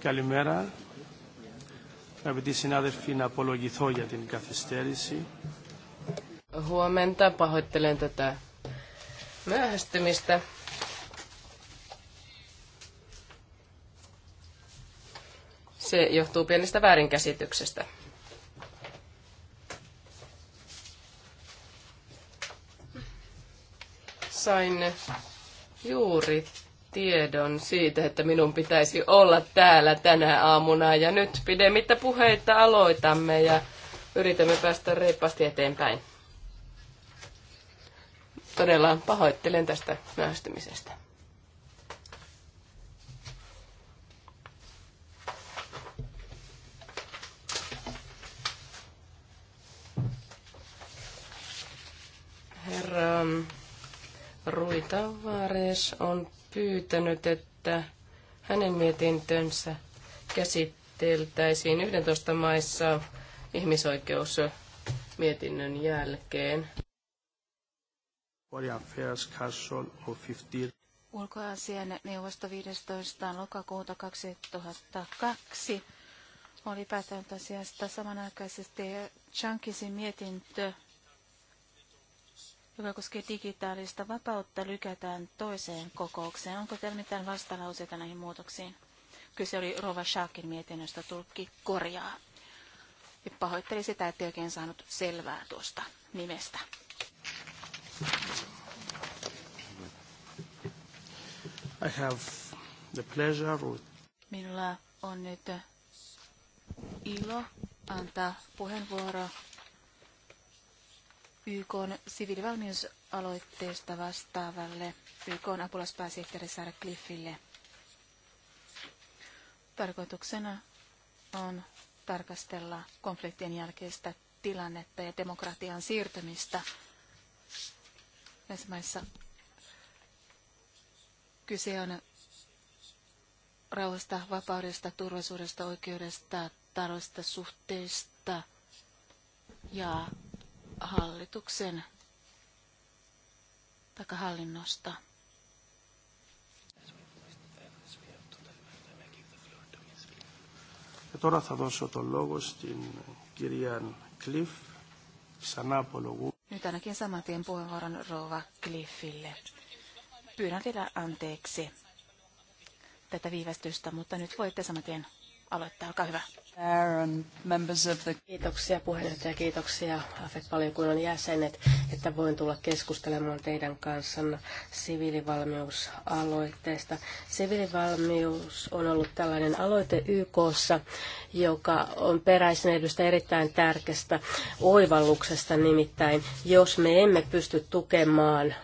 Καλημέρα. Αγαπητοί συνάδελφοι, να απολογηθώ για την καθυστέρηση. Huomenta pahoittelen tätä myöhästymistä. Se johtuu pienestä väärinkäsityksestä. sain juuri tiedon siitä, että minun pitäisi olla täällä tänä aamuna. Ja nyt pidemmittä puheita aloitamme ja yritämme päästä reippaasti eteenpäin. Todella pahoittelen tästä myöhästymisestä. Herra Rui Tavares on pyytänyt, että hänen mietintönsä käsitteltäisiin 11 maissa mietinnön jälkeen. Ulkoasian neuvosto 15. lokakuuta 2002 oli päättänyt asiasta samanaikaisesti Chankisin mietintö joka koskee digitaalista vapautta, lykätään toiseen kokoukseen. Onko teillä mitään vastalauseita näihin muutoksiin? Kyse oli Rova Shakin mietinnöstä, tulkki korjaa. Ja pahoitteli sitä, että oikein saanut selvää tuosta nimestä. I have the pleasure with... Minulla on nyt ilo antaa puheenvuoro YK siviilivalmiusaloitteesta vastaavalle YK apulaspääsihteeri Sarah Cliffille. Tarkoituksena on tarkastella konfliktien jälkeistä tilannetta ja demokratian siirtymistä näissä maissa. Kyse on rauhasta, vapaudesta, turvallisuudesta, oikeudesta, taloudellisista suhteista ja hallituksen takahallinnosta. Και τώρα θα δώσω το λόγο στην κυρία Κλειφ, ξανά απολογού. Nyt ainakin saman tien puheenvuoron Rova Cliffille. Pyydän vielä anteeksi tätä viivästystä, mutta nyt voitte saman tien aloittaa. Olkaa hyvä. Kiitoksia puheenjohtaja, kiitoksia AFET-valiokunnan jäsenet, että voin tulla keskustelemaan teidän kanssanne siviilivalmiusaloitteesta. Siviilivalmius on ollut tällainen aloite YKssa, joka on peräisin edusta erittäin tärkeästä oivalluksesta, nimittäin jos me emme pysty tukemaan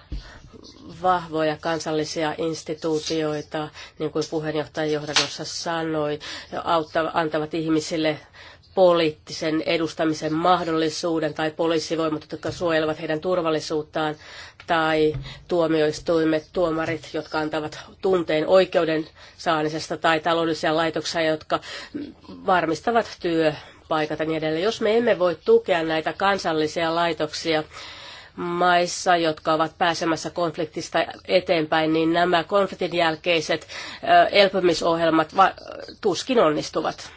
vahvoja kansallisia instituutioita, niin kuin puheenjohtaja johdannossa sanoi, autta, antavat ihmisille poliittisen edustamisen mahdollisuuden tai poliisivoimat, jotka suojelevat heidän turvallisuuttaan, tai tuomioistuimet, tuomarit, jotka antavat tunteen oikeuden saamisesta, tai taloudellisia laitoksia, jotka varmistavat työpaikat ja niin edelleen. Jos me emme voi tukea näitä kansallisia laitoksia, maissa, jotka ovat pääsemässä konfliktista eteenpäin, niin nämä konfliktin jälkeiset elpymisohjelmat tuskin onnistuvat.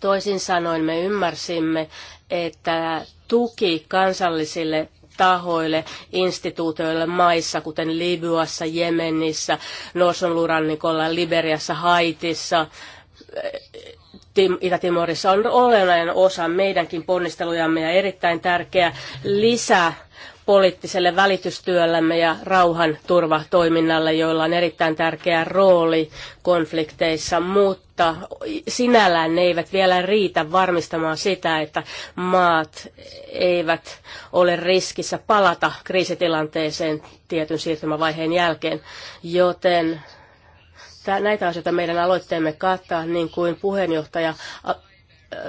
Toisin sanoen me ymmärsimme, että tuki kansallisille tahoille, instituutioille maissa, kuten Libyassa, Jemenissä, Norsunlurannikolla, Liberiassa, Haitissa, Itä-Timorissa on olennainen osa meidänkin ponnistelujamme ja erittäin tärkeä lisä poliittiselle välitystyöllemme ja rauhan turvatoiminnalle, joilla on erittäin tärkeä rooli konflikteissa, mutta sinällään ne eivät vielä riitä varmistamaan sitä, että maat eivät ole riskissä palata kriisitilanteeseen tietyn siirtymävaiheen jälkeen, joten näitä asioita meidän aloitteemme kattaa, niin kuin puheenjohtaja äh,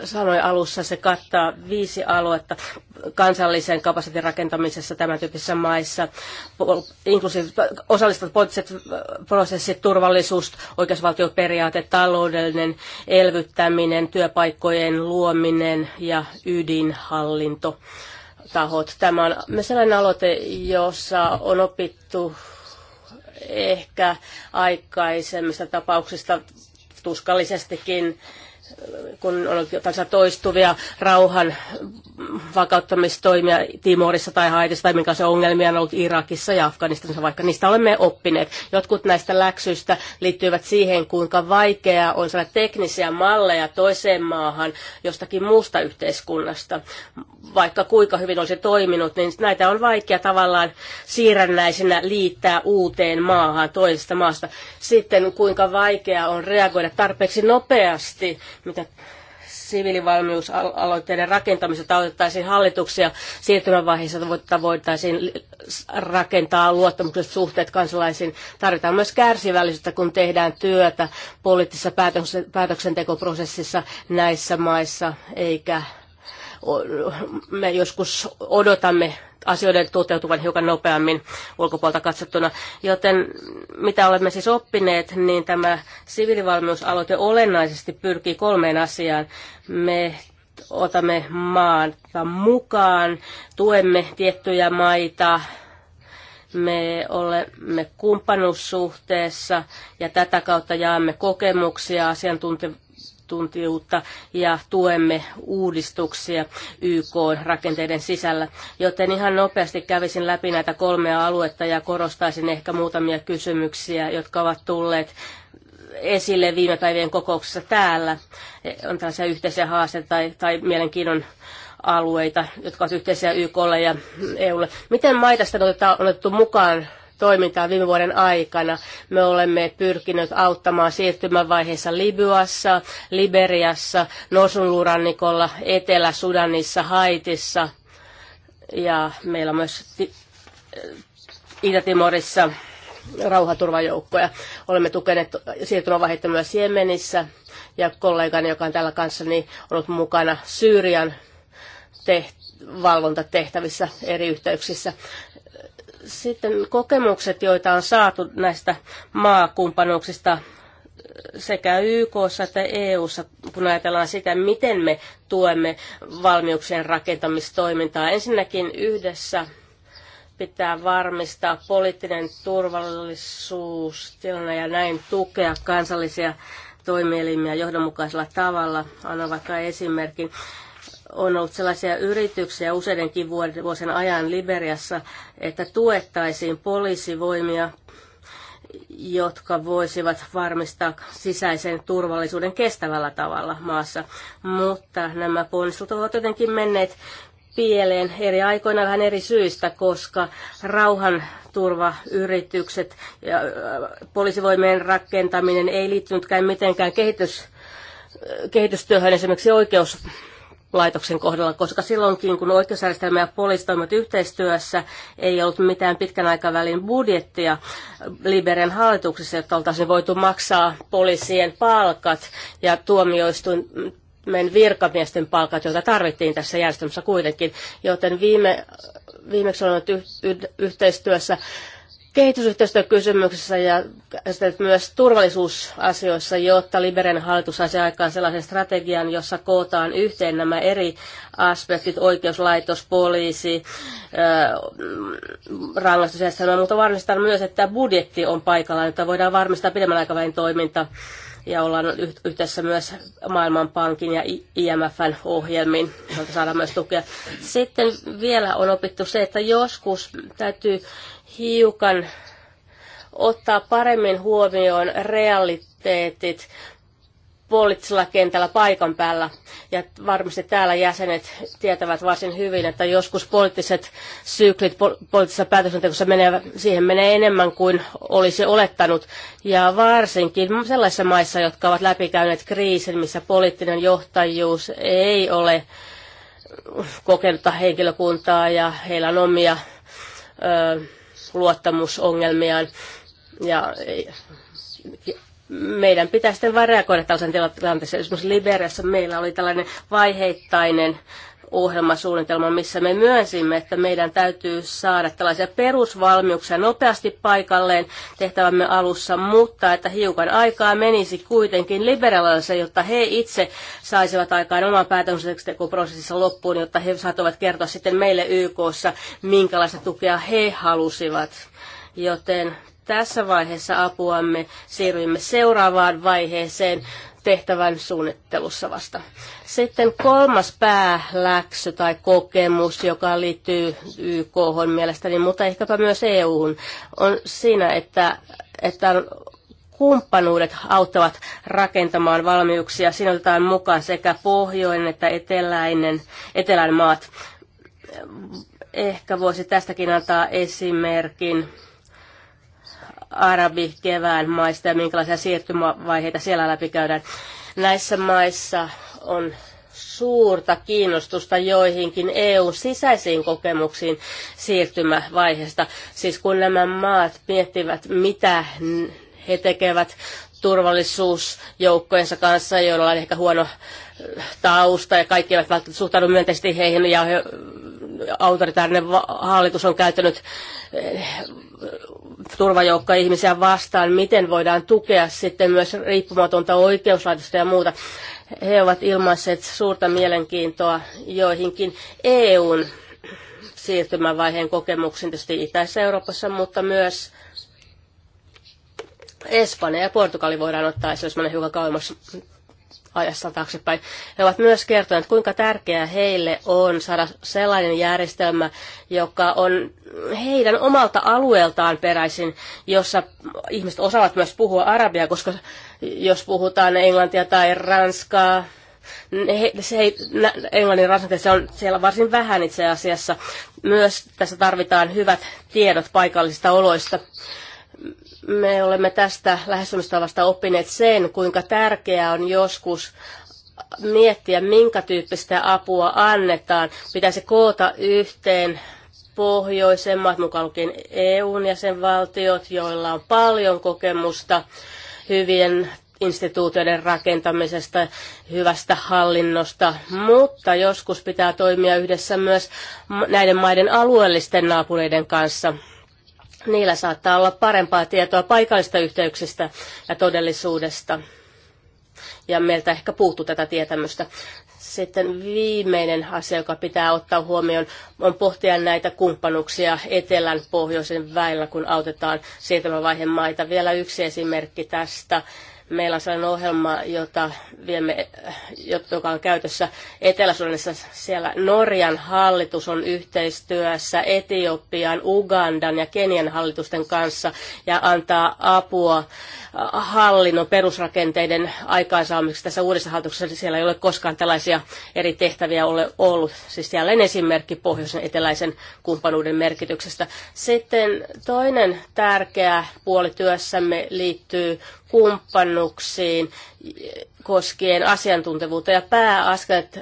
sanoi alussa, se kattaa viisi aluetta kansallisen kapasiteetin rakentamisessa tämän tyyppisissä maissa, inklusiiviset osallistuvat poliittiset äh, prosessit, turvallisuus, oikeusvaltioperiaate, taloudellinen elvyttäminen, työpaikkojen luominen ja ydinhallinto tahot. Tämä on sellainen aloite, jossa on opittu ehkä aikaisemmista tapauksista tuskallisestikin kun on tällaisia toistuvia rauhan vakauttamistoimia Timorissa tai Haitissa tai minkälaisia ongelmia on ollut Irakissa ja Afganistanissa, vaikka niistä olemme oppineet. Jotkut näistä läksyistä liittyvät siihen, kuinka vaikeaa on saada teknisiä malleja toiseen maahan jostakin muusta yhteiskunnasta. Vaikka kuinka hyvin olisi toiminut, niin näitä on vaikea tavallaan siirrännäisenä liittää uuteen maahan toisesta maasta. Sitten kuinka vaikeaa on reagoida tarpeeksi nopeasti mitä siviilivalmiusaloitteiden rakentamisesta autettaisiin hallituksia siirtymävaiheessa, että voitaisiin rakentaa luottamukset suhteet kansalaisiin. Tarvitaan myös kärsivällisyyttä, kun tehdään työtä poliittisessa päätöksentekoprosessissa näissä maissa, eikä me joskus odotamme asioiden toteutuvan hiukan nopeammin ulkopuolta katsottuna. Joten mitä olemme siis oppineet, niin tämä siviilivalmiusaloite olennaisesti pyrkii kolmeen asiaan. Me otamme maan mukaan, tuemme tiettyjä maita, me olemme kumppanuussuhteessa ja tätä kautta jaamme kokemuksia, asiantuntemuksia asiantuntijuutta ja tuemme uudistuksia YK rakenteiden sisällä. Joten ihan nopeasti kävisin läpi näitä kolmea aluetta ja korostaisin ehkä muutamia kysymyksiä, jotka ovat tulleet esille viime päivien kokouksessa täällä. On tällaisia yhteisiä haasteita tai, tai mielenkiinnon alueita, jotka ovat yhteisiä YKlle ja EUlle. Miten maita sitten on otettu mukaan toimintaa viime vuoden aikana. Me olemme pyrkineet auttamaan siirtymävaiheessa Libyassa, Liberiassa, Norsunluurannikolla, Etelä-Sudanissa, Haitissa ja meillä on myös Itä-Timorissa rauhaturvajoukkoja. Olemme tukeneet siirtymävaihetta myös Jemenissä ja kollegani, joka on täällä kanssa, niin ollut mukana Syyrian teht- valvontatehtävissä eri yhteyksissä. Sitten kokemukset, joita on saatu näistä maakumppanuuksista sekä YK että EUssa, kun ajatellaan sitä, miten me tuemme valmiuksien rakentamistoimintaa. Ensinnäkin yhdessä pitää varmistaa poliittinen turvallisuus tilanne ja näin tukea kansallisia toimielimiä johdonmukaisella tavalla. Annan vaikka esimerkin on ollut sellaisia yrityksiä useidenkin vuosien ajan Liberiassa, että tuettaisiin poliisivoimia, jotka voisivat varmistaa sisäisen turvallisuuden kestävällä tavalla maassa. Mutta nämä ponnistelut ovat jotenkin menneet pieleen eri aikoina vähän eri syistä, koska rauhan turvayritykset ja äh, poliisivoimien rakentaminen ei liittynytkään mitenkään kehitys, äh, kehitystyöhön esimerkiksi oikeus laitoksen kohdalla, koska silloinkin, kun oikeusjärjestelmä ja poliisi toimivat yhteistyössä, ei ollut mitään pitkän aikavälin budjettia Liberian hallituksessa, jotta oltaisiin voitu maksaa poliisien palkat ja tuomioistuin meidän virkamiesten palkat, joita tarvittiin tässä järjestelmässä kuitenkin. Joten viime, viimeksi olen ollut yhteistyössä kehitysyhteistyökysymyksessä ja myös turvallisuusasioissa, jotta Liberen hallitus saisi aikaan sellaisen strategian, jossa kootaan yhteen nämä eri aspektit, oikeuslaitos, poliisi, rangaistusjärjestelmä, mutta varmistetaan myös, että budjetti on paikallaan, jotta voidaan varmistaa pidemmän aikavälin toiminta ja ollaan yhteydessä myös Maailmanpankin ja IMFn ohjelmiin, joilta saadaan myös tukea. Sitten vielä on opittu se, että joskus täytyy hiukan ottaa paremmin huomioon realiteetit poliittisella kentällä paikan päällä. Ja varmasti täällä jäsenet tietävät varsin hyvin, että joskus poliittiset syklit poliittisessa päätöksentekossa menee, siihen menee enemmän kuin olisi olettanut. Ja varsinkin sellaisissa maissa, jotka ovat läpikäyneet kriisin, missä poliittinen johtajuus ei ole kokenutta henkilökuntaa ja heillä on omia ö, luottamusongelmiaan. Ja meidän pitää sitten vain reagoida tällaisen tilanteeseen. Esimerkiksi Liberiassa meillä oli tällainen vaiheittainen ohjelmasuunnitelman, missä me myönsimme, että meidän täytyy saada tällaisia perusvalmiuksia nopeasti paikalleen tehtävämme alussa, mutta että hiukan aikaa menisi kuitenkin liberaalissa, jotta he itse saisivat aikaan oman päätöksentekoprosessissa loppuun, jotta he saattavat kertoa sitten meille YKssa, minkälaista tukea he halusivat. Joten tässä vaiheessa apuamme siirrymme seuraavaan vaiheeseen tehtävän suunnittelussa vasta. Sitten kolmas pääläksy tai kokemus, joka liittyy YK mielestäni, mutta ehkäpä myös EU-hun, on siinä, että, että kumppanuudet auttavat rakentamaan valmiuksia. Siinä otetaan mukaan sekä pohjoinen että eteläinen, etelän maat. Ehkä voisi tästäkin antaa esimerkin arabikevään maista ja minkälaisia siirtymävaiheita siellä läpikäydään. Näissä maissa on suurta kiinnostusta joihinkin EU-sisäisiin kokemuksiin siirtymävaiheesta. Siis kun nämä maat miettivät, mitä he tekevät turvallisuusjoukkojensa kanssa, joilla on ehkä huono tausta ja kaikki eivät välttämättä suhtaudu myönteisesti heihin ja he autoritaarinen hallitus on käyttänyt eh, turvajoukkoja ihmisiä vastaan, miten voidaan tukea sitten myös riippumatonta oikeuslaitosta ja muuta. He ovat ilmaisseet suurta mielenkiintoa joihinkin EUn siirtymävaiheen kokemuksiin tietysti Itäisessä Euroopassa, mutta myös Espanja ja Portugali voidaan ottaa esille, jos menen hiukan kauemmas ajassa taaksepäin. He ovat myös kertoneet, kuinka tärkeää heille on saada sellainen järjestelmä, joka on heidän omalta alueeltaan peräisin, jossa ihmiset osaavat myös puhua arabiaa, koska jos puhutaan englantia tai ranskaa, he, se ei, englannin se on siellä varsin vähän itse asiassa. Myös tässä tarvitaan hyvät tiedot paikallisista oloista. Me olemme tästä lähestymistavasta oppineet sen, kuinka tärkeää on joskus miettiä, minkä tyyppistä apua annetaan. Pitäisi koota yhteen pohjoisemmat, mukaan lukien EUn jäsenvaltiot, joilla on paljon kokemusta hyvien instituutioiden rakentamisesta, hyvästä hallinnosta, mutta joskus pitää toimia yhdessä myös näiden maiden alueellisten naapureiden kanssa. Niillä saattaa olla parempaa tietoa paikallista yhteyksistä ja todellisuudesta. Ja meiltä ehkä puuttuu tätä tietämystä. Sitten viimeinen asia, joka pitää ottaa huomioon, on pohtia näitä kumppanuuksia etelän pohjoisen väillä, kun autetaan siirtymävaiheen maita. Vielä yksi esimerkki tästä Meillä on sellainen ohjelma, jota viemme, joka on käytössä Etelä-Sudanissa. Siellä Norjan hallitus on yhteistyössä Etiopian, Ugandan ja Kenian hallitusten kanssa ja antaa apua hallinnon perusrakenteiden aikaansaamiseksi tässä uudessa hallituksessa. Siellä ei ole koskaan tällaisia eri tehtäviä ole ollut. Siis jälleen esimerkki pohjoisen eteläisen kumppanuuden merkityksestä. Sitten toinen tärkeä puoli työssämme liittyy kumppanuksiin koskien asiantuntevuutta ja pääaskelet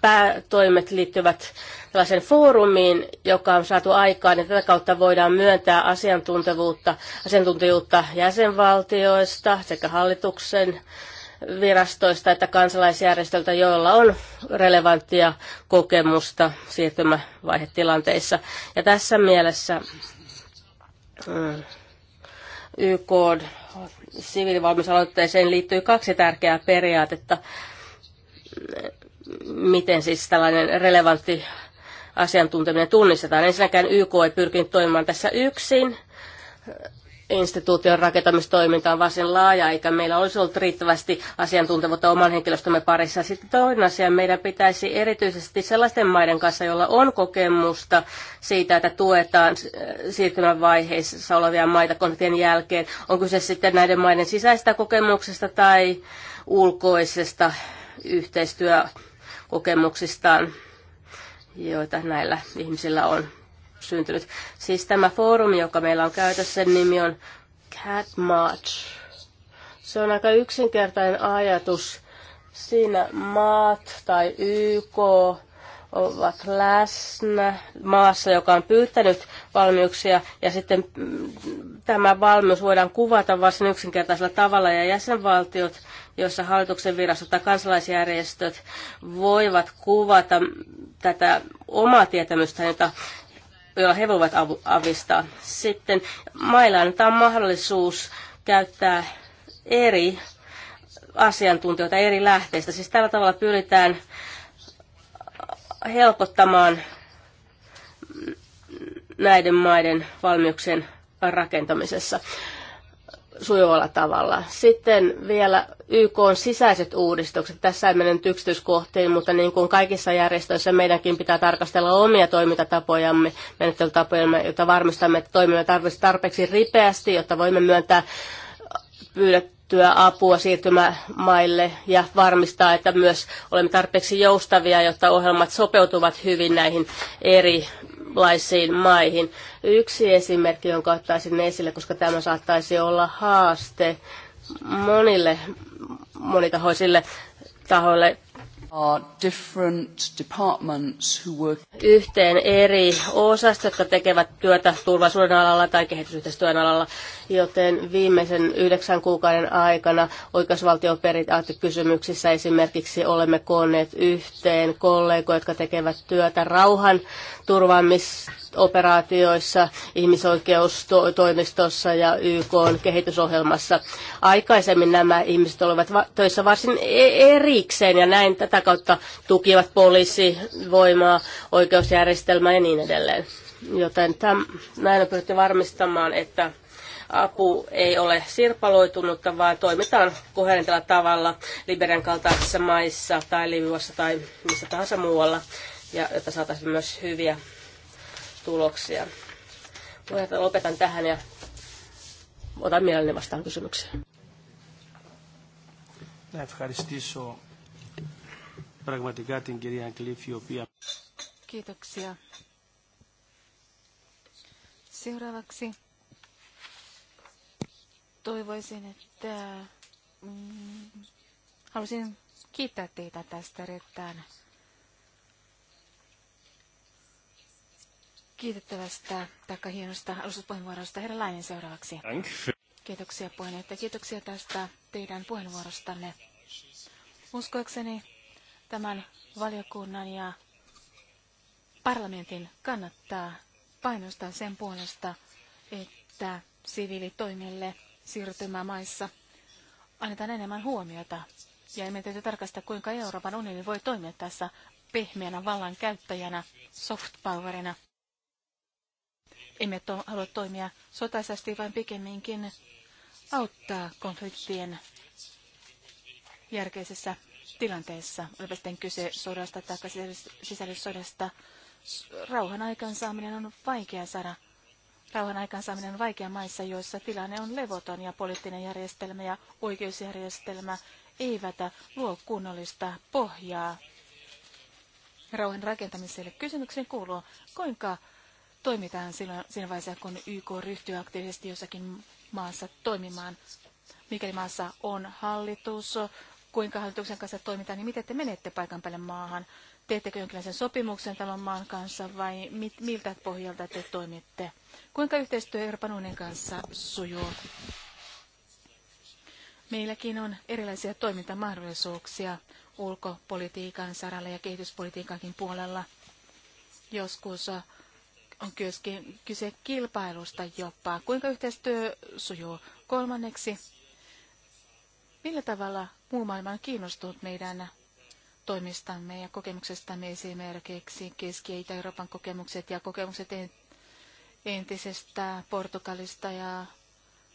päätoimet liittyvät tällaisen foorumiin, joka on saatu aikaan, ja tätä kautta voidaan myöntää asiantuntevuutta, asiantuntijuutta jäsenvaltioista sekä hallituksen virastoista että kansalaisjärjestöltä, joilla on relevanttia kokemusta siirtymävaihetilanteissa. Ja tässä mielessä mm, YK siviilivalmisaloitteeseen liittyy kaksi tärkeää periaatetta. Miten siis tällainen relevantti asiantunteminen tunnistetaan. Ensinnäkään YK ei pyrkinyt toimimaan tässä yksin. Instituution rakentamistoiminta on varsin laaja, eikä meillä olisi ollut riittävästi asiantuntevuutta oman henkilöstömme parissa. Sitten toinen asia, meidän pitäisi erityisesti sellaisten maiden kanssa, joilla on kokemusta siitä, että tuetaan äh, siirtymävaiheessa olevia maita konfliktien jälkeen. On kyse sitten näiden maiden sisäistä kokemuksesta tai ulkoisesta yhteistyökokemuksistaan joita näillä ihmisillä on syntynyt. Siis tämä foorumi, joka meillä on käytössä, sen nimi on Cat March. Se on aika yksinkertainen ajatus. Siinä maat tai YK ovat läsnä maassa, joka on pyytänyt valmiuksia, ja sitten mm, tämä valmius voidaan kuvata varsin yksinkertaisella tavalla, ja jäsenvaltiot jossa hallituksen virastot tai kansalaisjärjestöt voivat kuvata tätä omaa tietämystä, jota jolla he voivat avistaa. Sitten mailla annetaan mahdollisuus käyttää eri asiantuntijoita eri lähteistä. Siis tällä tavalla pyritään helpottamaan näiden maiden valmiuksien rakentamisessa sujuvalla tavalla. Sitten vielä YK on sisäiset uudistukset. Tässä ei mene yksityiskohtiin, mutta niin kuin kaikissa järjestöissä meidänkin pitää tarkastella omia toimintatapojamme, menettelytapojamme, jotta varmistamme, että toimimme tarpeeksi ripeästi, jotta voimme myöntää pyydettyä apua siirtymämaille ja varmistaa, että myös olemme tarpeeksi joustavia, jotta ohjelmat sopeutuvat hyvin näihin eri erilaisiin maihin. Yksi esimerkki, jonka ottaisin esille, koska tämä saattaisi olla haaste monille monitahoisille tahoille. Yhteen eri osasta, jotka tekevät työtä turvallisuuden alalla tai kehitysyhteistyön alalla, joten viimeisen yhdeksän kuukauden aikana oikeusvaltioperiaatekysymyksissä esimerkiksi olemme koonneet yhteen kollegoja, jotka tekevät työtä rauhan turvaamisoperaatioissa, ihmisoikeustoimistossa ja YK kehitysohjelmassa. Aikaisemmin nämä ihmiset olivat töissä varsin e- erikseen ja näin tätä kautta tukivat voimaa, oikeusjärjestelmää ja niin edelleen. Joten täm, näin on pyritty varmistamaan, että apu ei ole sirpaloitunutta, vaan toimitaan koherentilla tavalla Liberian kaltaisissa maissa tai Liviossa tai missä tahansa muualla ja jotta saataisiin myös hyviä tuloksia. Puheenjohtaja, lopetan tähän ja otan mielelläni vastaan kysymykseen. Kiitoksia. Seuraavaksi toivoisin, että mm, haluaisin kiittää teitä tästä erittäin kiitettävästä taikka hienosta alustuspuheenvuorosta. Herra Lainen seuraavaksi. Kiitoksia puheenjohtaja. Kiitoksia tästä teidän puheenvuorostanne. Uskoakseni tämän valiokunnan ja parlamentin kannattaa painostaa sen puolesta, että siviilitoimille siirtymämaissa annetaan enemmän huomiota. Ja emme täytyy tarkastaa, kuinka Euroopan unioni voi toimia tässä pehmeänä vallan käyttäjänä, soft powerina. Emme to- halua toimia sotaisesti, vaan pikemminkin auttaa konfliktien järkeisessä tilanteessa, olipa sitten kyse sodasta tai sisällissodasta. Rauhan aikaansaaminen on vaikea saada. Rauhan aikaansaaminen on vaikea maissa, joissa tilanne on levoton ja poliittinen järjestelmä ja oikeusjärjestelmä eivät luo kunnollista pohjaa rauhan rakentamiselle. Kysymykseen kuuluu, kuinka toimitaan silloin, siinä vaiheessa, kun YK ryhtyy aktiivisesti jossakin maassa toimimaan. Mikäli maassa on hallitus, kuinka hallituksen kanssa toimitaan, niin miten te menette paikan päälle maahan? Teettekö jonkinlaisen sopimuksen tämän maan kanssa vai mit, miltä pohjalta te toimitte? Kuinka yhteistyö Euroopan unionin kanssa sujuu? Meilläkin on erilaisia toimintamahdollisuuksia ulkopolitiikan saralla ja kehityspolitiikankin puolella. Joskus on myöskin kyse kilpailusta jopa. Kuinka yhteistyö sujuu? Kolmanneksi, millä tavalla muu maailma on kiinnostunut meidän toimistamme ja kokemuksestamme esimerkiksi Keski- ja Itä-Euroopan kokemukset ja kokemukset entisestä Portugalista ja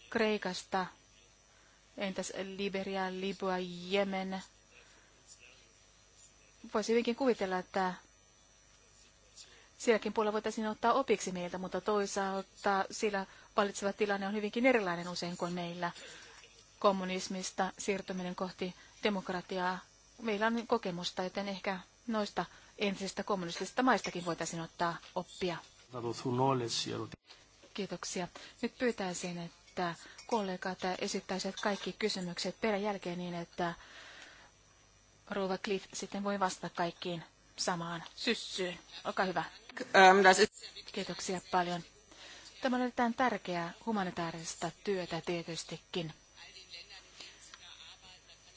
Kreikasta, entäs Liberia, Libya, Jemen. Voisi hyvinkin kuvitella, että Silläkin puolella voitaisiin ottaa opiksi meiltä, mutta toisaalta sillä valitseva tilanne on hyvinkin erilainen usein kuin meillä. Kommunismista siirtyminen kohti demokratiaa. Meillä on kokemusta, joten ehkä noista entisistä kommunistisista maistakin voitaisiin ottaa oppia. Kiitoksia. Nyt pyytäisin, että kollegat esittäisivät kaikki kysymykset peräjälkeen, niin, että Rouva Cliff sitten voi vastata kaikkiin samaan syssyyn. Olkaa hyvä. Ähm, Kiitoksia paljon. Tämä on erittäin tärkeää humanitaarista työtä tietystikin.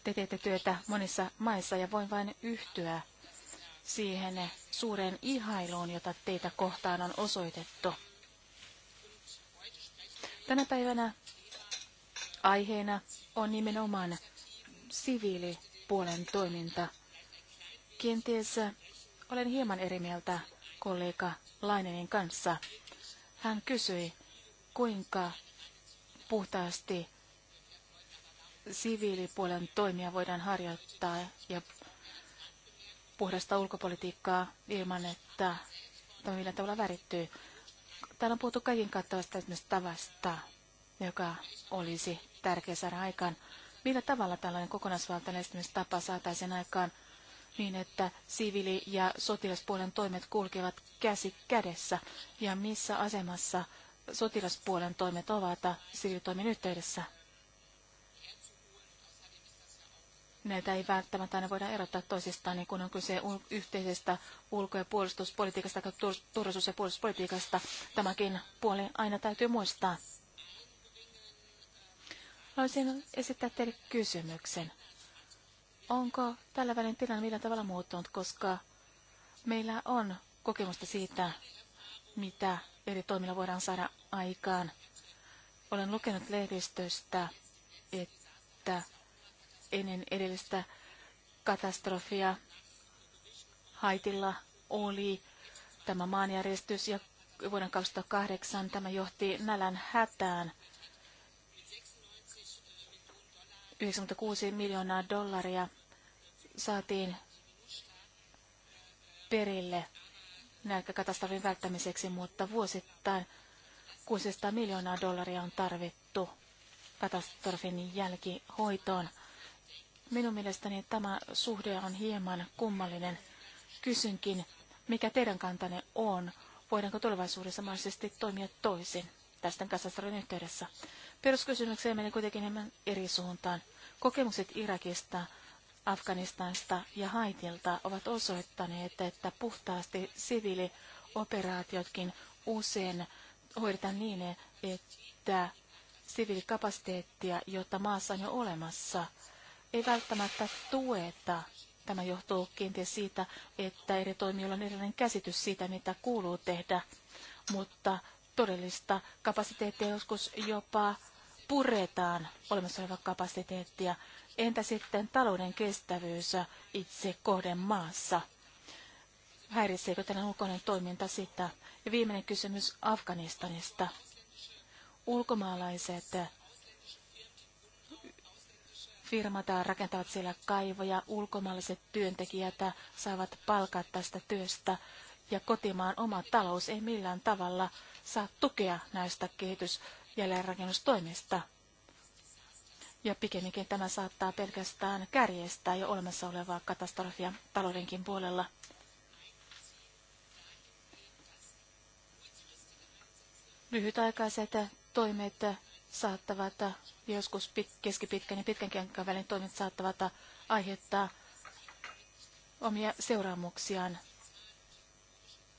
Te teette työtä monissa maissa ja voin vain yhtyä siihen suureen ihailuun, jota teitä kohtaan on osoitettu. Tänä päivänä aiheena on nimenomaan siviilipuolen toiminta. Kenties olen hieman eri mieltä kollega Lainenin kanssa. Hän kysyi, kuinka puhtaasti siviilipuolen toimia voidaan harjoittaa ja puhdasta ulkopolitiikkaa ilman, että tämä millä tavalla värittyy. Täällä on puhuttu kaiken kattavasta esimerkiksi tavasta, joka olisi tärkeä saada aikaan. Millä tavalla tällainen kokonaisvaltainen esimerkiksi tapa saataisiin aikaan – niin, että siviili- ja sotilaspuolen toimet kulkevat käsi kädessä ja missä asemassa sotilaspuolen toimet ovat siviilitoimen yhteydessä. Näitä ei välttämättä aina voida erottaa toisistaan, niin kun on kyse yhteisestä ulko- ja puolustuspolitiikasta tai turvallisuus- ja puolustuspolitiikasta. Tämäkin puoli aina täytyy muistaa. Haluaisin esittää teille kysymyksen onko tällä välin tilanne millä tavalla muuttunut, koska meillä on kokemusta siitä, mitä eri toimilla voidaan saada aikaan. Olen lukenut lehdistöstä, että ennen edellistä katastrofia Haitilla oli tämä maanjärjestys ja vuoden 2008 tämä johti nälän hätään. 96 miljoonaa dollaria saatiin perille nälkäkatastrofin välttämiseksi, mutta vuosittain 600 miljoonaa dollaria on tarvittu katastrofin jälkihoitoon. Minun mielestäni tämä suhde on hieman kummallinen. Kysynkin, mikä teidän kantanne on? Voidaanko tulevaisuudessa mahdollisesti toimia toisin tästä katastrofin yhteydessä? Peruskysymykseen meni kuitenkin hieman eri suuntaan. Kokemukset Irakista Afganistanista ja Haitilta ovat osoittaneet, että puhtaasti siviilioperaatiotkin usein hoidetaan niin, että siviilikapasiteettia, jota maassa on jo olemassa, ei välttämättä tueta. Tämä johtuu kenties siitä, että eri toimijoilla on erilainen käsitys siitä, mitä kuuluu tehdä, mutta todellista kapasiteettia joskus jopa puretaan olemassa olevaa kapasiteettia Entä sitten talouden kestävyys itse kohden maassa? Häiritseekö tämä ulkoinen toiminta sitä? Ja viimeinen kysymys Afganistanista. Ulkomaalaiset firmat rakentavat siellä kaivoja, ulkomaalaiset työntekijät saavat palkat tästä työstä ja kotimaan oma talous ei millään tavalla saa tukea näistä kehitys- ja jälleenrakennustoimista. Ja pikemminkin tämä saattaa pelkästään kärjestää jo olemassa olevaa katastrofia taloudenkin puolella. Lyhytaikaiset toimet saattavat, joskus keskipitkän ja pitkän välin toimet saattavat aiheuttaa omia seuraamuksiaan,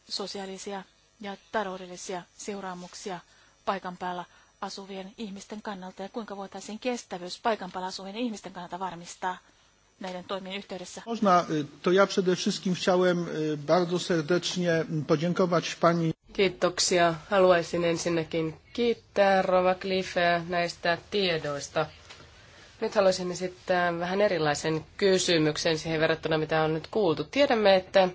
sosiaalisia ja taloudellisia seuraamuksia paikan päällä asuvien ihmisten kannalta ja kuinka voitaisiin kestävyys paikan päällä asuvien ihmisten kannalta varmistaa näiden toimien yhteydessä? Można, to ja przede wszystkim chciałem bardzo serdecznie podziękować pani. Kiitoksia. Haluaisin ensinnäkin kiittää Rova Cliffeä näistä tiedoista. Nyt haluaisin esittää vähän erilaisen kysymyksen siihen verrattuna, mitä on nyt kuultu. Tiedämme, että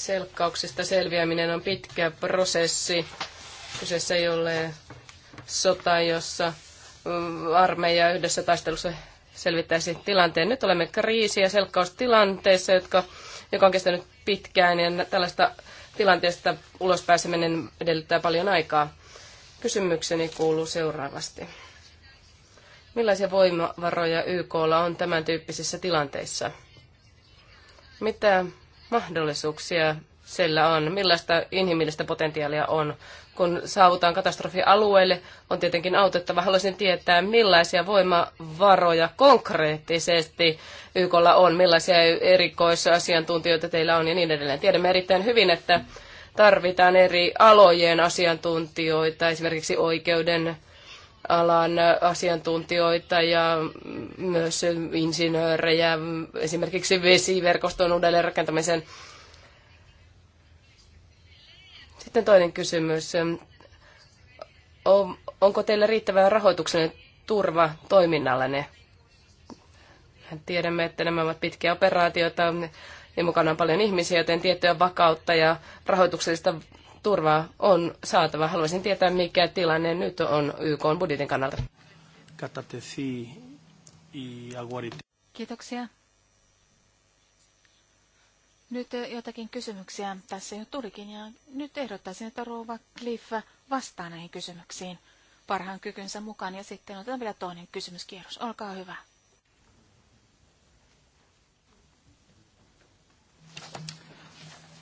Selkkauksesta selviäminen on pitkä prosessi. Kyseessä ei ole sota, jossa mm, armeija yhdessä taistelussa selvittäisi tilanteen. Nyt olemme kriisi- ja selkkaustilanteessa, jotka, joka on kestänyt pitkään, ja tällaista tilanteesta ulos pääseminen edellyttää paljon aikaa. Kysymykseni kuuluu seuraavasti. Millaisia voimavaroja YKlla on tämän tyyppisissä tilanteissa? Mitä mahdollisuuksia sillä on, millaista inhimillistä potentiaalia on. Kun saavutaan katastrofialueelle, on tietenkin autettava. Haluaisin tietää, millaisia voimavaroja konkreettisesti YKlla on, millaisia erikoisasiantuntijoita teillä on ja niin edelleen. Tiedämme erittäin hyvin, että tarvitaan eri alojen asiantuntijoita, esimerkiksi oikeuden alan asiantuntijoita ja myös insinöörejä esimerkiksi vesiverkoston uudelleenrakentamisen. Sitten toinen kysymys. Onko teillä riittävää rahoituksen turva toiminnallenne? Tiedämme, että nämä ovat pitkiä operaatioita ja mukana on paljon ihmisiä, joten tiettyä vakautta ja rahoituksellista turvaa on saatava. Haluaisin tietää, mikä tilanne nyt on YK budjetin kannalta. Kiitoksia. Nyt jotakin kysymyksiä tässä jo tulikin ja nyt ehdottaisin, että Rouva Cliff vastaa näihin kysymyksiin parhaan kykynsä mukaan ja sitten otetaan vielä toinen kysymyskierros. Olkaa hyvä.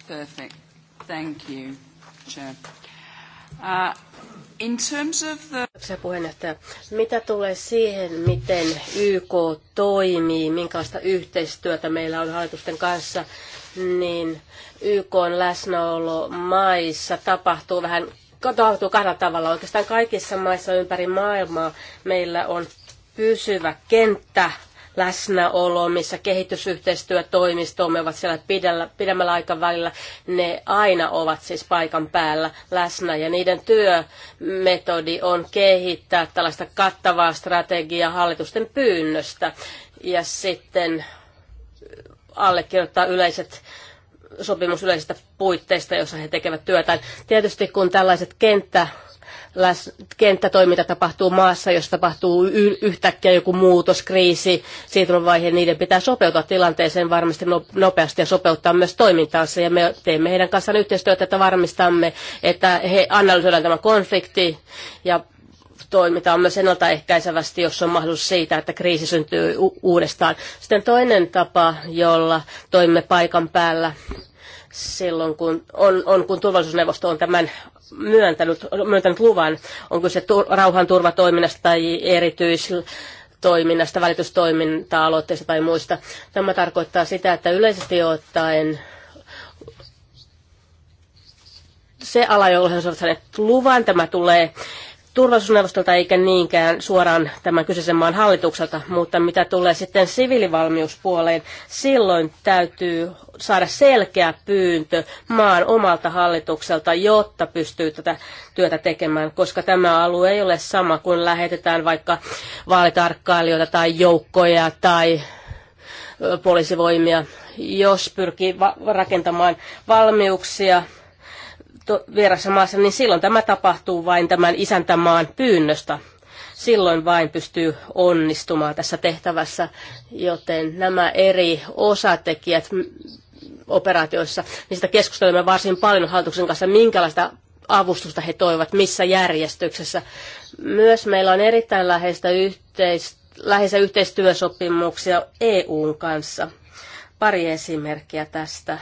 Perfect. Thank you. Chair. Uh, in terms of the... puheenjohtaja, mitä tulee siihen, miten YK toimii, minkälaista yhteistyötä meillä on hallitusten kanssa, niin YK on läsnäolo maissa tapahtuu vähän tapahtuu kahdella tavalla. Oikeastaan kaikissa maissa ympäri maailmaa meillä on pysyvä kenttä läsnäoloon, missä kehitysyhteistyötoimistomme ovat siellä pidellä, pidemmällä aikavälillä. Ne aina ovat siis paikan päällä läsnä ja niiden työmetodi on kehittää tällaista kattavaa strategiaa hallitusten pyynnöstä ja sitten allekirjoittaa yleiset sopimus yleisistä puitteista, joissa he tekevät työtään. Tietysti kun tällaiset kenttä läs, kenttätoiminta tapahtuu maassa, jos tapahtuu y- yhtäkkiä joku muutos, kriisi, siirtymävaihe, niiden pitää sopeutua tilanteeseen varmasti no-, nopeasti ja sopeuttaa myös toimintaansa. Ja me teemme heidän kanssaan yhteistyötä, että varmistamme, että he analysoidaan tämä konflikti ja toimitaan myös ennaltaehkäisevästi, jos on mahdollisuus siitä, että kriisi syntyy u- uudestaan. Sitten toinen tapa, jolla toimimme paikan päällä, silloin, kun, on, on, kun turvallisuusneuvosto on tämän myöntänyt, myöntänyt luvan, on kyse tu- rauhanturvatoiminnasta tai erityistoiminnasta, välitystoiminta aloitteista tai muista. Tämä tarkoittaa sitä, että yleisesti ottaen se ala, jolla he ovat saaneet luvan, tämä tulee turvallisuusneuvostolta eikä niinkään suoraan tämän kyseisen maan hallitukselta, mutta mitä tulee sitten siviilivalmiuspuoleen, silloin täytyy saada selkeä pyyntö maan omalta hallitukselta, jotta pystyy tätä työtä tekemään, koska tämä alue ei ole sama kuin lähetetään vaikka vaalitarkkailijoita tai joukkoja tai poliisivoimia, jos pyrkii rakentamaan valmiuksia vierassa maassa, niin silloin tämä tapahtuu vain tämän isäntämaan pyynnöstä silloin vain pystyy onnistumaan tässä tehtävässä, joten nämä eri osatekijät operaatioissa, niin sitä keskustelemme varsin paljon hallituksen kanssa, minkälaista avustusta he toivat, missä järjestyksessä. Myös meillä on erittäin läheistä yhteistyötä läheisiä yhteistyösopimuksia EUn kanssa. Pari esimerkkiä tästä.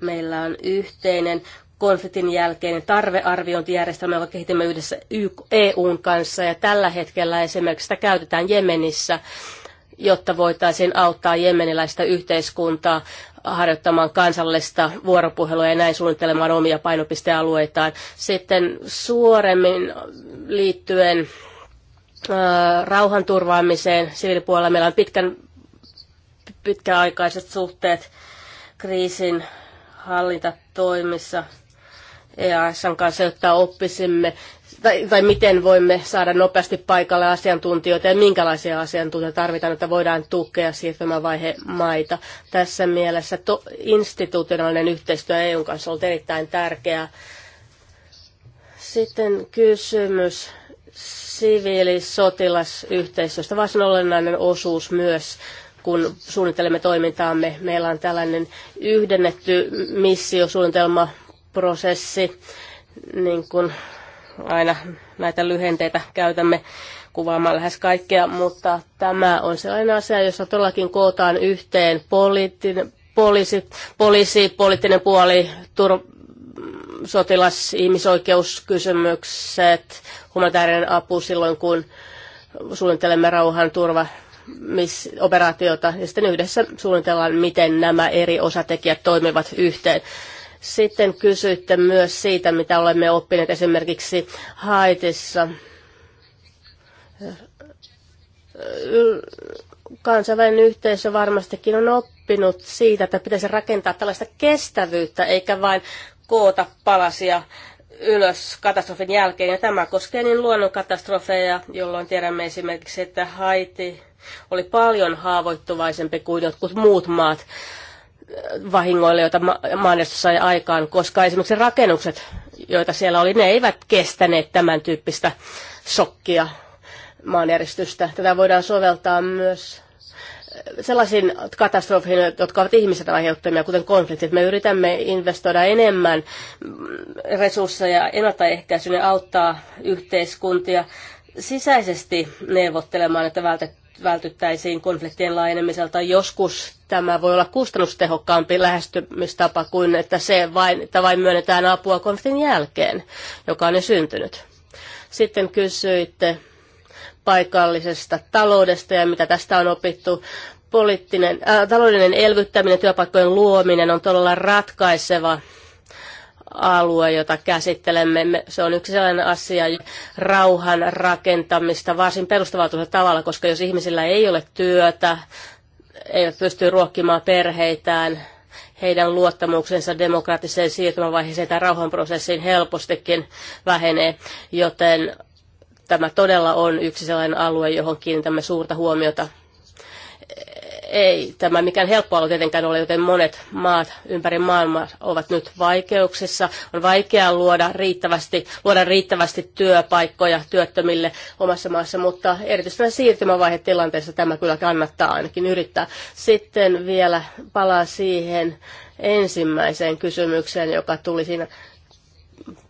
Meillä on yhteinen konfliktin jälkeinen tarvearviointijärjestelmä, joka kehitimme yhdessä EUn kanssa. Ja tällä hetkellä esimerkiksi sitä käytetään Jemenissä, jotta voitaisiin auttaa jemeniläistä yhteiskuntaa harjoittamaan kansallista vuoropuhelua ja näin suunnittelemaan omia painopistealueitaan. Sitten suoremmin liittyen rauhanturvaamiseen siviilipuolella meillä on pitkän, pitkäaikaiset suhteet kriisin hallintatoimissa EASn kanssa, jotta oppisimme tai, tai miten voimme saada nopeasti paikalle asiantuntijoita ja minkälaisia asiantuntijoita tarvitaan, että voidaan tukea siirtymävaihe maita. Tässä mielessä to, institutionaalinen yhteistyö EUn kanssa on erittäin tärkeää. Sitten kysymys siviilisotilasyhteistyöstä, varsin olennainen osuus myös kun suunnittelemme toimintaamme. Meillä on tällainen yhdennetty missiosuunnitelmaprosessi, niin kuin aina näitä lyhenteitä käytämme kuvaamaan lähes kaikkea, mutta tämä on sellainen asia, jossa todellakin kootaan yhteen poliittinen, poliisi, poliisi poliittinen puoli, tur, sotilas, ihmisoikeuskysymykset, humanitaarinen apu silloin, kun suunnittelemme rauhan turva operaatiota ja sitten yhdessä suunnitellaan, miten nämä eri osatekijät toimivat yhteen. Sitten kysyitte myös siitä, mitä olemme oppineet esimerkiksi Haitissa. Kansainvälinen yhteisö varmastikin on oppinut siitä, että pitäisi rakentaa tällaista kestävyyttä, eikä vain koota palasia ylös katastrofin jälkeen. Ja tämä koskee niin luonnonkatastrofeja, jolloin tiedämme esimerkiksi, että Haiti oli paljon haavoittuvaisempi kuin jotkut muut maat vahingoille, joita ma- maanestus sai aikaan, koska esimerkiksi rakennukset, joita siellä oli, ne eivät kestäneet tämän tyyppistä sokkia maanjäristystä. Tätä voidaan soveltaa myös eh, sellaisiin katastrofiin, jotka ovat ihmiset aiheuttamia, kuten konfliktit. Me yritämme investoida enemmän mm, resursseja ennaltaehkäisyyn ja auttaa yhteiskuntia sisäisesti neuvottelemaan, että vältyttäisiin konfliktien laajenemiselta. Joskus tämä voi olla kustannustehokkaampi lähestymistapa kuin että, se vain, että vain myönnetään apua konfliktin jälkeen, joka on jo syntynyt. Sitten kysyitte paikallisesta taloudesta ja mitä tästä on opittu. Poliittinen, äh, taloudellinen elvyttäminen, työpaikkojen luominen on todella ratkaiseva alue, jota käsittelemme. Se on yksi sellainen asia rauhan rakentamista varsin perustavaltuisella tavalla, koska jos ihmisillä ei ole työtä, ei pysty ruokkimaan perheitään, heidän luottamuksensa demokraattiseen siirtymävaiheeseen tai rauhanprosessiin helpostikin vähenee, joten tämä todella on yksi sellainen alue, johon kiinnitämme suurta huomiota ei tämä mikään helppo alue tietenkään ole, joten monet maat ympäri maailmaa ovat nyt vaikeuksissa. On vaikeaa luoda riittävästi, luoda riittävästi työpaikkoja työttömille omassa maassa, mutta erityisesti tilanteessa tämä kyllä kannattaa ainakin yrittää. Sitten vielä palaa siihen ensimmäiseen kysymykseen, joka tuli siinä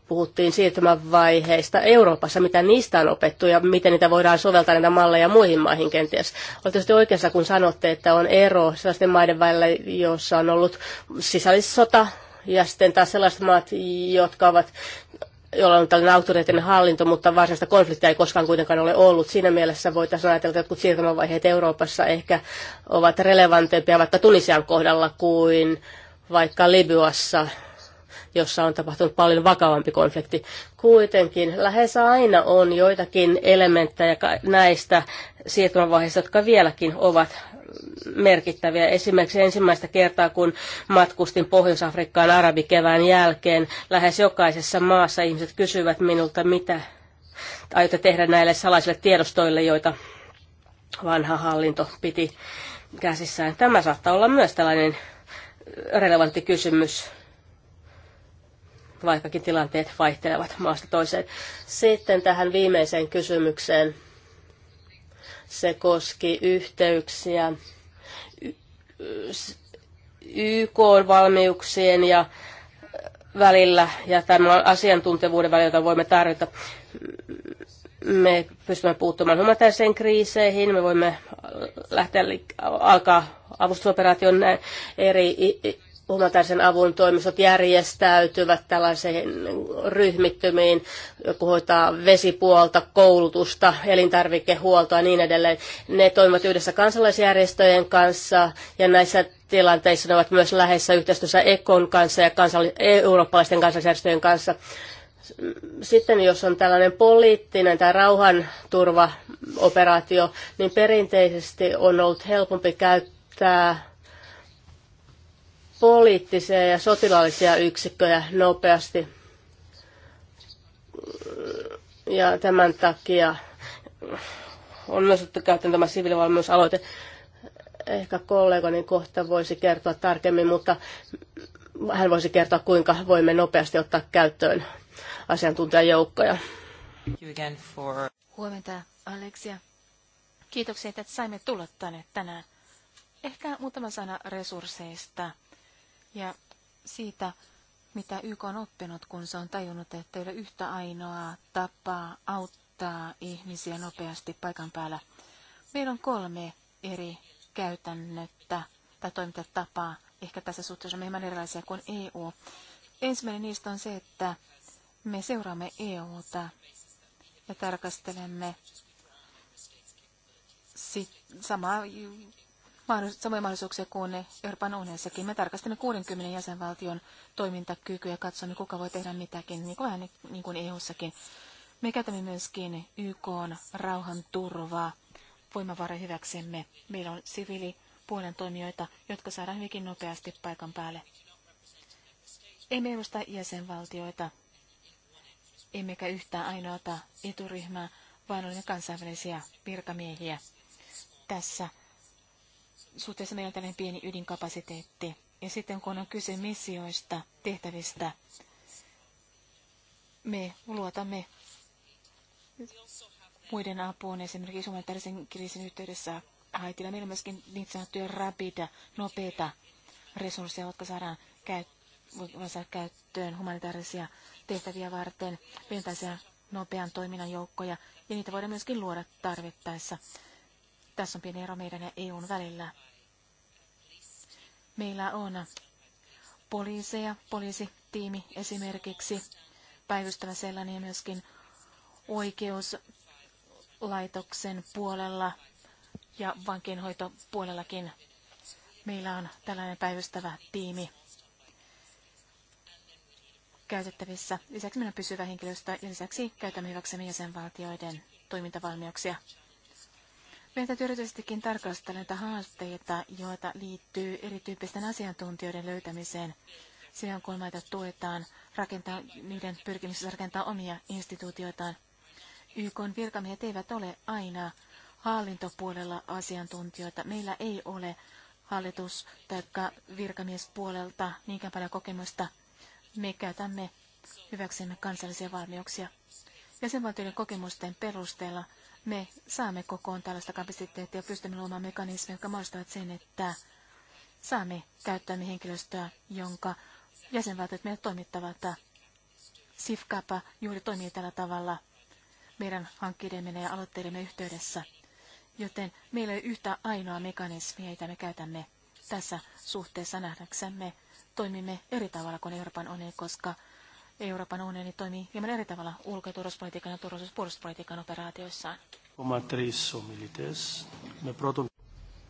puhuttiin siirtymävaiheista Euroopassa, mitä niistä on opettu ja miten niitä voidaan soveltaa näitä malleja muihin maihin kenties. Olette sitten oikeassa, kun sanotte, että on ero sellaisten maiden välillä, joissa on ollut sisällissota ja sitten taas sellaiset maat, jotka ovat jolla on tällainen autoriteettinen hallinto, mutta varsinaista konfliktia ei koskaan kuitenkaan ole ollut. Siinä mielessä voitaisiin ajatella, että jotkut siirtymävaiheet Euroopassa ehkä ovat relevanteempia vaikka Tunisian kohdalla kuin vaikka Libyassa jossa on tapahtunut paljon vakavampi konflikti. Kuitenkin lähes aina on joitakin elementtejä näistä siirtymävaiheista, jotka vieläkin ovat merkittäviä. Esimerkiksi ensimmäistä kertaa, kun matkustin Pohjois-Afrikkaan arabikevään jälkeen, lähes jokaisessa maassa ihmiset kysyvät minulta, mitä aiotte tehdä näille salaisille tiedostoille, joita vanha hallinto piti käsissään. Tämä saattaa olla myös tällainen relevantti kysymys vaikkakin tilanteet vaihtelevat maasta toiseen. Sitten tähän viimeiseen kysymykseen. Se koski yhteyksiä YK-valmiuksien ja välillä ja tämän asiantuntevuuden välillä, jota voimme tarjota. Me pystymme puuttumaan humanitaariseen kriiseihin, me voimme lähteä alkaa avustusoperaation eri humanitaarisen avun toimistot järjestäytyvät tällaisiin ryhmittymiin, joku hoitaa vesipuolta, koulutusta, elintarvikehuoltoa ja niin edelleen. Ne toimivat yhdessä kansalaisjärjestöjen kanssa ja näissä tilanteissa ne ovat myös läheisessä yhteistyössä EKON kanssa ja kansallis- eurooppalaisten kansalaisjärjestöjen kanssa. Sitten jos on tällainen poliittinen tai rauhanturvaoperaatio, niin perinteisesti on ollut helpompi käyttää poliittisia ja sotilaallisia yksikköjä nopeasti. Ja tämän takia on myös otettu käyttöön tämä siviilivalmiusaloite. Ehkä kollegani kohta voisi kertoa tarkemmin, mutta hän voisi kertoa, kuinka voimme nopeasti ottaa käyttöön asiantuntijajoukkoja. For... Huomenta, Aleksia. Kiitoksia, että saimme tulla tänne tänään. Ehkä muutama sana resursseista ja siitä, mitä YK on oppinut, kun se on tajunnut, että ei ole yhtä ainoaa tapaa auttaa ihmisiä nopeasti paikan päällä. Meillä on kolme eri käytännöttä tai toimintatapaa, ehkä tässä suhteessa on hieman erilaisia kuin EU. Ensimmäinen niistä on se, että me seuraamme EUta ja tarkastelemme sit samaa samoja mahdollisuuksia kuin Euroopan unionissakin. Me tarkastamme 60 jäsenvaltion toimintakykyä ja katsomme, kuka voi tehdä mitäkin, niin kuin, vähän niin kuin EU-sakin. Me käytämme myöskin YK rauhanturvaa voimavara hyväksemme. Meillä on siviilipuolen toimijoita, jotka saadaan hyvinkin nopeasti paikan päälle. Emme edusta jäsenvaltioita, emmekä yhtään ainoata eturyhmää, vaan olemme kansainvälisiä virkamiehiä. Tässä suhteessa meillä on tällainen pieni ydinkapasiteetti. Ja sitten kun on kyse missioista, tehtävistä, me luotamme muiden apuun, esimerkiksi humanitaarisen kriisin yhteydessä Haitilla. Meillä on myöskin niin sanottuja rapida, nopeita resursseja, jotka saadaan käyttöön humanitaarisia tehtäviä varten, pientäisiä nopean toiminnan joukkoja, ja niitä voidaan myöskin luoda tarvittaessa. Tässä on pieni ero meidän ja EUn välillä. Meillä on poliiseja, poliisitiimi esimerkiksi, päivystävä sellainen ja myöskin oikeuslaitoksen puolella ja vankienhoitopuolellakin meillä on tällainen päivystävä tiimi käytettävissä. Lisäksi meillä on pysyvä henkilöstö ja lisäksi käytämme hyväksemme jäsenvaltioiden toimintavalmiuksia. Meidän täytyy erityisestikin tarkastella näitä haasteita, joita liittyy erityyppisten asiantuntijoiden löytämiseen silloin, kun maita tuetaan rakentaa, niiden pyrkimyksessä rakentaa omia instituutioitaan. YK virkamiehet eivät ole aina hallintopuolella asiantuntijoita. Meillä ei ole hallitus- tai virkamiespuolelta niinkään paljon kokemusta. Me käytämme hyväksemme kansallisia valmiuksia. Jäsenvaltioiden kokemusten perusteella me saamme kokoon tällaista kapasiteettia ja pystymme luomaan mekanismeja, jotka mahdollistavat sen, että saamme käyttää henkilöstöä, jonka jäsenvaltiot meille toimittavat. SIFKAPA juuri toimii tällä tavalla meidän hankkeidemme ja aloitteidemme yhteydessä, joten meillä ei ole yhtä ainoa mekanismia, jota me käytämme tässä suhteessa nähdäksemme. Toimimme eri tavalla kuin Euroopan unioni, koska Euroopan unioni toimii hieman eri tavalla ulko- ja turvallisuuspolitiikan ja turvallisuus- operaatioissaan.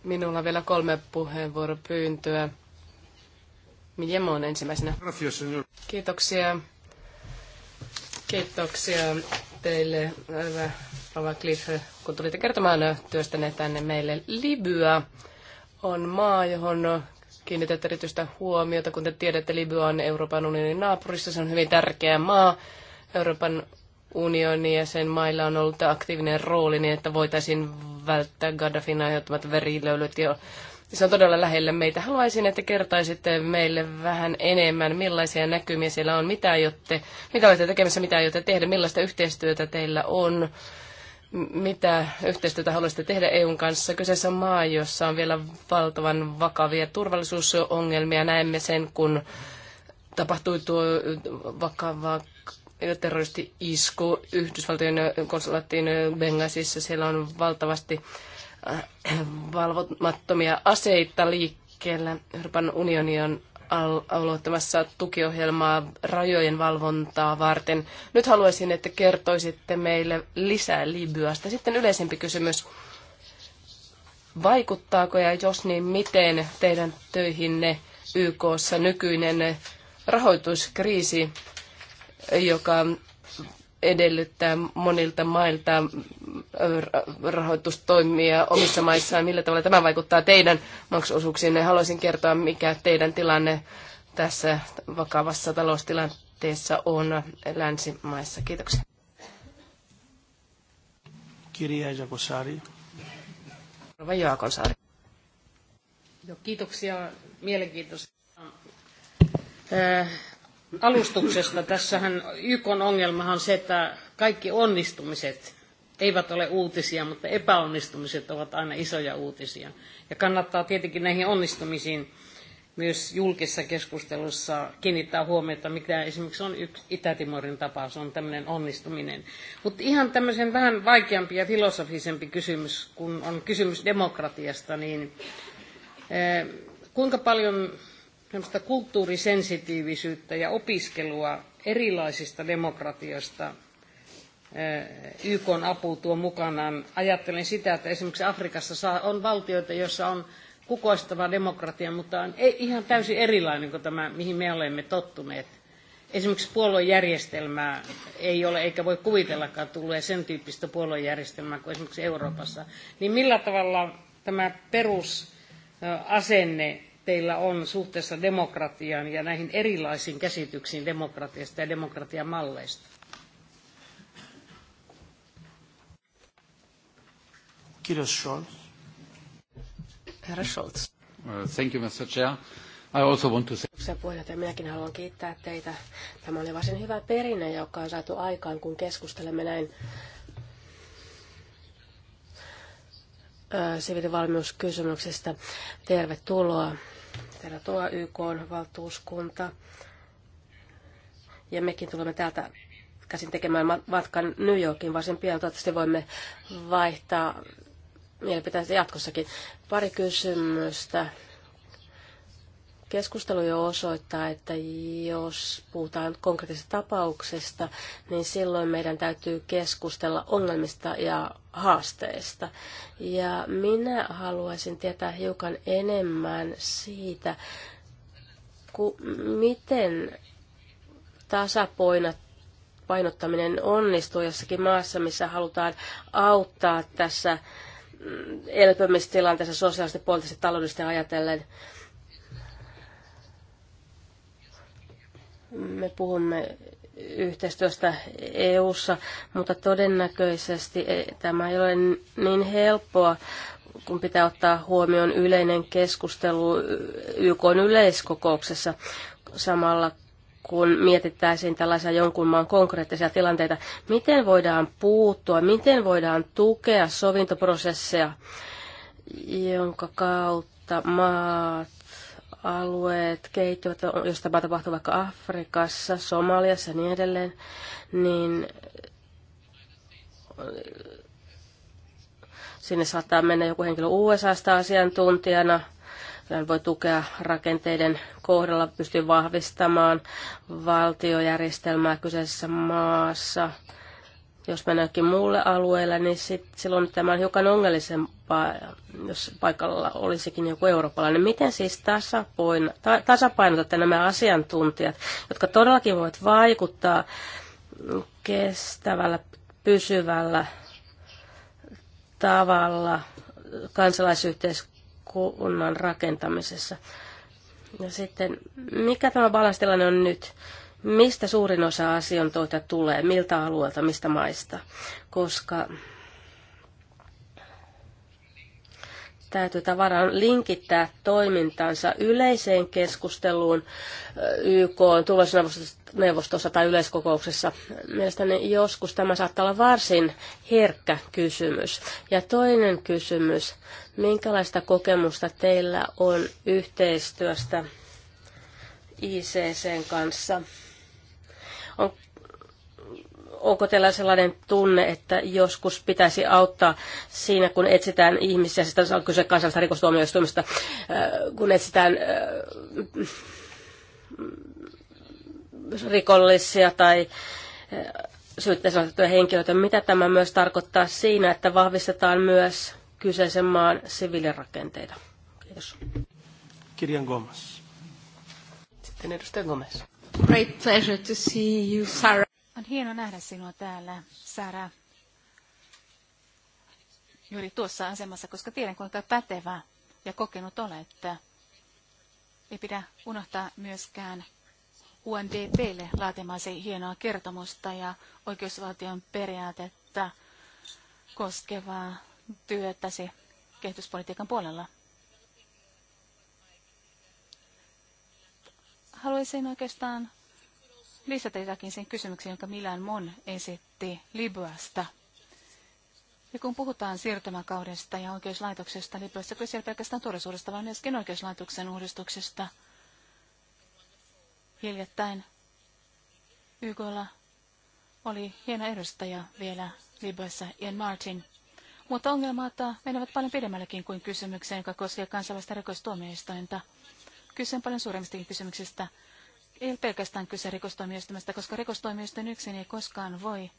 Minulla on vielä kolme puheenvuoropyyntöä. Jemo on ensimmäisenä. Kiitoksia. Kiitoksia teille, Rava Cliff, kun tulitte kertomaan työstänne tänne meille. Libya on maa, johon kiinnität erityistä huomiota. Kuten tiedätte, Libya on Euroopan unionin naapurissa. Se on hyvin tärkeä maa. Euroopan unioni ja sen mailla on ollut aktiivinen rooli niin, että voitaisiin välttää Gaddafin aiheuttamat verilöylyt jo. se on todella lähellä meitä. Haluaisin, että kertaisitte meille vähän enemmän, millaisia näkymiä siellä on, mitä, jotte, mitä olette tekemässä, mitä aiotte tehdä, millaista yhteistyötä teillä on mitä yhteistyötä haluaisitte tehdä EUn kanssa. Kyseessä on maa, jossa on vielä valtavan vakavia turvallisuusongelmia. Näemme sen, kun tapahtui tuo vakava terroristi-isku Yhdysvaltojen konsulaattiin Bengasissa. Siellä on valtavasti äh, valvomattomia aseita liikkeellä. Euroopan unioni on aloittamassa tukiohjelmaa rajojen valvontaa varten. Nyt haluaisin, että kertoisitte meille lisää Libyasta. Sitten yleisempi kysymys. Vaikuttaako ja jos niin, miten teidän töihinne YKssa nykyinen rahoituskriisi, joka edellyttää monilta mailta rahoitustoimia omissa maissaan. Millä tavalla tämä vaikuttaa teidän maksuosuuksiinne? Haluaisin kertoa, mikä teidän tilanne tässä vakavassa taloustilanteessa on länsimaissa. Kiitoksia. Kirja Jakosaari. Rova Jaakonsaari. Jo, kiitoksia mielenkiintoisesta alustuksesta. Tässähän YK ongelmahan on se, että kaikki onnistumiset eivät ole uutisia, mutta epäonnistumiset ovat aina isoja uutisia. Ja kannattaa tietenkin näihin onnistumisiin myös julkisessa keskustelussa kiinnittää huomiota, mikä esimerkiksi on yksi Itä-Timorin tapaus, on tämmöinen onnistuminen. Mutta ihan tämmöisen vähän vaikeampi ja filosofisempi kysymys, kun on kysymys demokratiasta, niin eh, kuinka paljon tämmöistä kulttuurisensitiivisyyttä ja opiskelua erilaisista demokratioista eh, YK apu tuo mukanaan. Ajattelen sitä, että esimerkiksi Afrikassa on valtioita, joissa on kukoistava demokratia, mutta on ihan täysin erilainen kuin tämä, mihin me olemme tottuneet. Esimerkiksi puoluejärjestelmää ei ole, eikä voi kuvitellakaan tulee sen tyyppistä puoluejärjestelmää kuin esimerkiksi Euroopassa. Niin millä tavalla tämä perusasenne teillä on suhteessa demokratiaan ja näihin erilaisiin käsityksiin demokratiasta ja demokratian malleista? Kiitos Scholz. Herra Scholz. Uh, thank you, Mr. Chair. I also want to say... minäkin haluan kiittää teitä. Tämä oli varsin hyvä perinne, joka on saatu aikaan, kun keskustelemme näin siviilivalmiuskysymyksestä. Tervetuloa Tervetuloa YK-valtuuskunta. Ja mekin tulemme täältä käsin tekemään matkan New Yorkin varsin pian. Toivottavasti voimme vaihtaa mielipiteitä jatkossakin. Pari kysymystä Keskustelu jo osoittaa, että jos puhutaan konkreettisesta tapauksesta, niin silloin meidän täytyy keskustella ongelmista ja haasteista. Ja minä haluaisin tietää hiukan enemmän siitä, ku, miten tasapainot painottaminen onnistuu jossakin maassa, missä halutaan auttaa tässä mm, elpymistilanteessa sosiaalisesti, poliittisesti, taloudellisesti ajatellen Me puhumme yhteistyöstä EU:ssa, mutta todennäköisesti eh, tämä ei ole niin helppoa, kun pitää ottaa huomioon yleinen keskustelu YK yleiskokouksessa samalla kun mietittäisiin tällaisia jonkun maan konkreettisia tilanteita, miten voidaan puuttua, miten voidaan tukea sovintoprosesseja, jonka kautta maat alueet kehittyvät, jos tämä tapahtuu vaikka Afrikassa, Somaliassa ja niin edelleen, niin sinne saattaa mennä joku henkilö USAsta asiantuntijana, hän voi tukea rakenteiden kohdalla, pystyy vahvistamaan valtiojärjestelmää kyseisessä maassa, jos mennäänkin muulle alueelle, niin sit silloin tämä on hiukan ongelmallisempaa, jos paikalla olisikin joku eurooppalainen. Miten siis tasapainotatte nämä asiantuntijat, jotka todellakin voivat vaikuttaa kestävällä, pysyvällä tavalla kansalaisyhteiskunnan rakentamisessa? Ja sitten, mikä tämä balanssitilanne on nyt? mistä suurin osa asiantoita tulee, miltä alueelta, mistä maista, koska täytyy tavaraan linkittää toimintansa yleiseen keskusteluun YK tulosneuvostossa tai yleiskokouksessa. Mielestäni joskus tämä saattaa olla varsin herkkä kysymys. Ja toinen kysymys, minkälaista kokemusta teillä on yhteistyöstä ICCn kanssa? On, onko teillä sellainen tunne, että joskus pitäisi auttaa siinä, kun etsitään ihmisiä, siis on kyse kansallista rikostuomioistuimesta, äh, kun etsitään äh, rikollisia tai äh, syytteeseen otettuja henkilöitä. Mitä tämä myös tarkoittaa siinä, että vahvistetaan myös kyseisen maan siviilirakenteita? Kiitos. Kirjan Gomes. Sitten edustaja Gomes. Great pleasure to see you, Sarah. On hieno nähdä sinua täällä, Sara. Juuri tuossa asemassa, koska tiedän kuinka pätevä ja kokenut olet. Ei pidä unohtaa myöskään UNDPlle laatimasi hienoa kertomusta ja oikeusvaltion periaatetta koskevaa työtäsi kehityspolitiikan puolella. haluaisin oikeastaan lisätä jotakin sen kysymykseen, jonka Milan Mon esitti Libyasta. Ja kun puhutaan siirtymäkaudesta ja oikeuslaitoksesta Libyassa, kyse ei pelkästään turvallisuudesta, vaan myöskin oikeuslaitoksen uudistuksesta. Hiljattain YKlla oli hieno edustaja vielä Libyassa, Ian Martin. Mutta ongelmat menevät paljon pidemmällekin kuin kysymykseen, joka koskee kansainvälistä rikostuomioistointa. Kyse on paljon suuremmistakin kysymyksistä. Ei ole pelkästään kyse rikostoimijoistamista, koska rikostoimijoisten yksin ei koskaan voi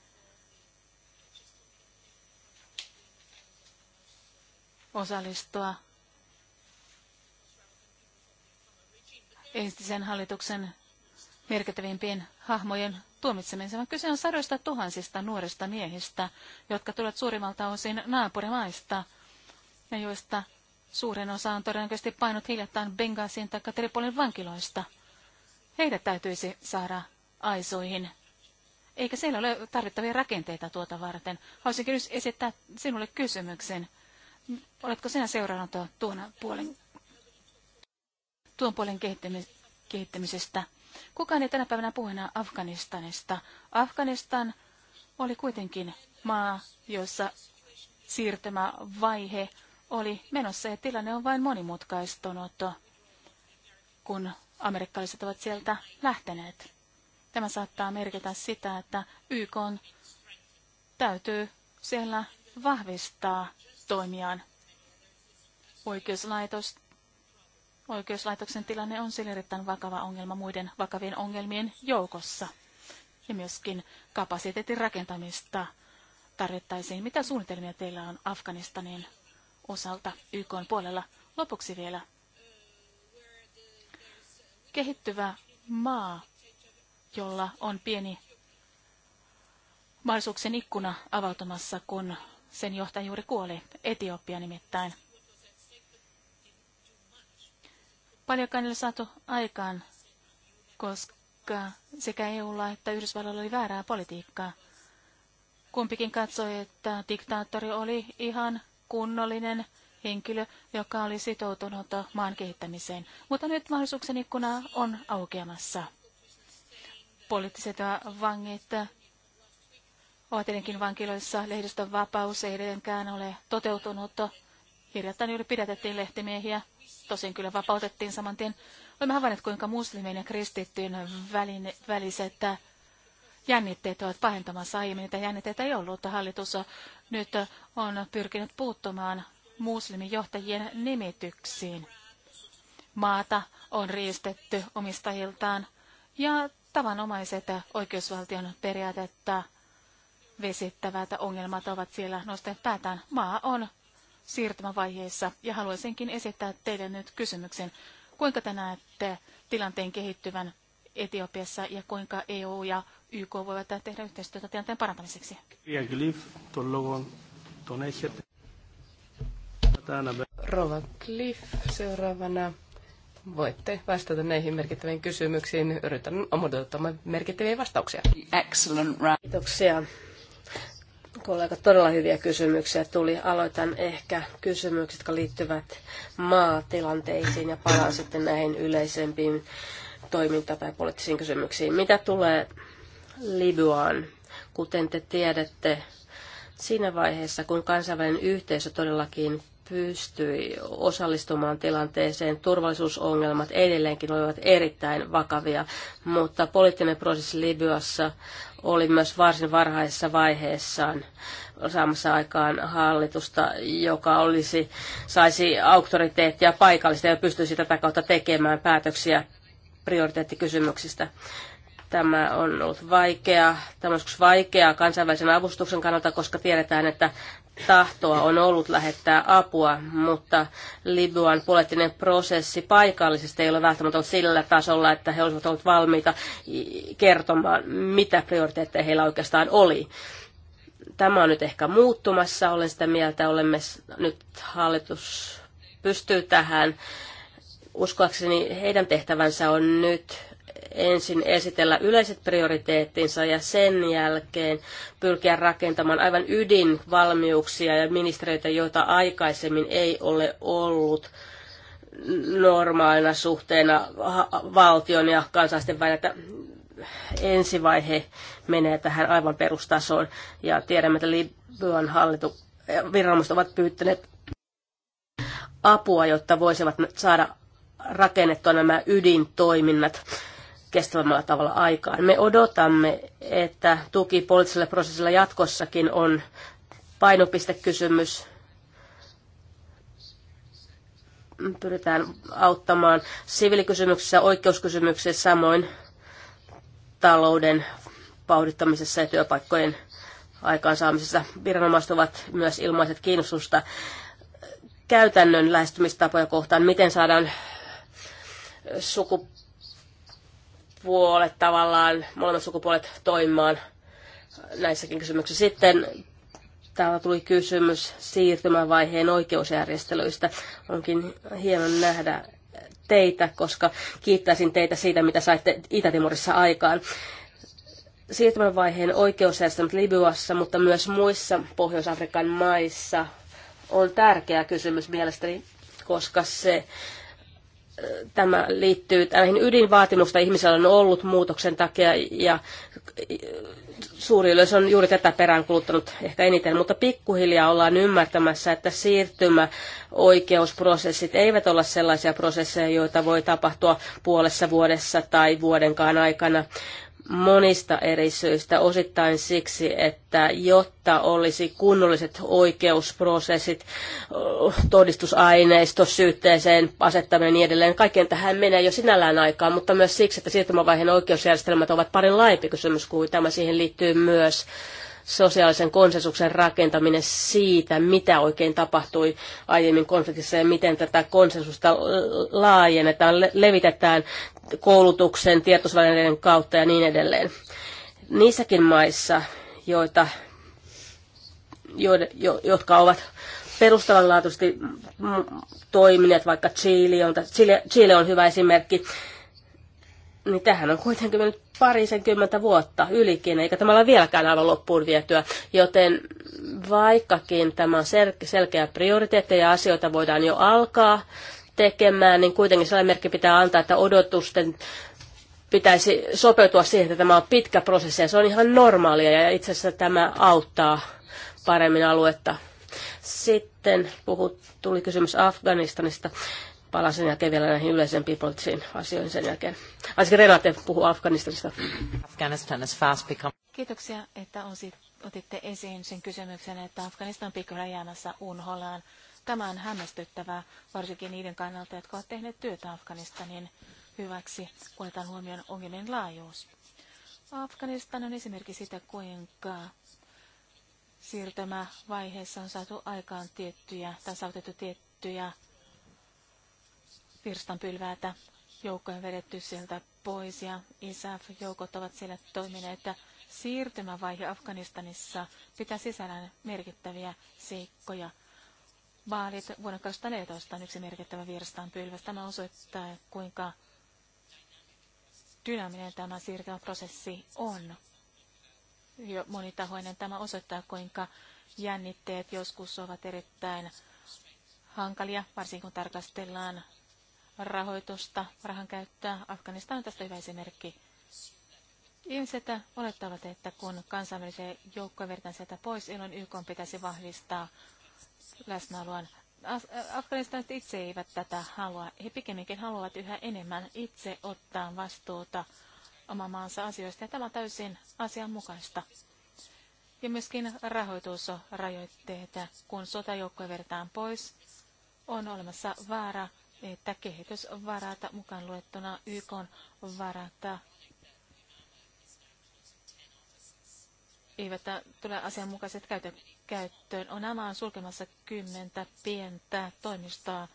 osallistua entisen hallituksen merkittävimpien hahmojen tuomitsemiseen, vaan kyse on sadoista tuhansista nuorista miehistä, jotka tulevat suurimmalta osin naapurimaista ja joista Suurin osa on todennäköisesti painut hiljattain Bengasin tai Tripolin vankiloista. Heidät täytyisi saada aisoihin. Eikä siellä ole tarvittavia rakenteita tuota varten. Haluaisinkin nyt esittää sinulle kysymyksen. Oletko sinä seurannut tuon puolen, tuon puolen kehittämisestä? Kukaan ei tänä päivänä puhu enää Afganistanista. Afganistan oli kuitenkin maa, jossa siirtymävaihe vaihe oli menossa ja tilanne on vain monimutkaistunut, kun amerikkalaiset ovat sieltä lähteneet. Tämä saattaa merkitä sitä, että YK on, täytyy siellä vahvistaa toimiaan. Oikeuslaitos, oikeuslaitoksen tilanne on sillä erittäin vakava ongelma muiden vakavien ongelmien joukossa. Ja myöskin kapasiteetin rakentamista tarvittaisiin. Mitä suunnitelmia teillä on Afganistanin osalta YK puolella. Lopuksi vielä. Kehittyvä maa, jolla on pieni mahdollisuuksien ikkuna avautumassa, kun sen johtaja juuri kuoli, Etiopia nimittäin. Paljonkaan ei saatu aikaan, koska sekä EUlla että Yhdysvalloilla oli väärää politiikkaa. Kumpikin katsoi, että diktaattori oli ihan kunnollinen henkilö, joka oli sitoutunut maan kehittämiseen. Mutta nyt mahdollisuuksien ikkuna on aukeamassa. Poliittiset vangit ovat tietenkin vankiloissa. Lehdistön vapaus ei edelleenkään ole toteutunut. Hiljattain juuri pidätettiin lehtimiehiä. Tosin kyllä vapautettiin saman tien. Olemme havainneet, kuinka muslimien ja kristittyjen välin, väliset jännitteet ovat pahentamassa aiemmin. Niitä jännitteitä ei ollut. Hallitus nyt on pyrkinyt puuttumaan muslimijohtajien nimityksiin. Maata on riistetty omistajiltaan ja tavanomaiset oikeusvaltion periaatetta vesittävät ongelmat ovat siellä nostaneet päätään. Maa on siirtymävaiheessa ja haluaisinkin esittää teille nyt kysymyksen, kuinka te näette tilanteen kehittyvän Etiopiassa ja kuinka EU ja YK voivat tehdä yhteistyötä tilanteen parantamiseksi. Rova Cliff, seuraavana voitte vastata näihin merkittäviin kysymyksiin. Yritän omuodottamaan merkittäviä vastauksia. Excellent. Kiitoksia. Kollega, todella hyviä kysymyksiä tuli. Aloitan ehkä kysymykset, jotka liittyvät maatilanteisiin ja palaan sitten näihin yleisempiin toiminta- tai poliittisiin kysymyksiin. Mitä tulee Libyaan. Kuten te tiedätte, siinä vaiheessa, kun kansainvälinen yhteisö todellakin pystyi osallistumaan tilanteeseen. Turvallisuusongelmat edelleenkin olivat erittäin vakavia, mutta poliittinen prosessi Libyassa oli myös varsin varhaisessa vaiheessaan saamassa aikaan hallitusta, joka olisi, saisi auktoriteettia paikallista ja pystyisi tätä kautta tekemään päätöksiä prioriteettikysymyksistä. Tämä on ollut vaikea, tämä on vaikeaa kansainvälisen avustuksen kannalta, koska tiedetään, että tahtoa on ollut lähettää apua, mutta Libyan poliittinen prosessi paikallisesti ei ole välttämättä ollut sillä tasolla, että he olisivat olleet valmiita kertomaan, mitä prioriteetteja heillä oikeastaan oli. Tämä on nyt ehkä muuttumassa, olen sitä mieltä, olemme nyt hallitus pystyy tähän. Uskoakseni heidän tehtävänsä on nyt ensin esitellä yleiset prioriteettinsa ja sen jälkeen pyrkiä rakentamaan aivan ydinvalmiuksia ja ministeriöitä, joita aikaisemmin ei ole ollut normaalina suhteena valtion ja kansalaisten välillä ensivaihe menee tähän aivan perustasoon. Ja tiedämme, että Libyan hallitu, viranomaiset ovat pyytäneet apua, jotta voisivat saada rakennettua nämä ydintoiminnat kestävämmällä tavalla aikaan. Me odotamme, että tuki poliittiselle prosessille jatkossakin on painopistekysymys. Pyritään auttamaan siviilikysymyksissä, oikeuskysymyksissä, samoin talouden vauhdittamisessa ja työpaikkojen aikaansaamisessa. Viranomaiset ovat myös ilmaiset kiinnostusta käytännön lähestymistapoja kohtaan, miten saadaan sukupuolta puolet tavallaan, molemmat sukupuolet toimimaan näissäkin kysymyksissä. Sitten täällä tuli kysymys siirtymävaiheen oikeusjärjestelyistä. Onkin hieman nähdä teitä, koska kiittäisin teitä siitä, mitä saitte Itä-Timorissa aikaan. Siirtymävaiheen oikeusjärjestelmät Libyassa, mutta myös muissa Pohjois-Afrikan maissa on tärkeä kysymys mielestäni, koska se tämä liittyy näihin ydinvaatimusta ihmisellä on ollut muutoksen takia ja suuri yleisö on juuri tätä peräänkuluttanut ehkä eniten, mutta pikkuhiljaa ollaan ymmärtämässä, että siirtymäoikeusprosessit eivät ole sellaisia prosesseja, joita voi tapahtua puolessa vuodessa tai vuodenkaan aikana, monista eri syistä, osittain siksi, että jotta olisi kunnolliset oikeusprosessit, todistusaineisto, syytteeseen asettaminen ja niin edelleen, kaikkeen tähän menee jo sinällään aikaa, mutta myös siksi, että siirtymävaiheen oikeusjärjestelmät ovat parin laajempi kysymys kuin tämä. Siihen liittyy myös sosiaalisen konsensuksen rakentaminen siitä, mitä oikein tapahtui aiemmin konfliktissa ja miten tätä konsensusta laajennetaan, levitetään koulutuksen, tietosvälineiden kautta ja niin edelleen. Niissäkin maissa, joita, jo, jo, jotka ovat perustavanlaatuisesti toimineet, vaikka Chile on, Chile, Chile on hyvä esimerkki, niin tähän on kuitenkin mennyt parisenkymmentä vuotta ylikin, eikä tämä ole vieläkään aivan loppuun vietyä. Joten vaikkakin tämä on sel- selkeä prioriteetti ja asioita voidaan jo alkaa tekemään, niin kuitenkin sellainen merkki pitää antaa, että odotusten pitäisi sopeutua siihen, että tämä on pitkä prosessi ja se on ihan normaalia ja itse asiassa tämä auttaa paremmin aluetta. Sitten puhut, tuli kysymys Afganistanista. Palaan sen jälkeen vielä näihin yleisempiin poliittisiin asioihin sen jälkeen. Aisikin Renate puhuu Afganistanista. Afghanistan is fast become... Kiitoksia, että osit, otitte esiin sen kysymyksen, että Afganistan on pikkuhiljaa jäämässä unholaan. Tämä on hämmästyttävää, varsinkin niiden kannalta, jotka ovat tehneet työtä Afganistanin hyväksi, kun otetaan huomioon ongelmien laajuus. Afganistan on esimerkki sitä, kuinka siirtymävaiheessa on saatu aikaan tiettyjä tai saavutettu tiettyjä virstanpylväitä, Joukkoja on vedetty sieltä pois ja ISAF-joukot ovat siellä toimineet. Siirtymävaihe Afganistanissa pitää sisällään merkittäviä seikkoja – vaalit vuonna 2014 on yksi merkittävä virstaan pylväs. Tämä osoittaa, kuinka dynaaminen tämä prosessi on. Jo monitahoinen tämä osoittaa, kuinka jännitteet joskus ovat erittäin hankalia, varsinkin kun tarkastellaan rahoitusta, rahan käyttöä. Afganistan on tästä hyvä esimerkki. Ihmiset olettavat, että kun kansainvälisiä joukkoja vertaan sieltä pois, ilon YK pitäisi vahvistaa läsnäoloaan. Afganistanit itse eivät tätä halua. He pikemminkin haluavat yhä enemmän itse ottaa vastuuta oman maansa asioista, ja tämä on täysin asianmukaista. Ja myöskin rahoitusrajoitteita, kun sotajoukkoja vedetään pois, on olemassa vaara, että kehitysvarat mukaan luettuna YK varata eivät tule asianmukaiset käytöt käyttöön. On amaan sulkemassa kymmentä pientä toimistoa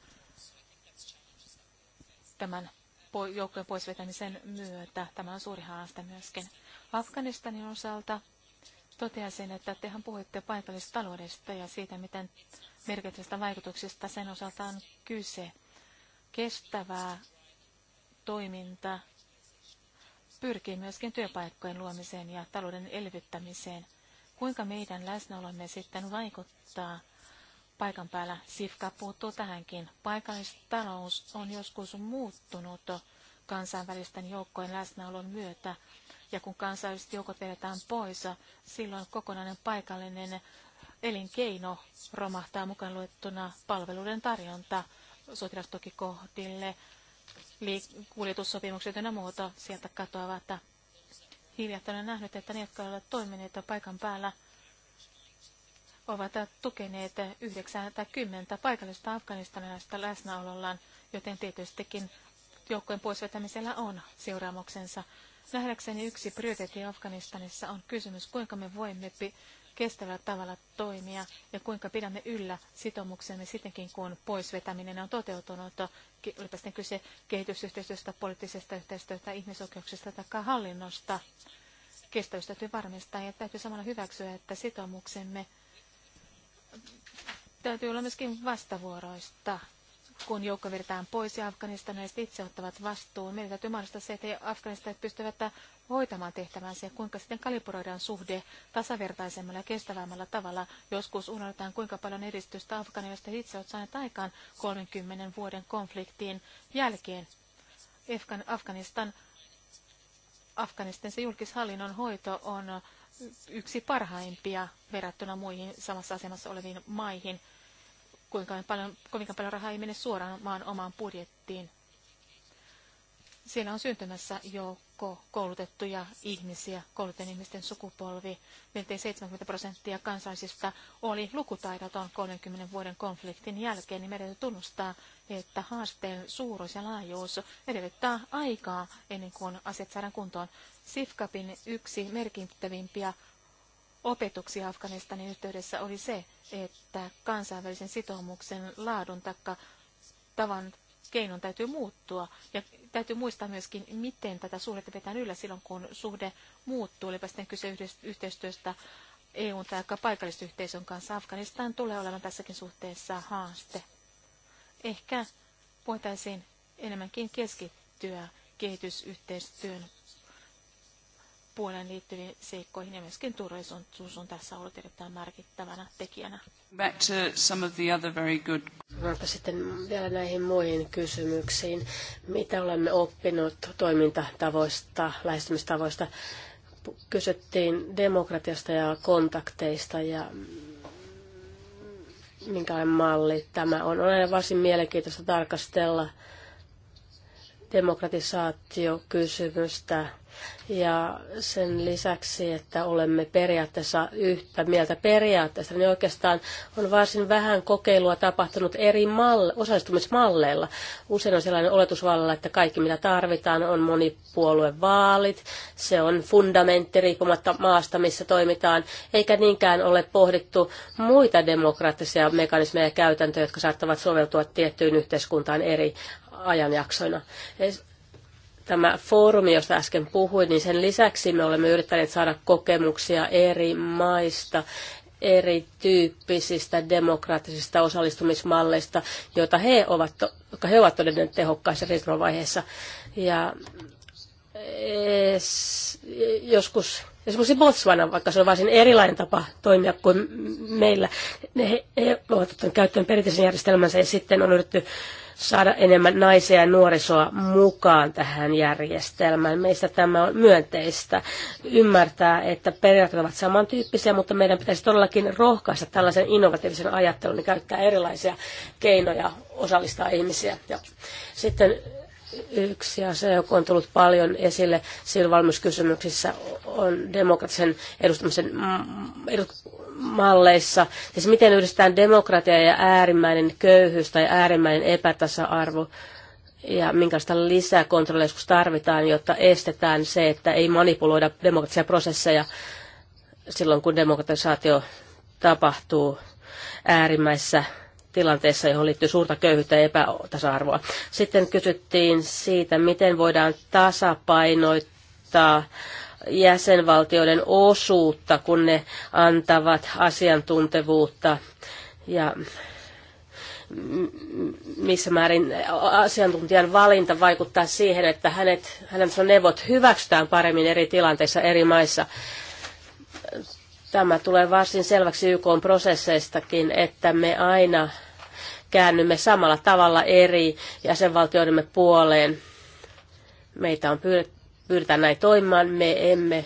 tämän joukkojen poisvetämisen myötä. Tämä on suuri haaste myöskin. Afganistanin osalta toteaisin, että tehän puhuitte paikallistaloudesta ja siitä, miten merkittävistä vaikutuksista sen osalta on kyse. Kestävää toiminta pyrkii myöskin työpaikkojen luomiseen ja talouden elvyttämiseen. Kuinka meidän läsnäolomme sitten vaikuttaa paikan päällä? Sifka puuttuu tähänkin. Paikallistalous on joskus muuttunut kansainvälisten joukkojen läsnäolon myötä. Ja kun kansainväliset joukot vedetään pois, silloin kokonainen paikallinen elinkeino romahtaa mukaan luettuna palveluiden tarjonta sotilastukikohdille, kuljetussopimukset ja muuta sieltä katoavat Hiljattain olen nähnyt, että ne, jotka ovat toimineet paikan päällä, ovat tukeneet 90 paikallista afganistanilaista läsnäolollaan, joten tietystikin joukkojen poisvetämisellä on seuraamuksensa. Nähdäkseni yksi prioriteetti Afganistanissa on kysymys, kuinka me voimme kestävällä tavalla toimia ja kuinka pidämme yllä sitoumuksemme sittenkin, kun poisvetäminen on toteutunut, olipa sitten kyse kehitysyhteistyöstä, poliittisesta yhteistyöstä, ihmisoikeuksista tai hallinnosta. Kestävyys täytyy varmistaa ja täytyy samalla hyväksyä, että sitoumuksemme täytyy olla myöskin vastavuoroista kun joukko vedetään pois ja afganistanilaiset itse ottavat vastuun. Meidän täytyy mahdollistaa se, että afganistanaiset pystyvät hoitamaan tehtävänsä ja kuinka sitten kalibroidaan suhde tasavertaisemmalla ja kestävämmällä tavalla. Joskus unohdetaan, kuinka paljon edistystä afganiasta itse ovat saaneet aikaan 30 vuoden konfliktiin jälkeen. Afganistan, Afganistan se julkishallinnon hoito on yksi parhaimpia verrattuna muihin samassa asemassa oleviin maihin – kuinka paljon, kuinka paljon rahaa ei mene suoraan maan omaan budjettiin. Siellä on syntymässä joukko koulutettuja ihmisiä, koulutettujen ihmisten sukupolvi. Miltei 70 prosenttia kansaisista oli lukutaidoton 30 vuoden konfliktin jälkeen, niin meidän tunnustaa, että haasteen suuruus ja laajuus edellyttää aikaa ennen kuin asiat saadaan kuntoon. SIFCAPin yksi merkittävimpiä opetuksi Afganistanin yhteydessä oli se, että kansainvälisen sitoumuksen laadun takka tavan keinon täytyy muuttua. Ja täytyy muistaa myöskin, miten tätä suhdetta vetään yllä silloin, kun suhde muuttuu. Olipa sitten kyse yhteistyöstä EUn tai paikallisyhteisön kanssa. Afganistan tulee olemaan tässäkin suhteessa haaste. Ehkä voitaisiin enemmänkin keskittyä kehitysyhteistyön Puolan liittyviin seikkoihin ja myöskin turvallisuus on tässä ollut erittäin merkittävänä tekijänä. Back to some of the other very good... sitten vielä näihin muihin kysymyksiin. Mitä olemme oppineet toimintatavoista, lähestymistavoista? Kysyttiin demokratiasta ja kontakteista ja minkälainen malli tämä on. On aina varsin mielenkiintoista tarkastella demokratisaatiokysymystä ja sen lisäksi, että olemme periaatteessa yhtä mieltä periaatteessa, niin oikeastaan on varsin vähän kokeilua tapahtunut eri malle, osallistumismalleilla. Usein on sellainen oletusvallalla, että kaikki mitä tarvitaan on monipuoluevaalit, se on fundamentti riippumatta maasta, missä toimitaan, eikä niinkään ole pohdittu muita demokraattisia mekanismeja ja käytäntöjä, jotka saattavat soveltua tiettyyn yhteiskuntaan eri ajanjaksoina. Tämä foorumi, josta äsken puhuin, niin sen lisäksi me olemme yrittäneet saada kokemuksia eri maista, erityyppisistä demokraattisista osallistumismalleista, joita he ovat, jotka he ovat todenneet tehokkaissa riskivaiheessa. Ja es, joskus esimerkiksi Botswana, vaikka se on varsin erilainen tapa toimia kuin meillä, he, he ovat ottaneet käyttöön perinteisen järjestelmänsä ja sitten on yritetty saada enemmän naisia ja nuorisoa mukaan tähän järjestelmään. Meistä tämä on myönteistä ymmärtää, että periaatteet ovat samantyyppisiä, mutta meidän pitäisi todellakin rohkaista tällaisen innovatiivisen ajattelun ja niin käyttää erilaisia keinoja osallistaa ihmisiä. Ja sitten Yksi asia, joka on tullut paljon esille siirvalmiuskysymyksissä, on demokratisen edustamisen malleissa. Siis miten yhdistetään demokratia ja äärimmäinen köyhyys tai äärimmäinen epätasa-arvo ja minkälaista lisää joskus tarvitaan, jotta estetään se, että ei manipuloida demokratisia prosesseja silloin, kun demokratisaatio tapahtuu äärimmäisessä tilanteessa, johon liittyy suurta köyhyyttä ja epätasa-arvoa. Sitten kysyttiin siitä, miten voidaan tasapainoittaa jäsenvaltioiden osuutta, kun ne antavat asiantuntevuutta ja missä määrin asiantuntijan valinta vaikuttaa siihen, että hänet, hänen neuvot hyväksytään paremmin eri tilanteissa eri maissa. Tämä tulee varsin selväksi YK-prosesseistakin, että me aina käännymme samalla tavalla eri jäsenvaltioidemme puoleen. Meitä on pyydetään näin toimimaan. Me emme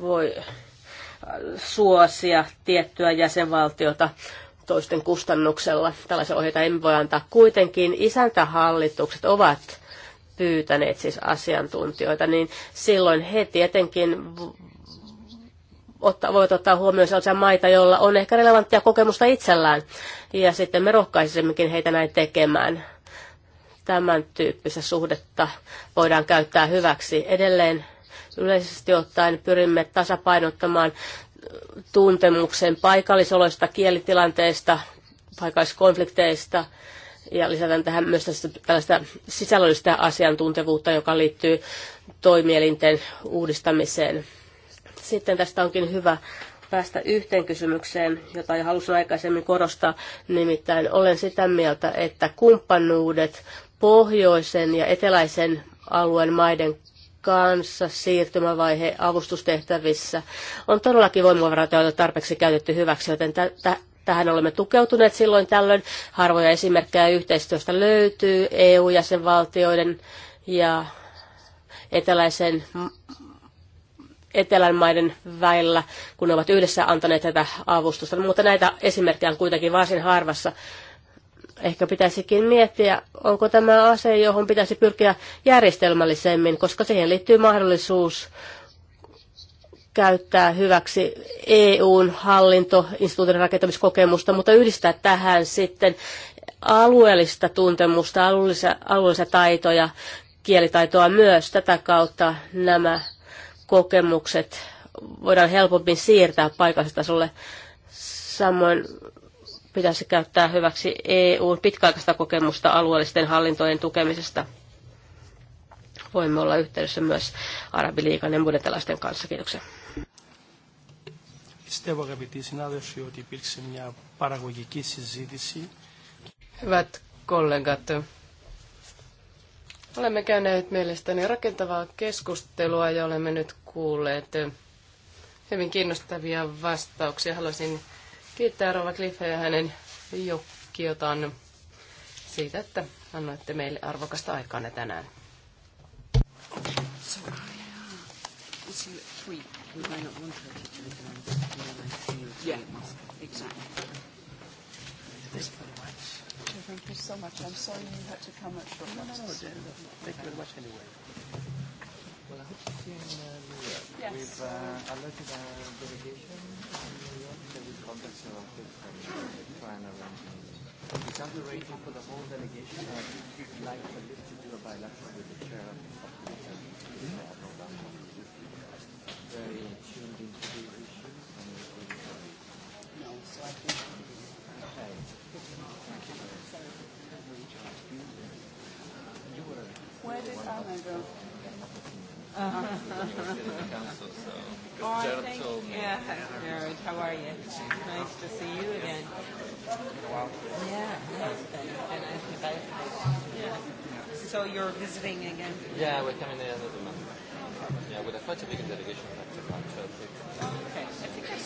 voi suosia tiettyä jäsenvaltiota toisten kustannuksella. Tällaisia ohjeita emme voi antaa. Kuitenkin isäntähallitukset ovat pyytäneet siis asiantuntijoita, niin silloin he tietenkin ottaa, voivat ottaa huomioon sellaisia maita, joilla on ehkä relevanttia kokemusta itsellään. Ja sitten me rohkaisemmekin heitä näin tekemään. Tämän tyyppistä suhdetta voidaan käyttää hyväksi. Edelleen yleisesti ottaen pyrimme tasapainottamaan tuntemuksen paikallisoloista, kielitilanteista, paikalliskonflikteista ja lisätään tähän myös tästä, tällaista sisällöllistä asiantuntevuutta, joka liittyy toimielinten uudistamiseen sitten tästä onkin hyvä päästä yhteen kysymykseen, jota jo halusin aikaisemmin korostaa. Nimittäin olen sitä mieltä, että kumppanuudet pohjoisen ja eteläisen alueen maiden kanssa siirtymävaihe avustustehtävissä on todellakin voimavarat, joita tarpeeksi käytetty hyväksi, joten tähän olemme tukeutuneet silloin tällöin. Harvoja esimerkkejä yhteistyöstä löytyy EU-jäsenvaltioiden ja eteläisen etelän maiden välillä, kun ne ovat yhdessä antaneet tätä avustusta. Mutta näitä esimerkkejä on kuitenkin varsin harvassa. Ehkä pitäisikin miettiä, onko tämä ase, johon pitäisi pyrkiä järjestelmällisemmin, koska siihen liittyy mahdollisuus käyttää hyväksi EUn hallintoinstituutin rakentamiskokemusta, mutta yhdistää tähän sitten alueellista tuntemusta, alueellisia, alueellisia taitoja, kielitaitoa myös. Tätä kautta nämä kokemukset voidaan helpommin siirtää paikallistasolle. Samoin pitäisi käyttää hyväksi EUn pitkäaikaista kokemusta alueellisten hallintojen tukemisesta. Voimme olla yhteydessä myös Arabiliikan ja muiden tällaisten kanssa. Kiitoksia. Hyvät kollegat, Olemme käyneet mielestäni rakentavaa keskustelua ja olemme nyt kuulleet hyvin kiinnostavia vastauksia. Haluaisin kiittää Rova Cliffeä ja hänen jokkiotaan siitä, että annoitte meille arvokasta aikaa tänään. Yeah, exactly. Thank you so much. I'm sorry you had to come at short notice. No, no, no, no, Thank you very much anyway. Well, I hope to see you in uh, New York. Yes. We've uh, alerted our delegation in New York, so we'll contact you after to try and arrange It's under rating for the whole delegation. Uh, I would like for this to do a bilateral with the chair of the very tuned into the issues and no, so I think Okay. Thank you. Uh-huh. council, so, oh, Gerald think, Yeah, Gerald, how are you? Nice to see you again. Yeah, So you're visiting again? Yeah, we're coming the end of month. Yeah, with a quite a big delegation, Okay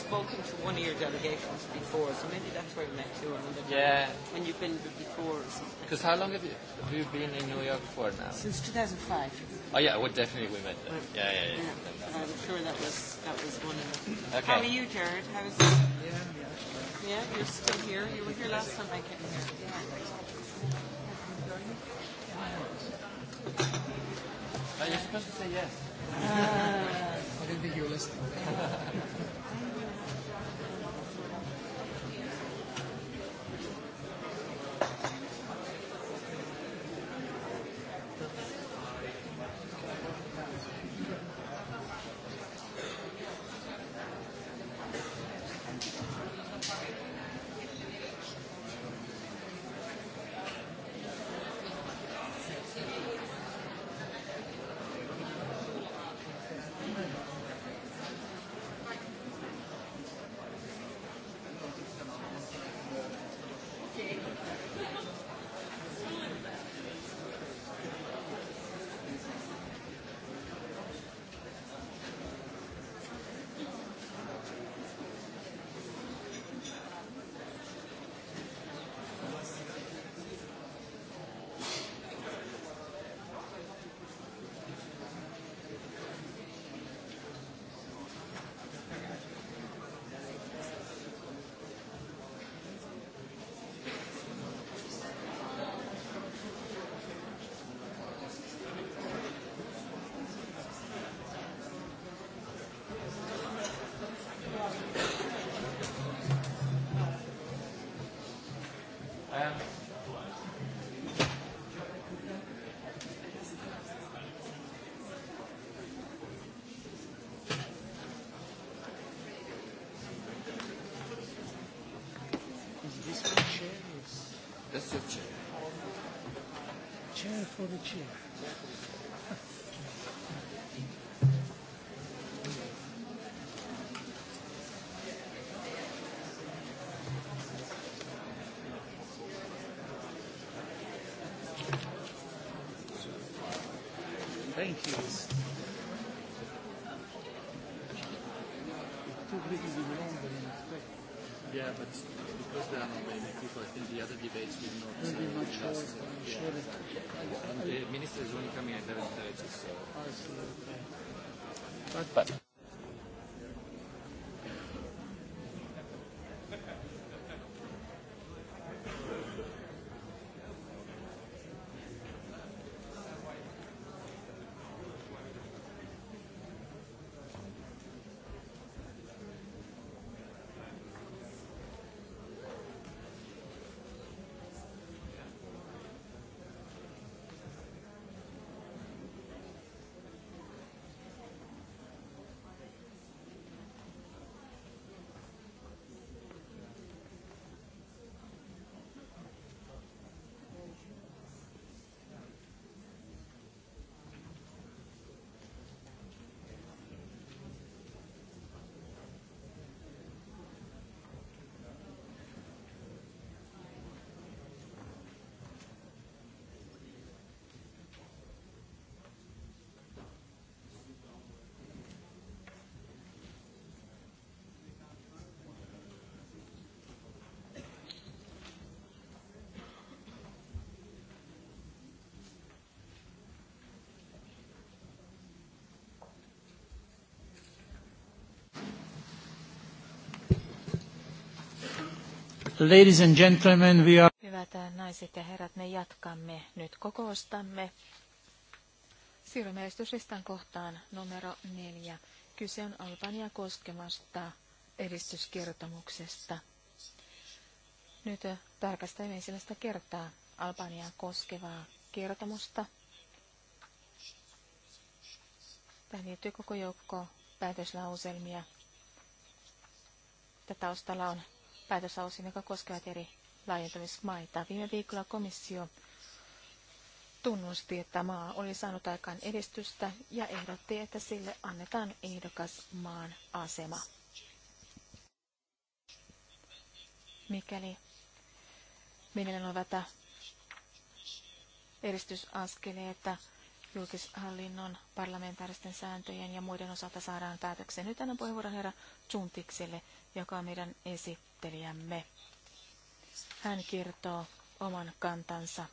spoken to one of your delegations before, so maybe that's where you met you. Yeah. When you've been before or something. Because how long have you, have you been in New York for now? Since 2005. Oh yeah, well definitely we met then. Right. Yeah, yeah, yeah. yeah. I'm sure that was that was one of them. Okay. How are you, Jared? How is it? Yeah, yeah. Yeah, you're still here. You were here last time I came here. Yeah. Are you supposed to say yes. Uh, I didn't think you were listening. Thank you. longer than expected. Yeah, but because they are not so in the other debates we've not seen be much last. I'm sure it. And the minister is only coming at 11.30, so. I see. But, but Ladies and gentlemen, we are... Hyvät naiset ja herrat, me jatkamme nyt kokoustamme. Siirrymme esityslistan kohtaan numero neljä. Kyse on Albania koskevasta edistyskertomuksesta. Nyt tarkastamme ensimmäistä kertaa Albania koskevaa kertomusta. Tähän liittyy koko joukko päätöslauselmia. Tätä taustalla on päätöslausin, joka koskee eri laajentamismaita. Viime viikolla komissio tunnusti, että maa oli saanut aikaan edistystä ja ehdotti, että sille annetaan maan asema. Mikäli meillä ovat edistysaskeleita julkishallinnon parlamentaaristen sääntöjen ja muiden osalta saadaan päätökseen. Nyt annan puheenvuoron herra Chuntikselle, joka on meidän esittelijämme. Hän kertoo oman kantansa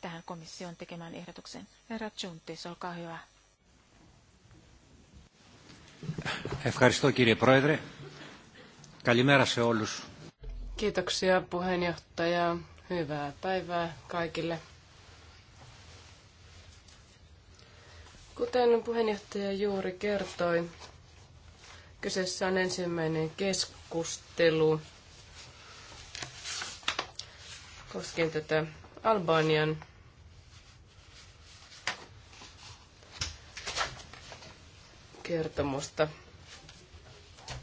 tähän komission tekemään ehdotuksen. Herra Chuntis, olkaa hyvä. Ευχαριστώ κύριε Πρόεδρε. Καλημέρα σε όλους. Kiitoksia puheenjohtaja. Hyvää päivää kaikille. Kuten puheenjohtaja juuri kertoi, kyseessä on ensimmäinen keskustelu koskien tätä Albanian kertomusta.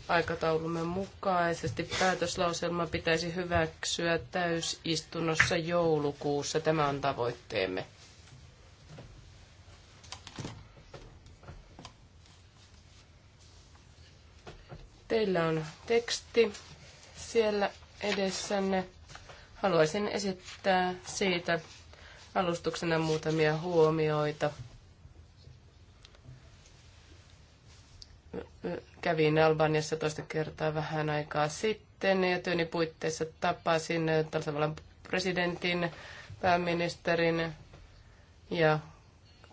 Aikataulumme mukaisesti päätöslauselma pitäisi hyväksyä täysistunnossa joulukuussa. Tämä on tavoitteemme. Teillä on teksti siellä edessänne. Haluaisin esittää siitä alustuksena muutamia huomioita. Kävin Albaniassa toista kertaa vähän aikaa sitten ja työni puitteissa tapasin tasavallan presidentin, pääministerin ja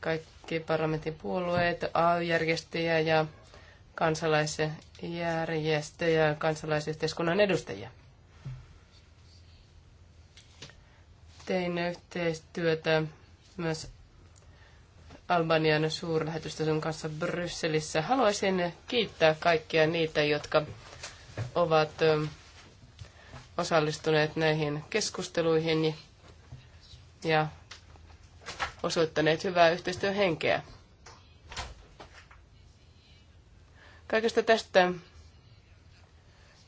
kaikki parlamentin puolueet, AY-järjestäjä ja kansalaisjärjestöjä ja kansalaisyhteiskunnan edustajia. Tein yhteistyötä myös Albanian suurlähetystön kanssa Brysselissä. Haluaisin kiittää kaikkia niitä, jotka ovat osallistuneet näihin keskusteluihin ja osoittaneet hyvää yhteistyöhenkeä. Kaikesta tästä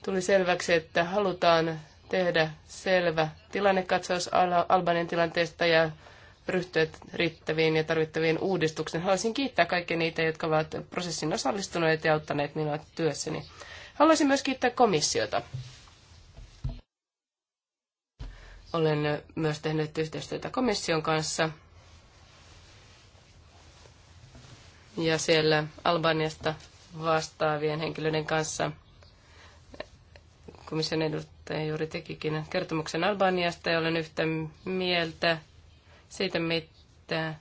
tuli selväksi, että halutaan tehdä selvä tilannekatsaus Albanian tilanteesta ja ryhtyä riittäviin ja tarvittaviin uudistuksiin. Haluaisin kiittää kaikkia niitä, jotka ovat prosessin osallistuneet ja auttaneet minua työssäni. Haluaisin myös kiittää komissiota. Olen myös tehnyt yhteistyötä komission kanssa. Ja siellä Albaniasta vastaavien henkilöiden kanssa. Komission edustaja juuri tekikin kertomuksen Albaniasta ja olen yhtä mieltä siitä, mitä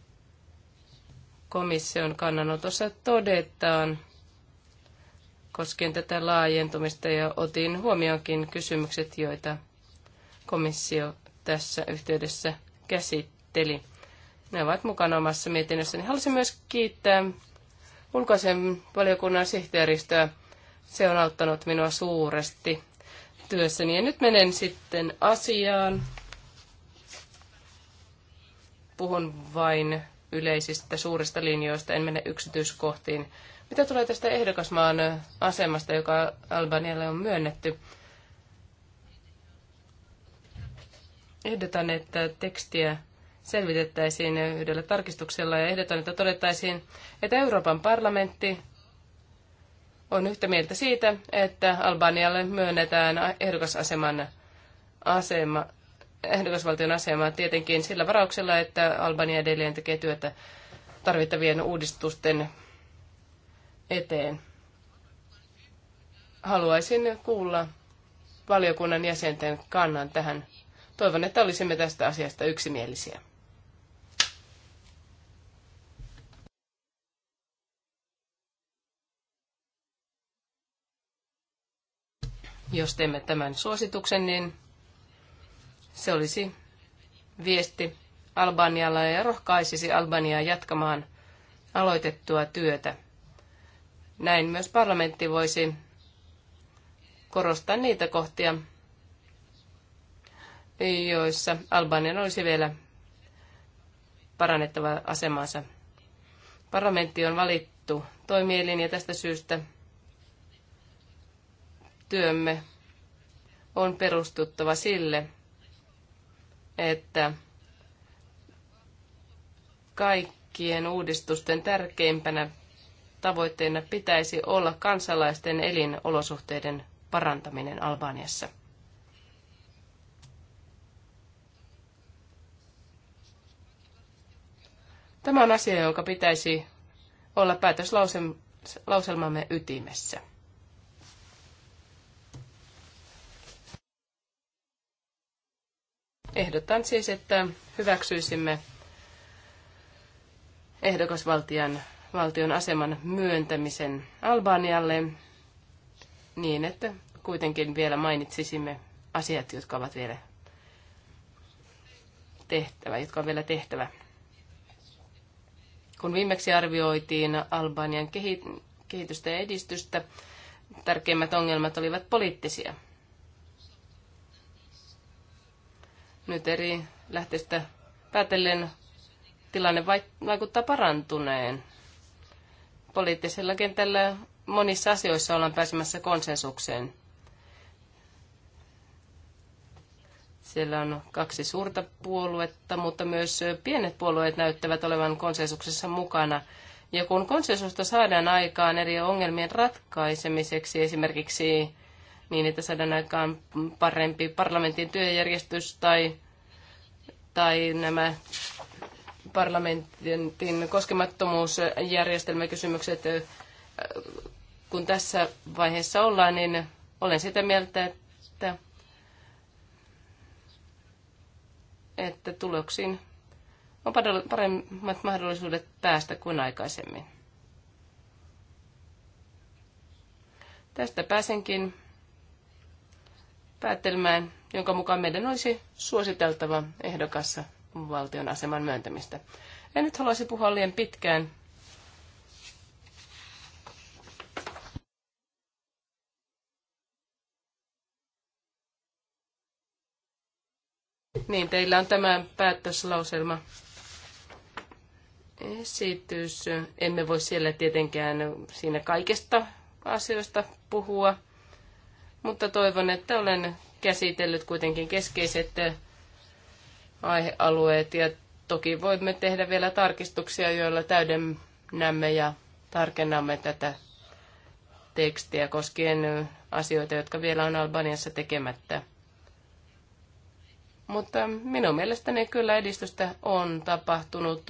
komission kannanotossa todetaan koskien tätä laajentumista ja otin huomioonkin kysymykset, joita komissio tässä yhteydessä käsitteli. Ne ovat mukana omassa mietinnössäni. Haluaisin myös kiittää ulkoisen valiokunnan sihteeristöä. Se on auttanut minua suuresti työssäni. Ja nyt menen sitten asiaan. Puhun vain yleisistä suurista linjoista, en mene yksityiskohtiin. Mitä tulee tästä ehdokasmaan asemasta, joka Albanialle on myönnetty? Ehdotan, että tekstiä selvitettäisiin yhdellä tarkistuksella ja ehdotan, että todettaisiin, että Euroopan parlamentti on yhtä mieltä siitä, että Albanialle myönnetään ehdokasaseman asema, ehdokasvaltion asema tietenkin sillä varauksella, että Albania edelleen tekee työtä tarvittavien uudistusten eteen. Haluaisin kuulla valiokunnan jäsenten kannan tähän. Toivon, että olisimme tästä asiasta yksimielisiä. Jos teemme tämän suosituksen, niin se olisi viesti Albanialle ja rohkaisisi Albaniaa jatkamaan aloitettua työtä. Näin myös parlamentti voisi korostaa niitä kohtia, joissa Albanian olisi vielä parannettava asemansa. Parlamentti on valittu toimielin ja tästä syystä työmme on perustuttava sille, että kaikkien uudistusten tärkeimpänä tavoitteena pitäisi olla kansalaisten elinolosuhteiden parantaminen Albaniassa. Tämä on asia, jonka pitäisi olla päätöslauselmamme ytimessä. Ehdotan siis, että hyväksyisimme ehdokasvaltion valtion aseman myöntämisen Albanialle niin, että kuitenkin vielä mainitsisimme asiat, jotka ovat vielä tehtävä, jotka on vielä tehtävä. Kun viimeksi arvioitiin Albanian kehitystä ja edistystä, tärkeimmät ongelmat olivat poliittisia – Nyt eri lähteistä päätellen tilanne vaikuttaa parantuneen. Poliittisella kentällä monissa asioissa ollaan pääsemässä konsensukseen. Siellä on kaksi suurta puoluetta, mutta myös pienet puolueet näyttävät olevan konsensuksessa mukana. Ja kun konsensusta saadaan aikaan eri ongelmien ratkaisemiseksi, esimerkiksi niin, että saadaan aikaan parempi parlamentin työjärjestys tai, tai nämä parlamentin koskemattomuusjärjestelmäkysymykset. Kun tässä vaiheessa ollaan, niin olen sitä mieltä, että, että tuloksiin on paremmat mahdollisuudet päästä kuin aikaisemmin. Tästä pääsenkin päätelmään, jonka mukaan meidän olisi suositeltava ehdokassa valtion aseman myöntämistä. En nyt haluaisi puhua liian pitkään. Niin, teillä on tämä päätöslauselma esitys. Emme voi siellä tietenkään siinä kaikesta asioista puhua mutta toivon, että olen käsitellyt kuitenkin keskeiset eh, aihealueet ja toki voimme tehdä vielä tarkistuksia, joilla täydennämme ja tarkennamme tätä tekstiä koskien eh, asioita, jotka vielä on Albaniassa tekemättä. Mutta minun mielestäni kyllä edistystä on tapahtunut.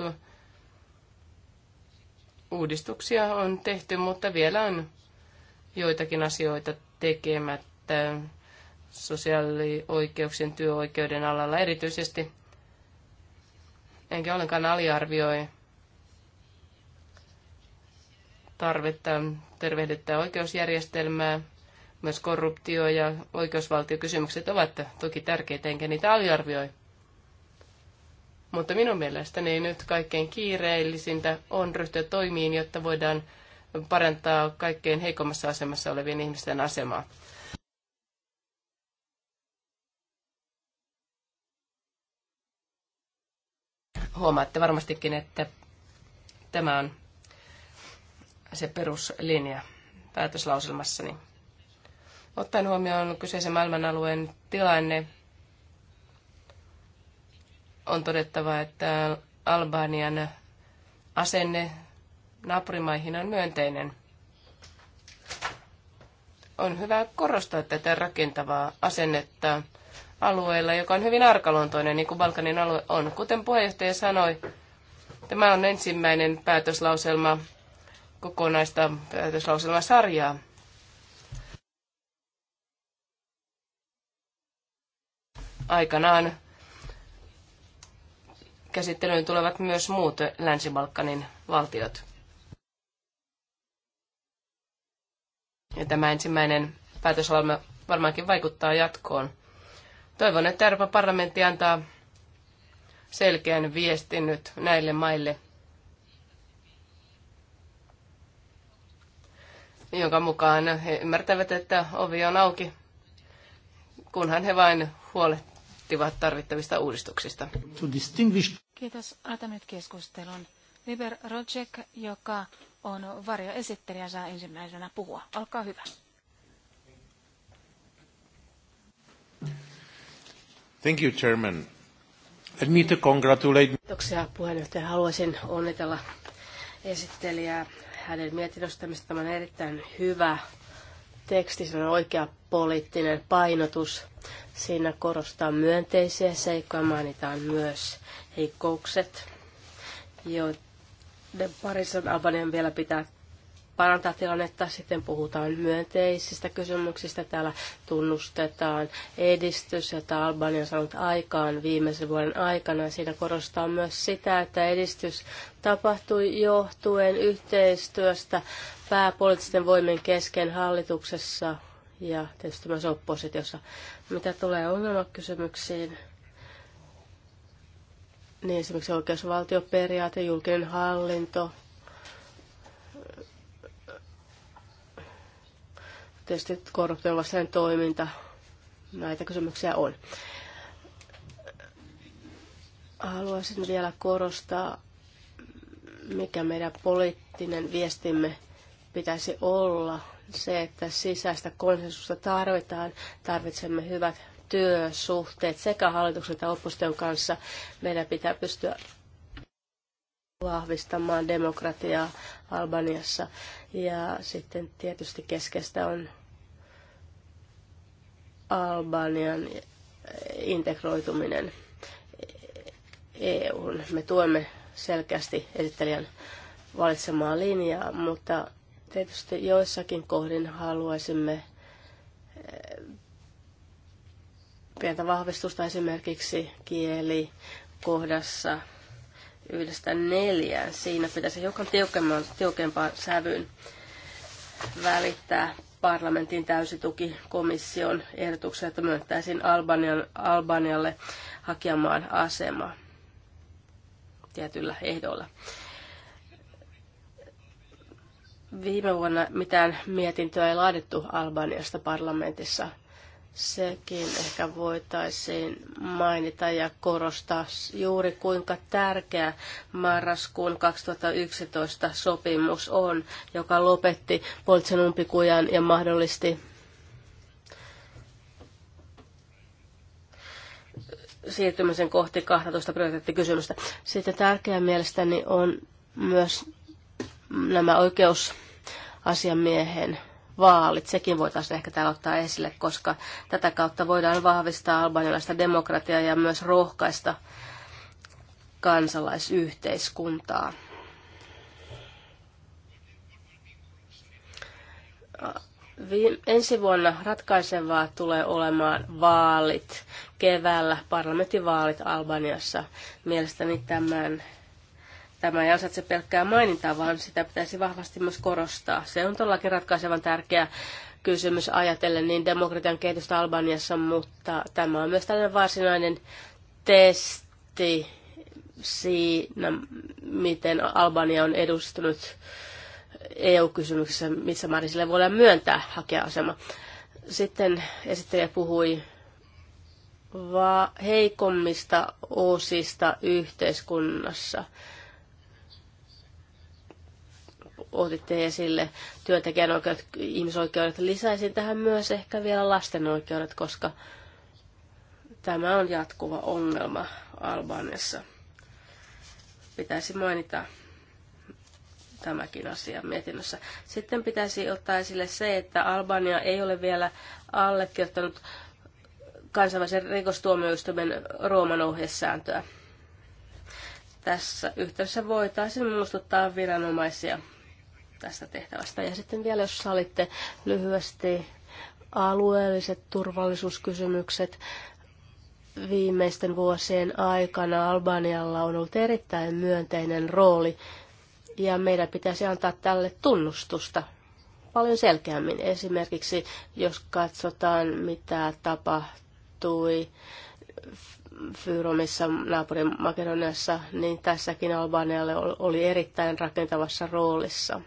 Uudistuksia on tehty, mutta vielä on joitakin asioita tekemättä sosiaalioikeuksien työoikeuden alalla erityisesti. Enkä ollenkaan aliarvioi tarvetta tervehdyttää oikeusjärjestelmää. Myös korruptio ja oikeusvaltiokysymykset ovat toki tärkeitä, enkä niitä aliarvioi. Mutta minun mielestäni nyt kaikkein kiireellisintä on ryhtyä toimiin, jotta voidaan parantaa kaikkein heikommassa asemassa olevien ihmisten asemaa. Huomaatte varmastikin, että tämä on se peruslinja päätöslauselmassani. Ottaen huomioon kyseisen maailmanalueen tilanne, on todettava, että Albanian asenne naapurimaihin on myönteinen. On hyvä korostaa tätä rakentavaa asennetta alueella, joka on hyvin arkaluontoinen, niin kuin Balkanin alue on. Kuten puheenjohtaja sanoi, tämä on ensimmäinen päätöslauselma kokonaista päätöslauselmasarjaa. Aikanaan käsittelyyn tulevat myös muut Länsi-Balkanin valtiot. Ja tämä ensimmäinen päätösalma varmaankin vaikuttaa jatkoon. Toivon, että Euroopan parlamentti antaa selkeän viestin nyt näille maille, jonka mukaan he ymmärtävät, että ovi on auki, kunhan he vain huolehtivat tarvittavista uudistuksista. Kiitos. Otan nyt keskustelun. Liber Rocek, joka on varjoesittelijä, saa ensimmäisenä puhua. Olkaa hyvä. Thank you, Chairman. Let me congratulate... Kiitoksia puheenjohtaja. Haluaisin onnitella esittelijää hänen mietinnöstään. Tämä on erittäin hyvä teksti, se on oikea poliittinen painotus. Siinä korostaa myönteisiä seikkoja, mainitaan myös heikkoukset, joita parissa Albanian vielä pitää parantaa tilannetta. Sitten puhutaan myönteisistä kysymyksistä. Täällä tunnustetaan edistys, jota Albania on saanut aikaan viimeisen vuoden aikana. Siinä korostaa myös sitä, että edistys tapahtui johtuen yhteistyöstä pääpoliittisten voimien kesken hallituksessa ja tietysti myös oppositiossa. Mitä tulee ongelmakysymyksiin, niin esimerkiksi oikeusvaltioperiaate, julkinen hallinto, tietysti korruption vastainen toiminta, näitä kysymyksiä on. Haluaisin vielä korostaa, mikä meidän poliittinen viestimme pitäisi olla. Se, että sisäistä konsensusta tarvitaan, tarvitsemme hyvät työsuhteet sekä hallituksen että opposition kanssa. Meidän pitää pystyä vahvistamaan demokratiaa Albaniassa. Ja sitten tietysti keskeistä on Albanian integroituminen e EUn. Me tuemme selkeästi esittelijän valitsemaa linjaa, mutta tietysti joissakin kohdin haluaisimme pientä vahvistusta esimerkiksi kieli kohdassa yhdestä neljään. Siinä pitäisi hiukan tiukempaan, tiukempaan sävyyn välittää parlamentin täysituki komission ehdotuksia, että myöntäisiin Albanian, Albanialle hakemaan asema tietyillä ehdoilla. Viime vuonna mitään mietintöä ei laadittu Albaniasta parlamentissa – Sekin ehkä voitaisiin mainita ja korostaa juuri kuinka tärkeä marraskuun 2011 sopimus on, joka lopetti Poltsen umpikujan ja mahdollisti siirtymisen kohti 12 prioriteettikysymystä. Sitten tärkeää mielestäni on myös nämä oikeusasiamiehen vaalit. Sekin voitaisiin ehkä täällä ottaa esille, koska tätä kautta voidaan vahvistaa albanialaista demokratiaa ja myös rohkaista kansalaisyhteiskuntaa. ensi vuonna ratkaisevaa tulee olemaan vaalit keväällä, parlamenttivaalit Albaniassa. Mielestäni tämän Tämä ei ansaitse pelkkää mainintaa, vaan sitä pitäisi vahvasti myös korostaa. Se on todellakin ratkaisevan tärkeä kysymys ajatellen niin demokratian kehitystä Albaniassa, mutta tämä on myös tällainen varsinainen testi siinä, miten Albania on edustunut EU-kysymyksessä, missä määrin sille voidaan myöntää hakija-asema. Sitten esittelijä puhui va- heikommista osista yhteiskunnassa otitte esille työntekijän oikeudet, ihmisoikeudet. Lisäisin tähän myös ehkä vielä lasten oikeudet, koska tämä on jatkuva ongelma Albaniassa. Pitäisi mainita tämäkin asia mietinnössä. Sitten pitäisi ottaa esille se, että Albania ei ole vielä allekirjoittanut kansainvälisen rikostuomioistuimen Rooman ohjesääntöä. Tässä yhteydessä voitaisiin muistuttaa viranomaisia tästä tehtävästä. Ja sitten vielä, jos salitte lyhyesti alueelliset turvallisuuskysymykset. Viimeisten vuosien aikana Albanialla on ollut erittäin myönteinen rooli ja meidän pitäisi antaa tälle tunnustusta paljon selkeämmin. Esimerkiksi jos katsotaan, mitä tapahtui Fyromissa naapurin Makedoniassa, niin tässäkin Albanialle oli erittäin rakentavassa roolissa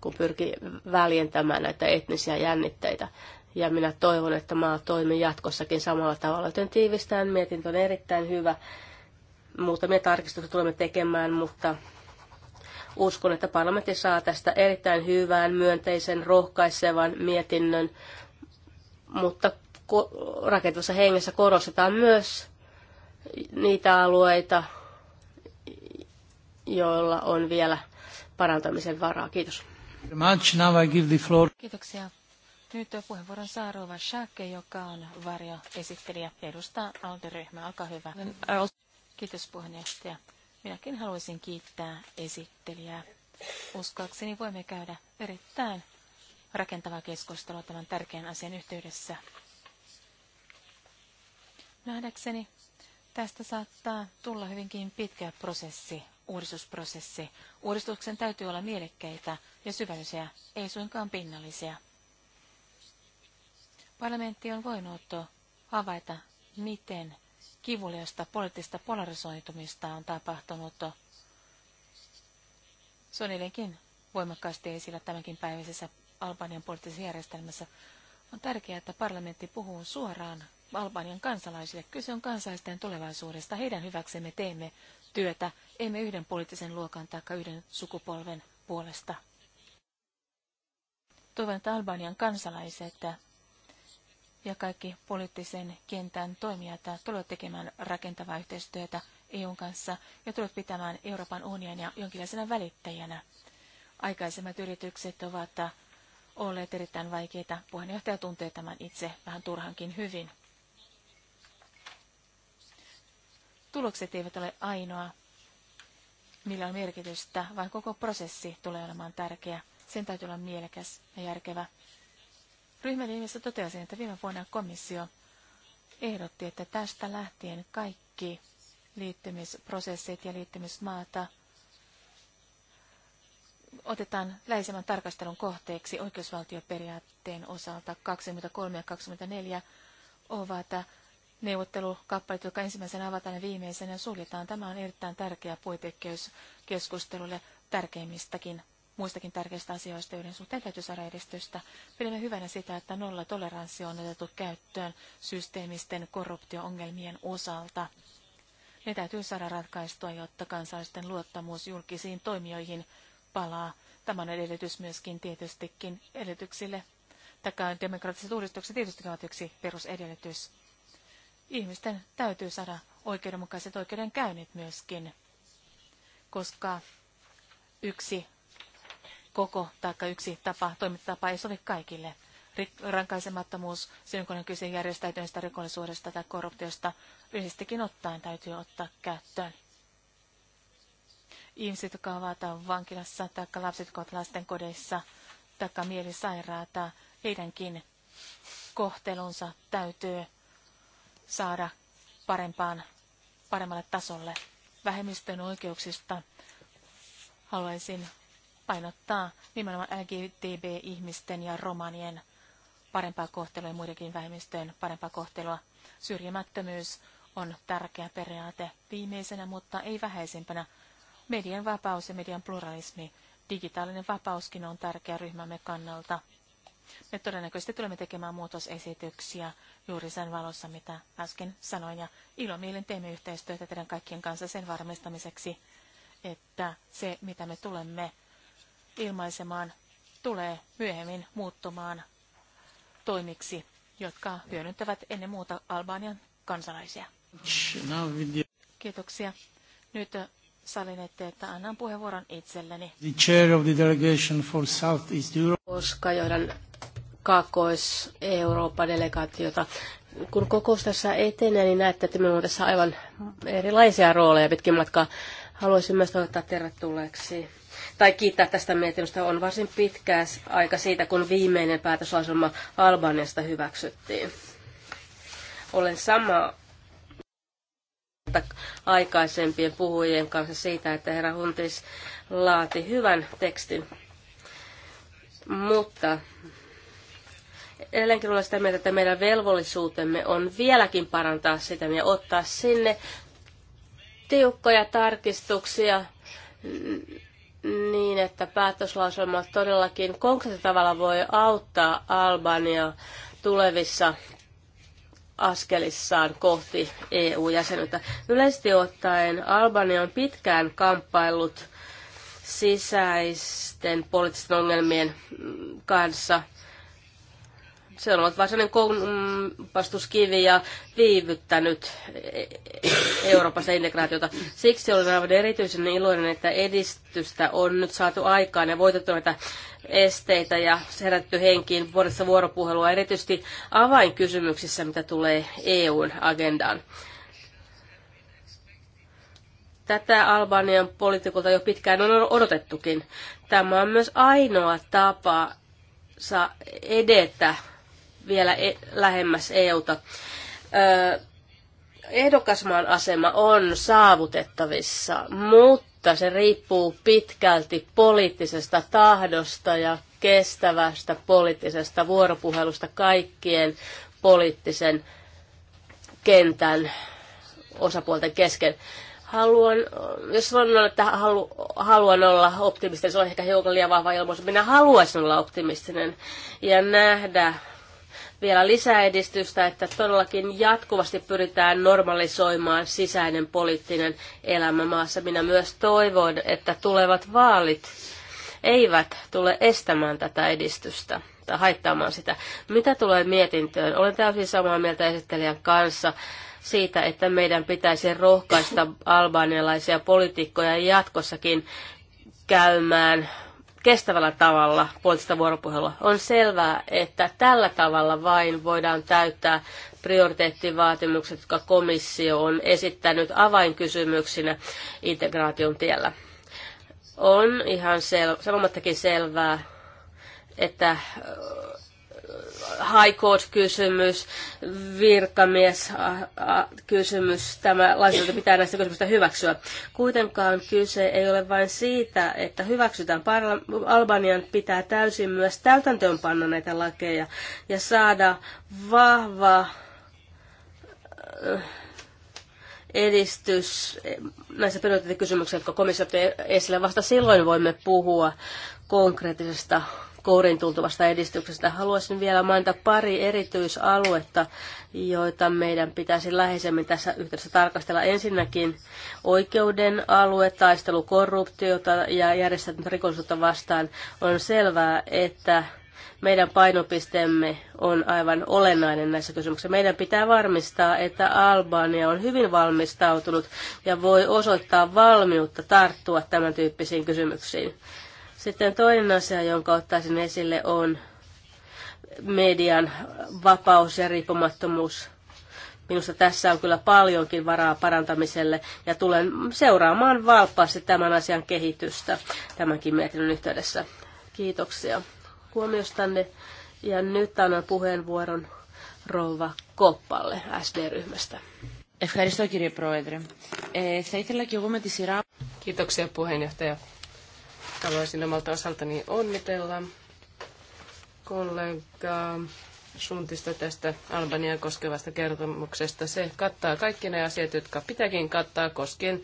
kun pyrkii väljentämään näitä etnisiä jännitteitä. Ja minä toivon, että maa toimii jatkossakin samalla tavalla, joten tiivistään mietintö on erittäin hyvä. Muutamia tarkistuksia tulemme tekemään, mutta uskon, että parlamentti saa tästä erittäin hyvän, myönteisen, rohkaisevan mietinnön, mutta rakentavassa hengessä korostetaan myös niitä alueita, joilla on vielä parantamisen varaa. Kiitos. Kiitoksia. Nyt puheenvuoron saa Rova Schake, joka on varjoesittelijä edustaa Alderyhmä. Olkaa hyvä. Kiitos puheenjohtaja. Minäkin haluaisin kiittää esittelijää. Uskoakseni voimme käydä erittäin rakentavaa keskustelua tämän tärkeän asian yhteydessä. Nähdäkseni tästä saattaa tulla hyvinkin pitkä prosessi uudistusprosessi. Uudistuksen täytyy olla mielekkäitä ja syvällisiä, ei suinkaan pinnallisia. Parlamentti on voinut havaita, miten kivuliasta poliittista polarisoitumista on tapahtunut. Se on edelleenkin voimakkaasti esillä tämänkin päiväisessä Albanian poliittisessa järjestelmässä. On tärkeää, että parlamentti puhuu suoraan Albanian kansalaisille. Kyse on kansalaisten tulevaisuudesta. Heidän hyväksemme teemme työtä, emme yhden poliittisen luokan tai yhden sukupolven puolesta. Toivon, että Albanian kansalaiset ja kaikki poliittisen kentän toimijat tulevat tekemään rakentavaa yhteistyötä EUn kanssa ja tulevat pitämään Euroopan unionia jonkinlaisena välittäjänä. Aikaisemmat yritykset ovat olleet erittäin vaikeita. Puheenjohtaja tuntee tämän itse vähän turhankin hyvin. tulokset eivät ole ainoa, millä on merkitystä, vaan koko prosessi tulee olemaan tärkeä. Sen täytyy olla mielekäs ja järkevä. Ryhmän ihmiset totesin, että viime vuonna komissio ehdotti, että tästä lähtien kaikki liittymisprosessit ja liittymismaata otetaan läheisemmän tarkastelun kohteeksi oikeusvaltioperiaatteen osalta 23 ja 24 ovat neuvottelukappaleet, jotka ensimmäisenä avataan ja viimeisenä suljetaan. Tämä on erittäin tärkeä puitekeys keskustelulle tärkeimmistäkin muistakin tärkeistä asioista, joiden suhteen täytyy saada edistystä. Pidimme hyvänä sitä, että nollatoleranssi on otettu käyttöön systeemisten korruptioongelmien osalta. Ne täytyy saada ratkaistua, jotta kansalaisten luottamus julkisiin toimijoihin palaa. Tämä on edellytys myöskin tietystikin edellytyksille. Takaan demokraattiset uudistukset tietysti ovat yksi perusedellytys ihmisten täytyy saada oikeudenmukaiset oikeudenkäynnit myöskin, koska yksi koko tai yksi tapa, toimintatapa ei sovi kaikille. Rankaisemattomuus, silloin kun on kyse järjestäytyneestä rikollisuudesta tai korruptiosta, yleisestikin ottaen täytyy ottaa käyttöön. Ihmiset, jotka ovat vankilassa tai lapset, jotka ovat kodeissa, tai mielisairaata, heidänkin kohtelunsa täytyy saada parempaan, paremmalle tasolle. Vähemmistön oikeuksista haluaisin painottaa nimenomaan LGTB-ihmisten ja romanien parempaa kohtelua ja muidenkin vähemmistöjen parempaa kohtelua. Syrjimättömyys on tärkeä periaate viimeisenä, mutta ei vähäisimpänä. Median vapaus ja median pluralismi. Digitaalinen vapauskin on tärkeä ryhmämme kannalta. Me todennäköisesti tulemme tekemään muutosesityksiä juuri sen valossa, mitä äsken sanoin, ja ilomielin teemme yhteistyötä teidän kaikkien kanssa sen varmistamiseksi, että se, mitä me tulemme ilmaisemaan, tulee myöhemmin muuttumaan toimiksi, jotka hyödyntävät ennen muuta Albanian kansalaisia. Kiitoksia. Nyt salin eteen, että annan puheenvuoron itselleni. The chair of the delegation for Southeast Europe. Koska johdan Kaakkois-Euroopan delegaatiota. Kun kokous tässä etenee, niin näette, että meillä on tässä aivan erilaisia rooleja pitkin matkaa. Haluaisin myös toivottaa tervetulleeksi tai kiittää tästä mietinnöstä. On varsin pitkä aika siitä, kun viimeinen päätöslausuma Albaniasta hyväksyttiin. Olen sama aikaisempien puhujien kanssa siitä, että herra Huntis laati hyvän tekstin. Mutta edelleenkin olen sitä mieltä, että meidän velvollisuutemme on vieläkin parantaa sitä ja ottaa sinne tiukkoja tarkistuksia niin, että päätöslauselma todellakin konkreettisella tavalla voi auttaa Albania tulevissa askelissaan kohti EU-jäsenyyttä. Yleisesti ottaen Albania on pitkään kamppaillut sisäisten poliittisten ongelmien kanssa – se on ollut sellainen kompastuskivi ja viivyttänyt Euroopassa integraatiota. Siksi olen aivan erityisen iloinen, että edistystä on nyt saatu aikaan ja voitettu näitä esteitä ja herätty henkiin vuodessa vuoropuhelua, erityisesti avainkysymyksissä, mitä tulee EUn agendaan. Tätä Albanian poliitikolta jo pitkään on odotettukin. Tämä on myös ainoa tapa saa edetä vielä e, lähemmäs EUta. Ehdokasmaan asema on saavutettavissa, mutta se riippuu pitkälti poliittisesta tahdosta ja kestävästä poliittisesta vuoropuhelusta kaikkien poliittisen kentän osapuolten kesken. Haluan, jos sanon, että halu, haluan olla optimistinen, se on ehkä hiukan liian vahva ilmoitus. Minä haluaisin olla optimistinen ja nähdä vielä lisää edistystä, että todellakin jatkuvasti pyritään normalisoimaan sisäinen poliittinen elämä maassa. Minä myös toivon, että tulevat vaalit eivät tule estämään tätä edistystä tai haittaamaan sitä. Mitä tulee mietintöön? Olen täysin samaa mieltä esittelijän kanssa siitä, että meidän pitäisi rohkaista albanialaisia poliitikkoja jatkossakin käymään kestävällä tavalla poliittista vuoropuhelua. On selvää, että tällä tavalla vain voidaan täyttää prioriteettivaatimukset, jotka komissio on esittänyt avainkysymyksinä integraation tiellä. On ihan sel- sanomattakin selvää, että high court-kysymys, virkamies kysymys tämä lainsäädäntö pitää näistä kysymyksistä hyväksyä. Kuitenkaan kyse ei ole vain siitä, että hyväksytään. Albanian pitää täysin myös täytäntöönpanna näitä lakeja ja saada vahva edistys näissä periaatteiden kysymyksissä, jotka komissio esille. Vasta silloin voimme puhua konkreettisesta kourin tultuvasta edistyksestä. Haluaisin vielä mainita pari erityisaluetta, joita meidän pitäisi läheisemmin tässä yhteydessä tarkastella. Ensinnäkin oikeuden alue, taistelu korruptiota ja järjestäytynyt rikollisuutta vastaan. On selvää, että meidän painopisteemme on aivan olennainen näissä kysymyksissä. Meidän pitää varmistaa, että Albania on hyvin valmistautunut ja voi osoittaa valmiutta tarttua tämän tyyppisiin kysymyksiin. Sitten toinen asia, jonka ottaisin esille, on median vapaus ja riippumattomuus. Minusta tässä on kyllä paljonkin varaa parantamiselle ja tulen seuraamaan valppaasti tämän asian kehitystä tämänkin mietinnön yhteydessä. Kiitoksia huomiostanne ja nyt annan puheenvuoron Rova Koppalle SD-ryhmästä. Ευχαριστώ κύριε Πρόεδρε. θα ήθελα και εγώ με τη σειρά... Kiitoksia puheenjohtaja. Haluaisin omalta osaltani onnitella kollegaa Suntista tästä Albaniaa koskevasta kertomuksesta. Se kattaa kaikki ne asiat, jotka pitäkin kattaa koskien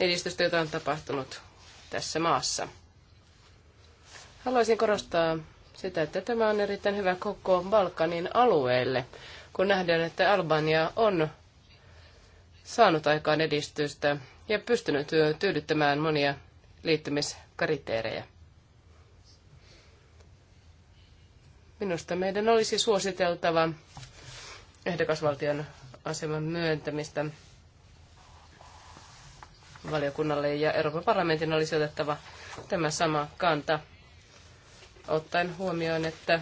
edistystä, jota on tapahtunut tässä maassa. Haluaisin korostaa sitä, että tämä on erittäin hyvä koko Balkanin alueelle, kun nähdään, että Albania on saanut aikaan edistystä ja pystynyt tyydyttämään monia liittymiskriteerejä. Minusta meidän olisi suositeltava ehdokasvaltion aseman myöntämistä valiokunnalle ja Euroopan parlamentin olisi otettava tämä sama kanta ottaen huomioon, että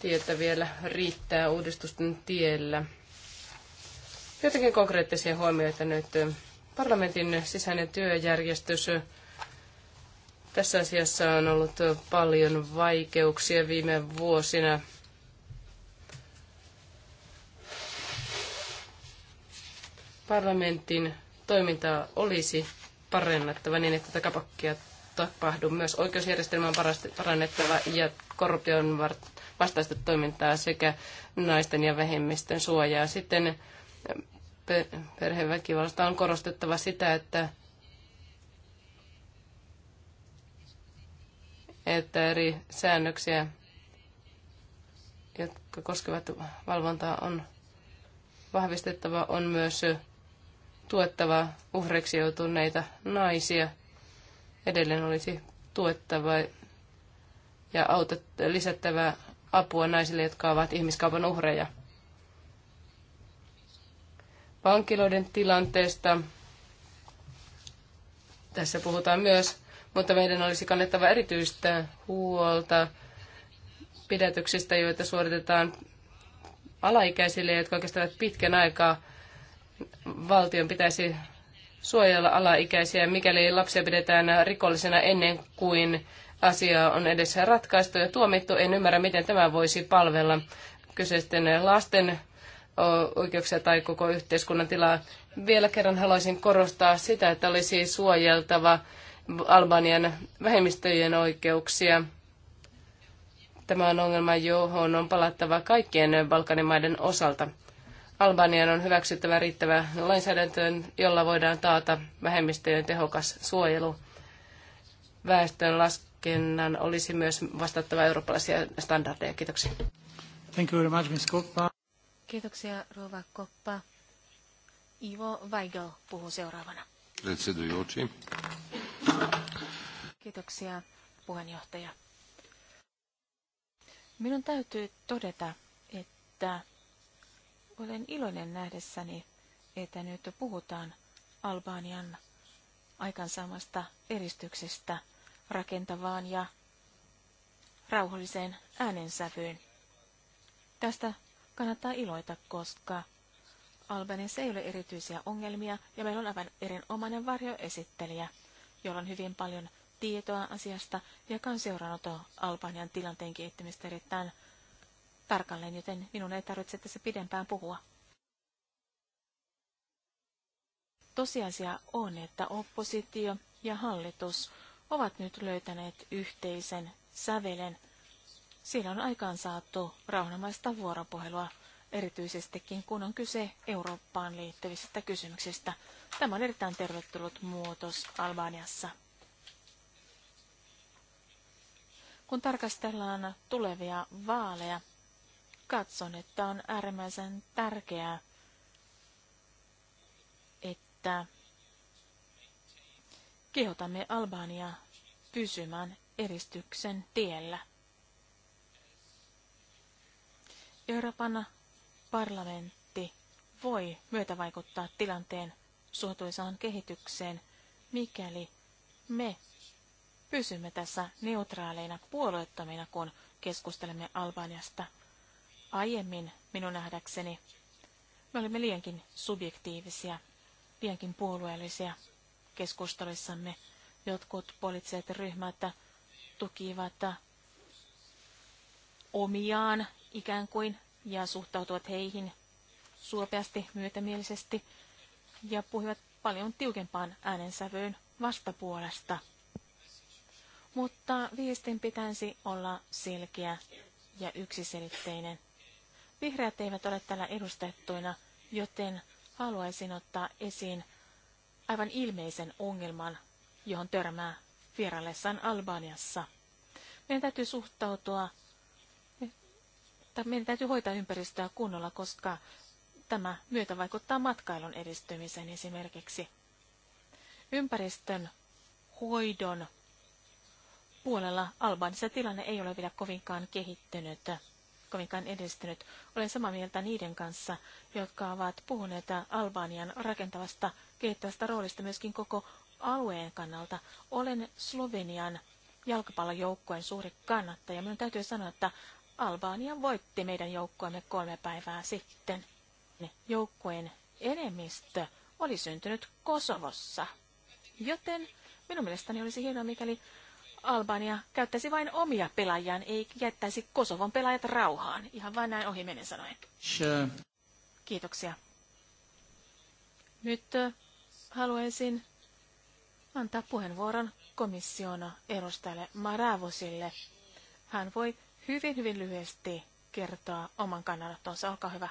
tietä vielä riittää uudistusten tiellä. Jotakin konkreettisia huomioita nyt Parlamentin sisäinen työjärjestys tässä asiassa on ollut paljon vaikeuksia viime vuosina. Parlamentin toimintaa olisi parannettava niin, että takapakkia kapakkia tapahdu. Myös oikeusjärjestelmä on parannettava ja korruption vastaista toimintaa sekä naisten ja vähemmistön suojaa. Sitten perheväkivallasta on korostettava sitä, että, että eri säännöksiä, jotka koskevat valvontaa, on vahvistettava, on myös tuettava uhreiksi joutuneita naisia. Edelleen olisi tuettava ja autet, lisättävä apua naisille, jotka ovat ihmiskaupan uhreja vankiloiden tilanteesta. Tässä puhutaan myös, mutta meidän olisi kannettava erityistä huolta pidätyksistä, joita suoritetaan alaikäisille, jotka kestävät pitkän aikaa. Valtion pitäisi suojella alaikäisiä, mikäli lapsia pidetään rikollisena ennen kuin asia on edessä ratkaistu ja tuomittu. En ymmärrä, miten tämä voisi palvella kyseisten lasten oikeuksia tai koko yhteiskunnan tilaa. Vielä kerran haluaisin korostaa sitä, että olisi suojeltava Albanian vähemmistöjen oikeuksia. Tämä on ongelma, johon on palattava kaikkien Balkanin maiden osalta. Albanian on hyväksyttävä riittävä lainsäädäntö, jolla voidaan taata vähemmistöjen tehokas suojelu. Väestön laskennan olisi myös vastattava eurooppalaisia standardeja. Kiitoksia. Thank you very much, Ms. Koppa. Kiitoksia, Rova Koppa. Ivo Weigel puhuu seuraavana. Kiitoksia, puheenjohtaja. Minun täytyy todeta, että olen iloinen nähdessäni, että nyt puhutaan Albanian aikansaamasta eristyksestä rakentavaan ja rauhalliseen äänensävyyn. Tästä kannattaa iloita, koska Albanissa ei ole erityisiä ongelmia ja meillä on aivan erinomainen varjoesittelijä, jolla on hyvin paljon tietoa asiasta ja on seurannut Albanian tilanteen kehittymistä erittäin tarkalleen, joten minun ei tarvitse tässä pidempään puhua. Tosiasia on, että oppositio ja hallitus ovat nyt löytäneet yhteisen sävelen – siellä on aikaan saattu rauhanomaista vuoropuhelua, erityisestikin kun on kyse Eurooppaan liittyvistä kysymyksistä. Tämä on erittäin tervetullut muutos Albaniassa. Kun tarkastellaan tulevia vaaleja, katson, että on äärimmäisen tärkeää, että kehotamme Albania pysymään eristyksen tiellä. Euroopan parlamentti voi myötävaikuttaa tilanteen suotuisaan kehitykseen, mikäli me pysymme tässä neutraaleina puolueettomina, kun keskustelemme Albaniasta. Aiemmin minun nähdäkseni me olimme liiankin subjektiivisia, liiankin puolueellisia keskusteluissamme. Jotkut poliittiset ryhmät tukivat omiaan ikään kuin ja suhtautuvat heihin suopeasti, myötämielisesti ja puhuvat paljon tiukempaan äänensävyyn vastapuolesta. Mutta viestin pitäisi olla selkeä ja yksiselitteinen. Vihreät eivät ole täällä edustettuina, joten haluaisin ottaa esiin aivan ilmeisen ongelman, johon törmää vieraillessaan Albaniassa. Meidän täytyy suhtautua mutta meidän täytyy hoitaa ympäristöä kunnolla, koska tämä myötä vaikuttaa matkailun edistymiseen esimerkiksi. Ympäristön hoidon puolella Albanissa tilanne ei ole vielä kovinkaan kehittynyt, kovinkaan edistynyt. Olen samaa mieltä niiden kanssa, jotka ovat puhuneet Albanian rakentavasta kehittävästä roolista myöskin koko alueen kannalta. Olen Slovenian jalkapallojoukkueen suuri kannattaja. Minun täytyy sanoa, että Albania voitti meidän joukkoimme kolme päivää sitten. Joukkueen enemmistö oli syntynyt Kosovossa. Joten minun mielestäni olisi hienoa, mikäli Albania käyttäisi vain omia pelaajiaan, ei jättäisi Kosovon pelaajat rauhaan. Ihan vain näin ohi menen sanoen. Sure. Kiitoksia. Nyt äh, haluaisin antaa puheenvuoron komission edustajalle Maravosille. Hän voi hyvin, hyvin lyhyesti kertoa oman kannanottonsa. Olkaa hyvä.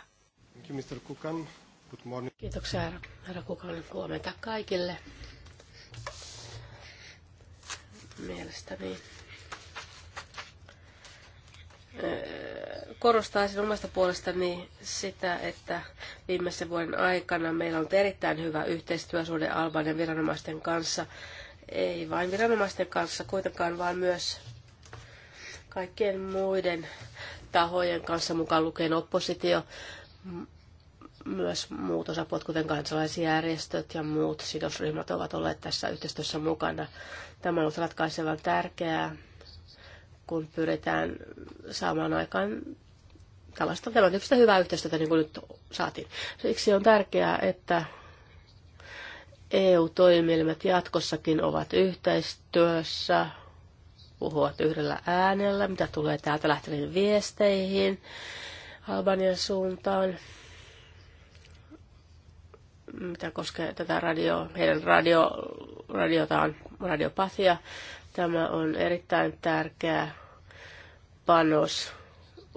Kiitoksia, herra, herra Kukan. Huomenta kaikille. Mielestäni eh, korostaisin omasta puolestani sitä, että viimeisen vuoden aikana meillä on erittäin hyvä yhteistyö yhteistyösuhde Albanian viranomaisten kanssa. Ei vain viranomaisten kanssa kuitenkaan, vaan myös kaikkien muiden tahojen kanssa mukaan lukien oppositio, myös muut osapuolet, kuten kansalaisjärjestöt ja muut sidosryhmät ovat olleet tässä yhteistyössä mukana. Tämä on ollut ratkaisevan tärkeää, kun pyritään saamaan aikaan tällaista tämän tyyppistä hyvää yhteistyötä, niin kuin nyt saatiin. Siksi on tärkeää, että EU-toimielimet jatkossakin ovat yhteistyössä puhuvat yhdellä äänellä, mitä tulee täältä lähteviin viesteihin Albanian suuntaan, mitä koskee tätä radio, heidän radio, radiotaan, radiopatia. Tämä on erittäin tärkeä panos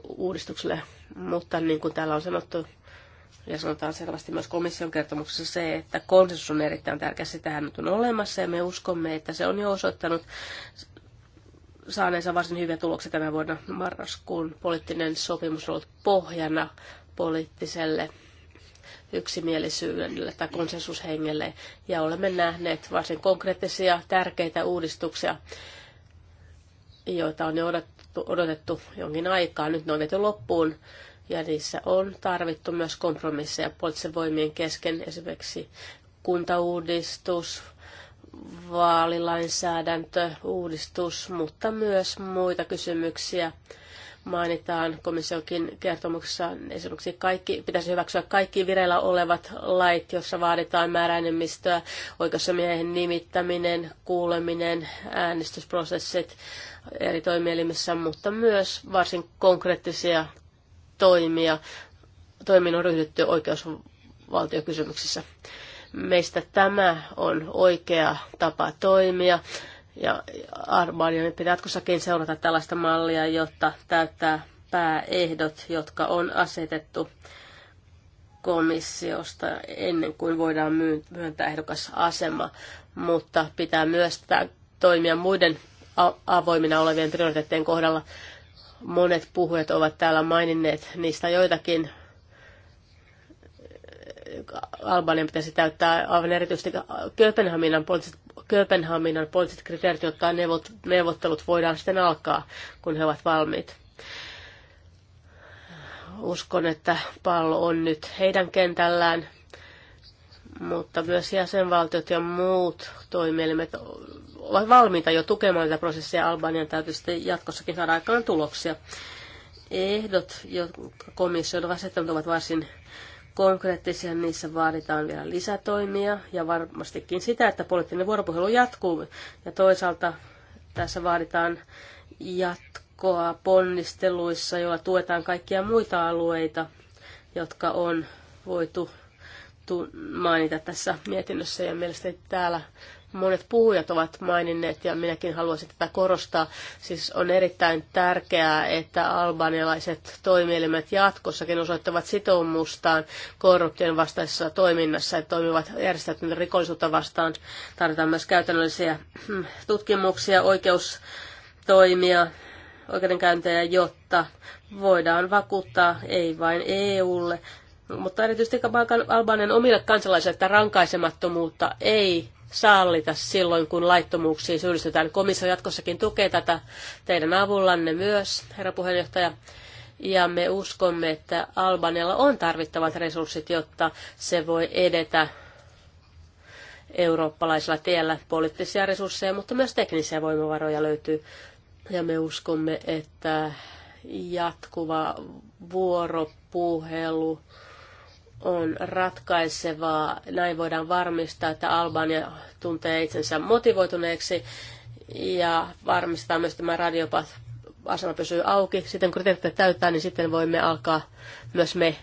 uudistukselle, mutta niin kuin täällä on sanottu, ja sanotaan selvästi myös komission kertomuksessa se, että konsensus on erittäin tärkeä, sitähän nyt on olemassa ja me uskomme, että se on jo osoittanut saaneensa varsin hyviä tuloksia tänä vuonna marraskuun poliittinen sopimus on ollut pohjana poliittiselle yksimielisyydelle tai konsensushengelle. Ja olemme nähneet varsin konkreettisia, tärkeitä uudistuksia, joita on jo odotettu, odotettu jonkin aikaa. Nyt ne on viety loppuun ja niissä on tarvittu myös kompromisseja poliittisen voimien kesken, esimerkiksi kuntauudistus, vaalilainsäädäntö, uudistus, mutta myös muita kysymyksiä mainitaan komissiokin kertomuksessa. Esimerkiksi kaikki, pitäisi hyväksyä kaikki vireillä olevat lait, joissa vaaditaan määräenemmistöä, oikeusmiehen nimittäminen, kuuleminen, äänestysprosessit eri toimielimissä, mutta myös varsin konkreettisia toimia. Toimiin on ryhdytty oikeusvaltiokysymyksissä. Meistä tämä on oikea tapa toimia ja Armanian pitää jatkossakin seurata tällaista mallia, jotta täyttää pääehdot, jotka on asetettu komissiosta ennen kuin voidaan myöntää ehdokas asema, mutta pitää myös toimia muiden avoimina olevien prioriteettien kohdalla. Monet puhujat ovat täällä maininneet niistä joitakin Albanian pitäisi täyttää aivan erityisesti Kööpenhaminan poliittiset, Kööpenhaminan poliittiset kriteerit, jotta neuvottelut voidaan sitten alkaa, kun he ovat valmiit. Uskon, että pallo on nyt heidän kentällään, mutta myös jäsenvaltiot ja muut toimielimet ovat valmiita jo tukemaan tätä prosessia. Albanian täytyy sitten jatkossakin saada aikaan tuloksia ehdot, jotka komissio on asettanut, ovat varsin konkreettisia, niissä vaaditaan vielä lisätoimia ja varmastikin sitä, että poliittinen vuoropuhelu jatkuu. Ja toisaalta tässä vaaditaan jatkoa ponnisteluissa, joilla tuetaan kaikkia muita alueita, jotka on voitu mainita tässä mietinnössä ja mielestäni täällä monet puhujat ovat maininneet ja minäkin haluaisin tätä korostaa. Siis on erittäin tärkeää, että albanialaiset toimielimet jatkossakin osoittavat sitoumustaan korruption vastaisessa toiminnassa ja toimivat järjestäytyneen rikollisuutta vastaan. Tarvitaan myös käytännöllisiä hmm, tutkimuksia, oikeustoimia, oikeudenkäyntejä, jotta voidaan vakuuttaa ei vain EUlle, mutta erityisesti Albanian omille kansalaisille, että rankaisemattomuutta ei sallita silloin, kun laittomuuksiin syyllistytään. Komissio jatkossakin tukee tätä teidän avullanne myös, herra puheenjohtaja. Ja me uskomme, että Albanialla on tarvittavat resurssit, jotta se voi edetä eurooppalaisella tiellä poliittisia resursseja, mutta myös teknisiä voimavaroja löytyy. Ja me uskomme, että jatkuva vuoropuhelu on ratkaisevaa. Näin voidaan varmistaa, että Albania tuntee itsensä motivoituneeksi ja varmistaa myös tämä asema pysyy auki. Sitten kun kriteerit täyttää, niin sitten voimme alkaa myös me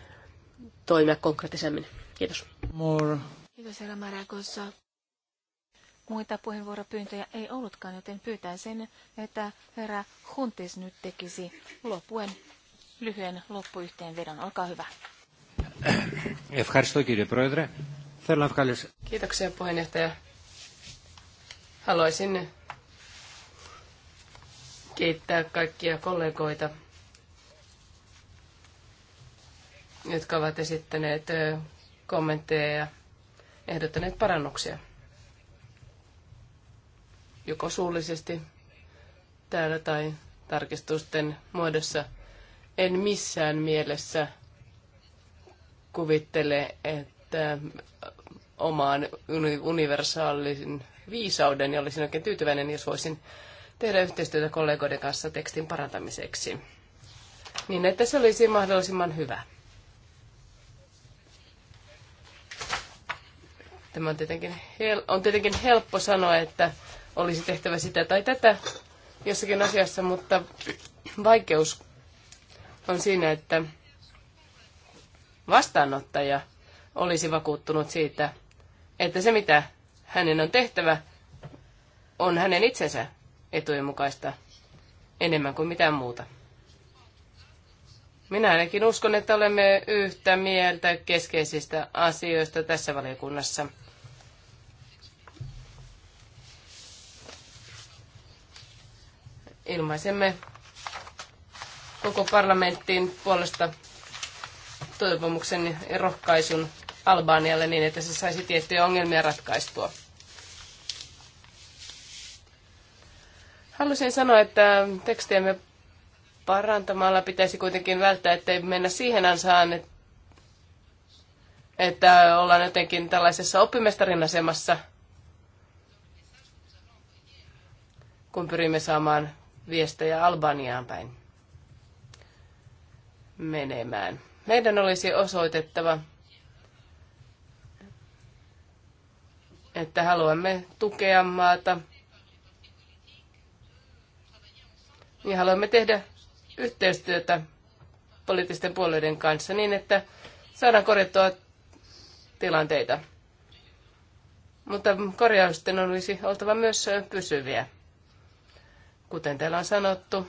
toimia konkreettisemmin. Kiitos. More. Kiitos Herra Maragossa. Muita puheenvuoropyyntöjä ei ollutkaan, joten sen, että herra Huntis nyt tekisi lopuen lyhyen loppuyhteenvedon. Olkaa hyvä. Ευχαριστώ κύριε Πρόεδρε. Θέλω να βγάλω... Kiitoksia puheenjohtaja. Haluaisin kiittää kaikkia kollegoita, jotka ovat esittäneet kommentteja ja ehdottaneet parannuksia. Joko suullisesti täällä tai tarkistusten muodossa. En missään mielessä kuvittele, että omaan universaalisen viisauden ja olisin oikein tyytyväinen, jos voisin tehdä yhteistyötä kollegoiden kanssa tekstin parantamiseksi. Niin, että se olisi mahdollisimman hyvä. Tämä on tietenkin, hel- on tietenkin helppo sanoa, että olisi tehtävä sitä tai tätä jossakin asiassa, mutta vaikeus on siinä, että vastaanottaja olisi vakuuttunut siitä, että se mitä hänen on tehtävä, on hänen itsensä etujen mukaista enemmän kuin mitään muuta. Minä ainakin uskon, että olemme yhtä mieltä keskeisistä asioista tässä valiokunnassa. Ilmaisemme koko parlamentin puolesta toivomuksen ja rohkaisun Albanialle niin, että se saisi tiettyjä ongelmia ratkaistua. Haluaisin sanoa, että tekstiämme parantamalla pitäisi kuitenkin välttää, ettei mennä siihen ansaan, että ollaan jotenkin tällaisessa oppimestarin asemassa, kun pyrimme saamaan viestejä Albaniaan päin menemään. Meidän olisi osoitettava, että haluamme tukea maata ja haluamme tehdä yhteistyötä poliittisten puolueiden kanssa niin, että saadaan korjattua tilanteita. Mutta korjausten olisi oltava myös pysyviä. Kuten täällä on sanottu,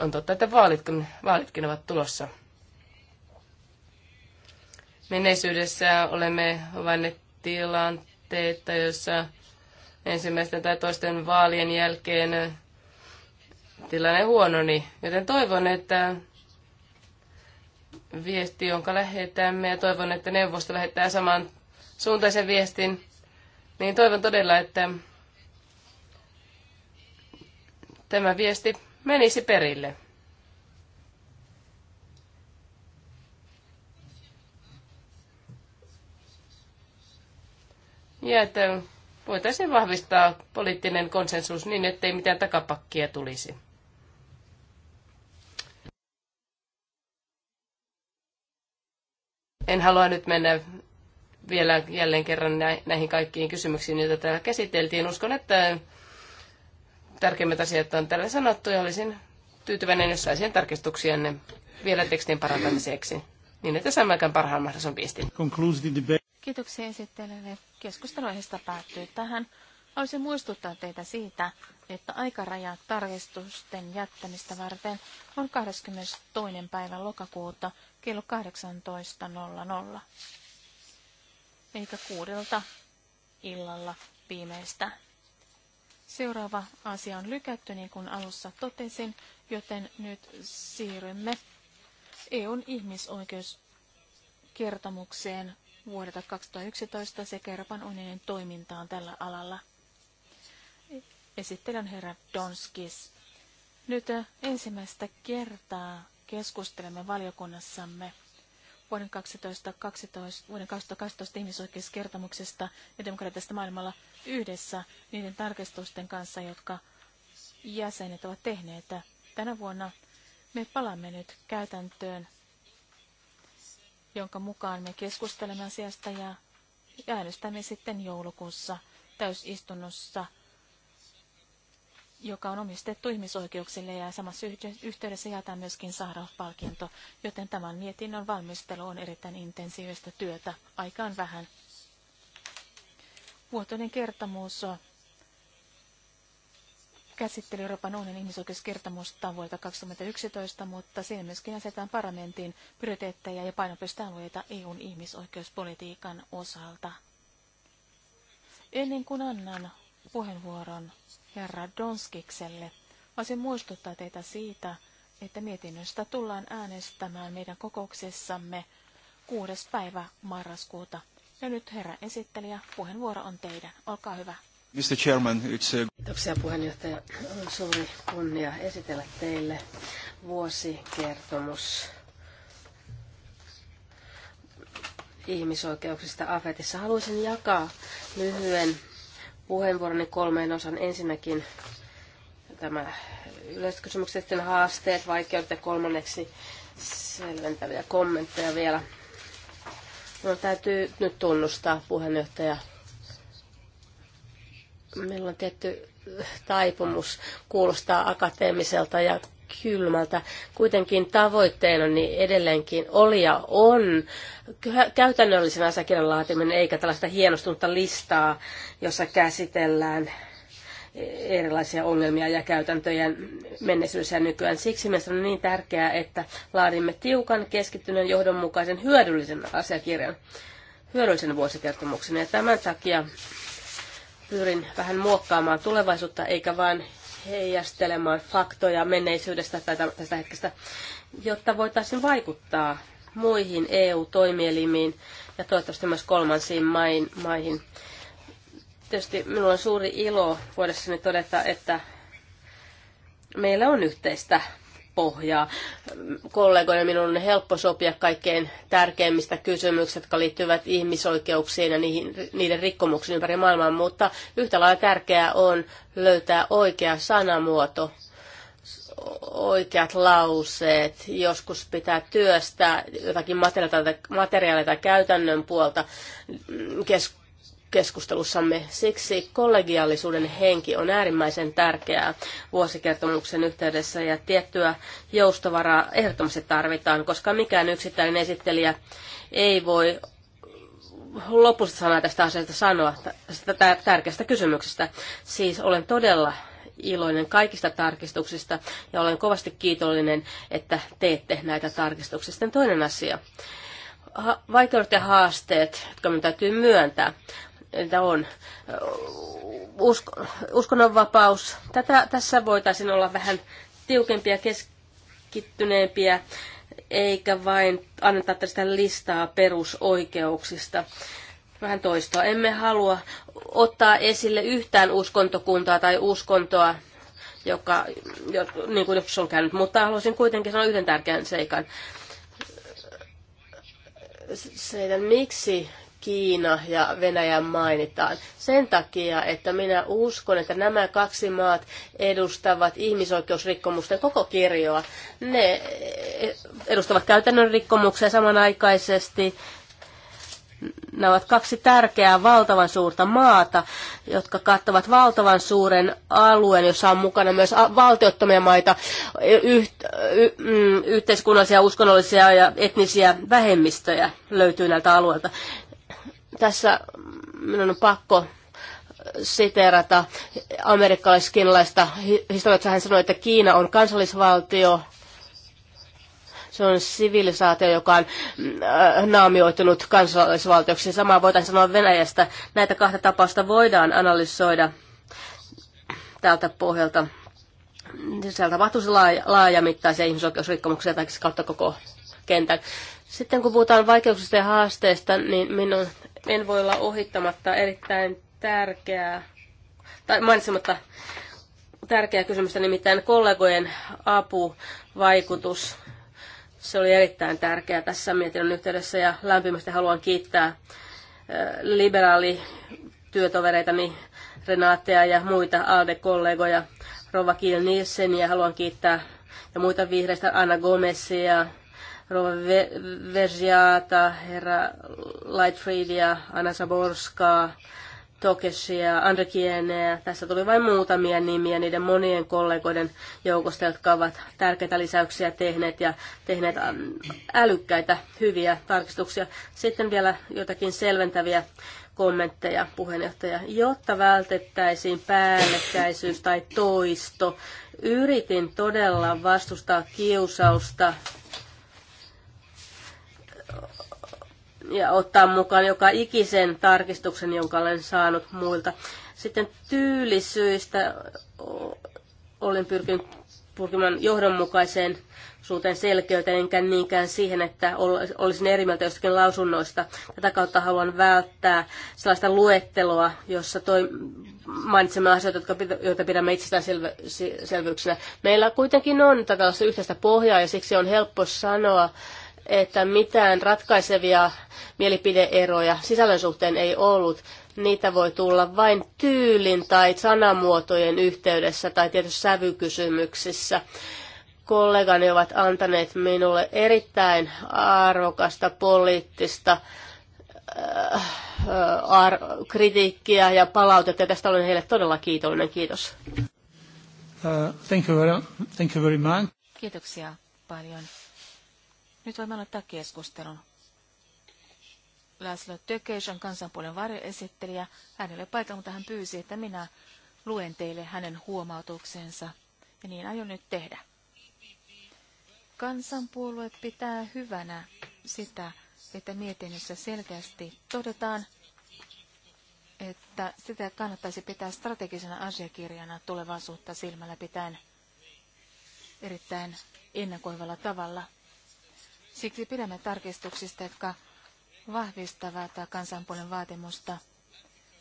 On totta, että vaalitkin, vaalitkin ovat tulossa. Menneisyydessä olemme havainneet tilanteita, joissa ensimmäisten tai toisten vaalien jälkeen tilanne huononi. Joten toivon, että viesti, jonka lähetämme, ja toivon, että neuvosto lähettää saman suuntaisen viestin, niin toivon todella, että tämä viesti menisi perille. Ja että voitaisiin vahvistaa poliittinen konsensus niin, ettei mitään takapakkia tulisi. En halua nyt mennä vielä jälleen kerran näihin kaikkiin kysymyksiin, joita täällä käsiteltiin. Uskon, että tärkeimmät asiat on tällä sanottu ja olisin tyytyväinen, jos saisin tarkistuksianne vielä tekstin parantamiseksi, niin että saamme aikaan parhaan mahdollisen viestin. Kiitoksia esittelijälle. Keskustelu aiheesta päättyy tähän. Haluaisin muistuttaa teitä siitä, että aikaraja tarkistusten jättämistä varten on 22. päivä lokakuuta kello 18.00, eikä kuudelta illalla viimeistään. Seuraava asia on lykätty, niin kuin alussa totesin, joten nyt siirrymme EUn ihmisoikeuskertomukseen vuodelta 2011 sekä Euroopan unionin toimintaan tällä alalla. Esittelen herra Donskis. Nyt ensimmäistä kertaa keskustelemme valiokunnassamme vuoden 2012, vuoden 2012 ihmisoikeuskertomuksesta ja demokratiasta maailmalla yhdessä niiden tarkistusten kanssa, jotka jäsenet ovat tehneet. Tänä vuonna me palaamme nyt käytäntöön, jonka mukaan me keskustelemme asiasta ja äänestämme sitten joulukuussa täysistunnossa – joka on omistettu ihmisoikeuksille ja samassa yhteydessä jaetaan myöskin Saharov-palkinto, joten tämän mietinnön valmistelu on erittäin intensiivistä työtä, on vähän. Vuotoinen kertomus käsitteli Euroopan unionin ihmisoikeuskertomusta vuodelta 2011, mutta siinä myöskin asetetaan parlamentin prioriteetteja ja painopistealueita EUn ihmisoikeuspolitiikan osalta. Ennen kuin annan puheenvuoron herra Donskikselle. Voisin muistuttaa teitä siitä, että mietinnöstä tullaan äänestämään meidän kokouksessamme 6. päivä marraskuuta. Ja nyt herra esittelijä, puheenvuoro on teidän. Olkaa hyvä. Mr. Chairman, it's a... Kiitoksia puheenjohtaja. On suuri kunnia esitellä teille vuosikertomus ihmisoikeuksista Afetissa. Haluaisin jakaa lyhyen puheenvuoroni kolmeen osan. Ensinnäkin tämä yleiskysymykset, sitten haasteet, vaikeudet ja kolmanneksi selventäviä kommentteja vielä. Minun no, täytyy nyt tunnustaa puheenjohtaja. Meillä on tietty taipumus kuulostaa akateemiselta ja kylmältä. Kuitenkin tavoitteena niin edelleenkin oli ja on käytännöllisen asiakirjan laatiminen, eikä tällaista hienostunutta listaa, jossa käsitellään erilaisia ongelmia ja käytäntöjä menneisyydessä ja nykyään. Siksi mielestäni on niin tärkeää, että laadimme tiukan, keskittyneen, johdonmukaisen, hyödyllisen asiakirjan, hyödyllisen vuosikertomuksen. Ja tämän takia pyrin vähän muokkaamaan tulevaisuutta, eikä vain heijastelemaan faktoja menneisyydestä tai tästä hetkestä, jotta voitaisiin vaikuttaa muihin EU-toimielimiin ja toivottavasti myös kolmansiin maihin. Tietysti minulla on suuri ilo voidessani todeta, että meillä on yhteistä pohjaa. Kollegoina minun on helppo sopia kaikkein tärkeimmistä kysymyksistä, jotka liittyvät ihmisoikeuksiin ja niihin, niiden rikkomuksiin ympäri maailmaa, mutta yhtä lailla tärkeää on löytää oikea sanamuoto oikeat lauseet, joskus pitää työstää jotakin materiaalia tai käytännön puolta kesk- keskustelussamme. Siksi kollegiaalisuuden henki on äärimmäisen tärkeää vuosikertomuksen yhteydessä ja tiettyä joustovaraa ehdottomasti tarvitaan, koska mikään yksittäinen esittelijä ei voi lopussa sanaa tästä asiasta sanoa, tästä tärkeästä kysymyksestä. Siis olen todella iloinen kaikista tarkistuksista ja olen kovasti kiitollinen, että teette näitä tarkistuksia. Sitten toinen asia. Ha- vaikeudet ja haasteet, jotka minun täytyy myöntää niitä on. Usko, uskonnonvapaus. Tätä, tässä voitaisiin olla vähän tiukempia, keskittyneempiä, eikä vain anneta tästä listaa perusoikeuksista. Vähän toistoa. Emme halua ottaa esille yhtään uskontokuntaa tai uskontoa, joka, jo, niin kuin joskus on käynyt, mutta haluaisin kuitenkin sanoa yhden tärkeän seikan. Se, miksi Kiina ja Venäjä mainitaan. Sen takia, että minä uskon, että nämä kaksi maat edustavat ihmisoikeusrikkomusten koko kirjoa. Ne eh, edustavat käytännön rikkomuksia samanaikaisesti. Nämä ovat kaksi tärkeää valtavan suurta maata, jotka kattavat valtavan suuren alueen, jossa on mukana myös valtiottomia maita, yht, y, y, mm, yhteiskunnallisia, uskonnollisia ja etnisiä vähemmistöjä löytyy näiltä alueilta. Tässä minun on pakko siteerata amerikkalaiskinlaista historiaa. Hän sanoi, että Kiina on kansallisvaltio, se on sivilisaatio, joka on äh, naamioitunut kansallisvaltioksi. Samaa voitaisiin sanoa Venäjästä. Näitä kahta tapausta voidaan analysoida tältä pohjalta. Sieltä tapahtuisi laaja, laajamittaisia ihmisoikeusrikkomuksia tai siis kautta koko kentän. Sitten kun puhutaan vaikeuksista ja haasteista, niin minun en voi olla ohittamatta erittäin tärkeää, tai mainitsematta tärkeää kysymystä, nimittäin kollegojen apuvaikutus. Se oli erittäin tärkeää tässä mietinnön yhteydessä ja lämpimästi haluan kiittää liberaali työtovereitani Renatea ja muita ALDE-kollegoja, Rova Kiel Nielsen ja haluan kiittää ja muita vihreistä Anna Gomesia, Rova Vergiata, herra Lightfreedia, Anna Saborskaa, Tokesia, Andrekieneä. Tässä tuli vain muutamia nimiä niiden monien kollegoiden joukosta, jotka ovat tärkeitä lisäyksiä tehneet ja tehneet ähm, älykkäitä, hyviä tarkistuksia. Sitten vielä jotakin selventäviä kommentteja puheenjohtaja, jotta vältettäisiin päällekkäisyys tai toisto. Yritin todella vastustaa kiusausta ja ottaa mukaan joka ikisen tarkistuksen, jonka olen saanut muilta. Sitten tyylisyistä olen pyrkinyt pyrkimään johdonmukaiseen suuteen selkeyteen, enkä niinkään siihen, että olisin eri mieltä jostakin lausunnoista. Tätä kautta haluan välttää sellaista luetteloa, jossa toi, mainitsemme asioita, jotka, joita pidämme itsestäänselvyyksinä. Meillä kuitenkin on tällaista yhteistä pohjaa ja siksi on helppo sanoa, että mitään ratkaisevia mielipideeroja sisällön suhteen ei ollut. Niitä voi tulla vain tyylin tai sanamuotojen yhteydessä tai tietysti sävykysymyksissä. Kollegani ovat antaneet minulle erittäin arvokasta poliittista äh, ar- kritiikkiä ja palautetta. Tästä olen heille todella kiitollinen. Kiitos. Uh, thank you very, thank you very much. Kiitoksia paljon. Nyt voimme aloittaa keskustelun. Laszlo Tökeys on kansanpuolen varjoesittelijä. Hän ei ole paikalla, mutta hän pyysi, että minä luen teille hänen huomautuksensa. Ja niin aion nyt tehdä. Kansanpuolue pitää hyvänä sitä, että mietinnössä selkeästi todetaan, että sitä kannattaisi pitää strategisena asiakirjana tulevaisuutta silmällä pitäen erittäin ennakoivalla tavalla – Siksi pidämme tarkistuksista, jotka vahvistavat kansanpuolen vaatimusta,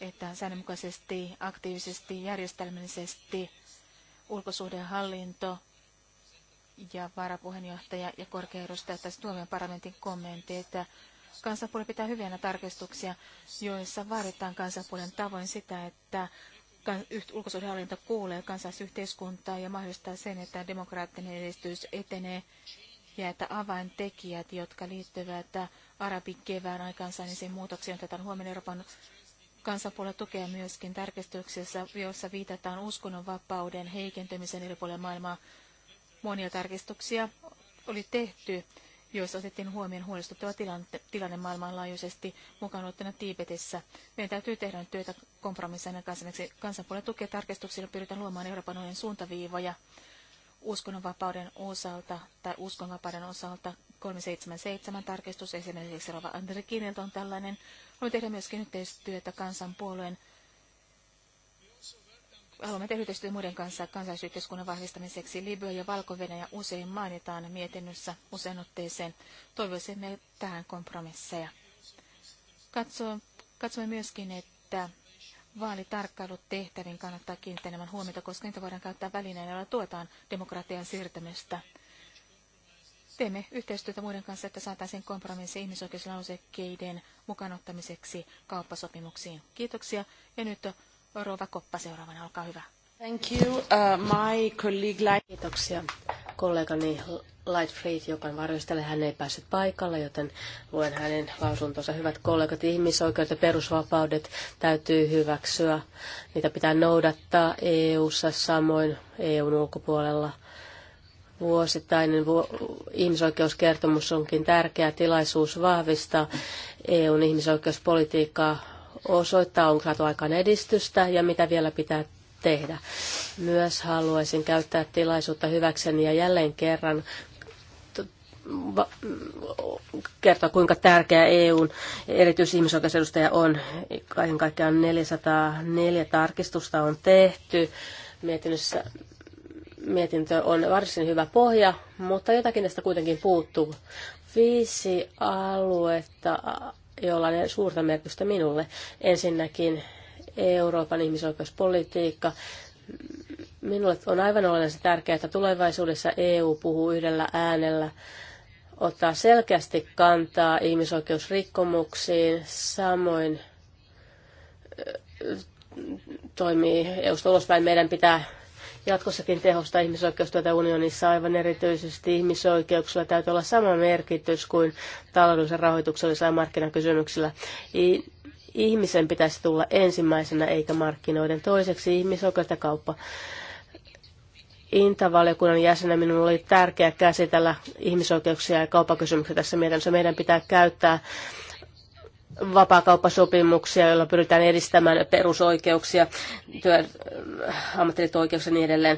että säännönmukaisesti, aktiivisesti, järjestelmällisesti ulkosuhdehallinto ja varapuheenjohtaja ja korkea edustaja tässä Suomen parlamentin kommentti, että kansanpuoli pitää hyvänä tarkistuksia, joissa vaaditaan kansanpuolen tavoin sitä, että ulkosuhdehallinto kuulee kansalaisyhteiskuntaa ja mahdollistaa sen, että demokraattinen edistys etenee ja että avaintekijät, jotka liittyvät kevään aikaansaamiseen muutoksiin, otetaan huomioon Euroopan kansanpuolella tukea myöskin tarkistuksessa, jossa viitataan uskonnonvapauden heikentymisen eri puolilla maailmaa. Monia tarkistuksia oli tehty, joissa otettiin huomioon huolestuttava tilanne, tilanne maailmanlaajuisesti mukaan ottana Tiibetissä. Meidän täytyy tehdä työtä kompromisseina kansanpuolen tukea tarkistuksilla pyritään luomaan Euroopan unionin suuntaviivoja uskonnonvapauden osalta tai uskonnonvapauden osalta 377 tarkistus esimerkiksi Rova Andrikinilta on tällainen. Haluamme tehdä myöskin yhteistyötä kansanpuolueen Haluamme tehdä yhteistyötä muiden kanssa kansallisyhteiskunnan vahvistamiseksi. Libya ja valko usein mainitaan mietinnössä usein otteeseen. Toivoisimme tähän kompromisseja. Katsomme myöskin, että vaalitarkkailutehtäviin kannattaa kiinnittää enemmän huomiota, koska niitä voidaan käyttää välineenä, jolla tuetaan demokratian siirtämistä. Teemme yhteistyötä muiden kanssa, että saataisiin kompromissi ihmisoikeuslausekkeiden mukanottamiseksi kauppasopimuksiin. Kiitoksia. Ja nyt Rova Koppa seuraavana, olkaa hyvä. Thank you, uh, my colleague... Kiitoksia kollegani Lightfleet, joka on varjostella, hän ei päässyt paikalle, joten luen hänen lausuntonsa. Hyvät kollegat, ihmisoikeudet ja perusvapaudet täytyy hyväksyä. Niitä pitää noudattaa EU-ssa samoin EUn ulkopuolella. Vuosittainen ihmisoikeuskertomus onkin tärkeä tilaisuus vahvistaa EUn ihmisoikeuspolitiikkaa, osoittaa, onko saatu aikaan edistystä ja mitä vielä pitää tehdä. Myös haluaisin käyttää tilaisuutta hyväkseni ja jälleen kerran kertoa, kuinka tärkeä EUn erityisihmisoikeusedustaja on. Kaiken kaikkiaan 404 tarkistusta on tehty. Mietinnössä, mietintö on varsin hyvä pohja, mutta jotakin tästä kuitenkin puuttuu. Viisi aluetta, joilla on suurta merkitystä minulle. Ensinnäkin Euroopan ihmisoikeuspolitiikka, minulle on aivan olennaisen tärkeää, että tulevaisuudessa EU puhuu yhdellä äänellä ottaa selkeästi kantaa ihmisoikeusrikkomuksiin, samoin toimii EUsta ulospäin. Meidän pitää jatkossakin tehostaa ihmisoikeustyötä unionissa aivan erityisesti ihmisoikeuksilla täytyy olla sama merkitys kuin taloudellisen rahoituksellisella markkinakysymyksillä. Ihmisen pitäisi tulla ensimmäisenä eikä markkinoiden toiseksi ihmisoikeudet ja kauppa Intavaliokunnan jäsenä minun oli tärkeää käsitellä ihmisoikeuksia ja kaupakysymyksiä tässä mietinnössä. Meidän pitää käyttää vapaakauppasopimuksia, joilla pyritään edistämään perusoikeuksia, työ, ammatilliset oikeuksia ja niin edelleen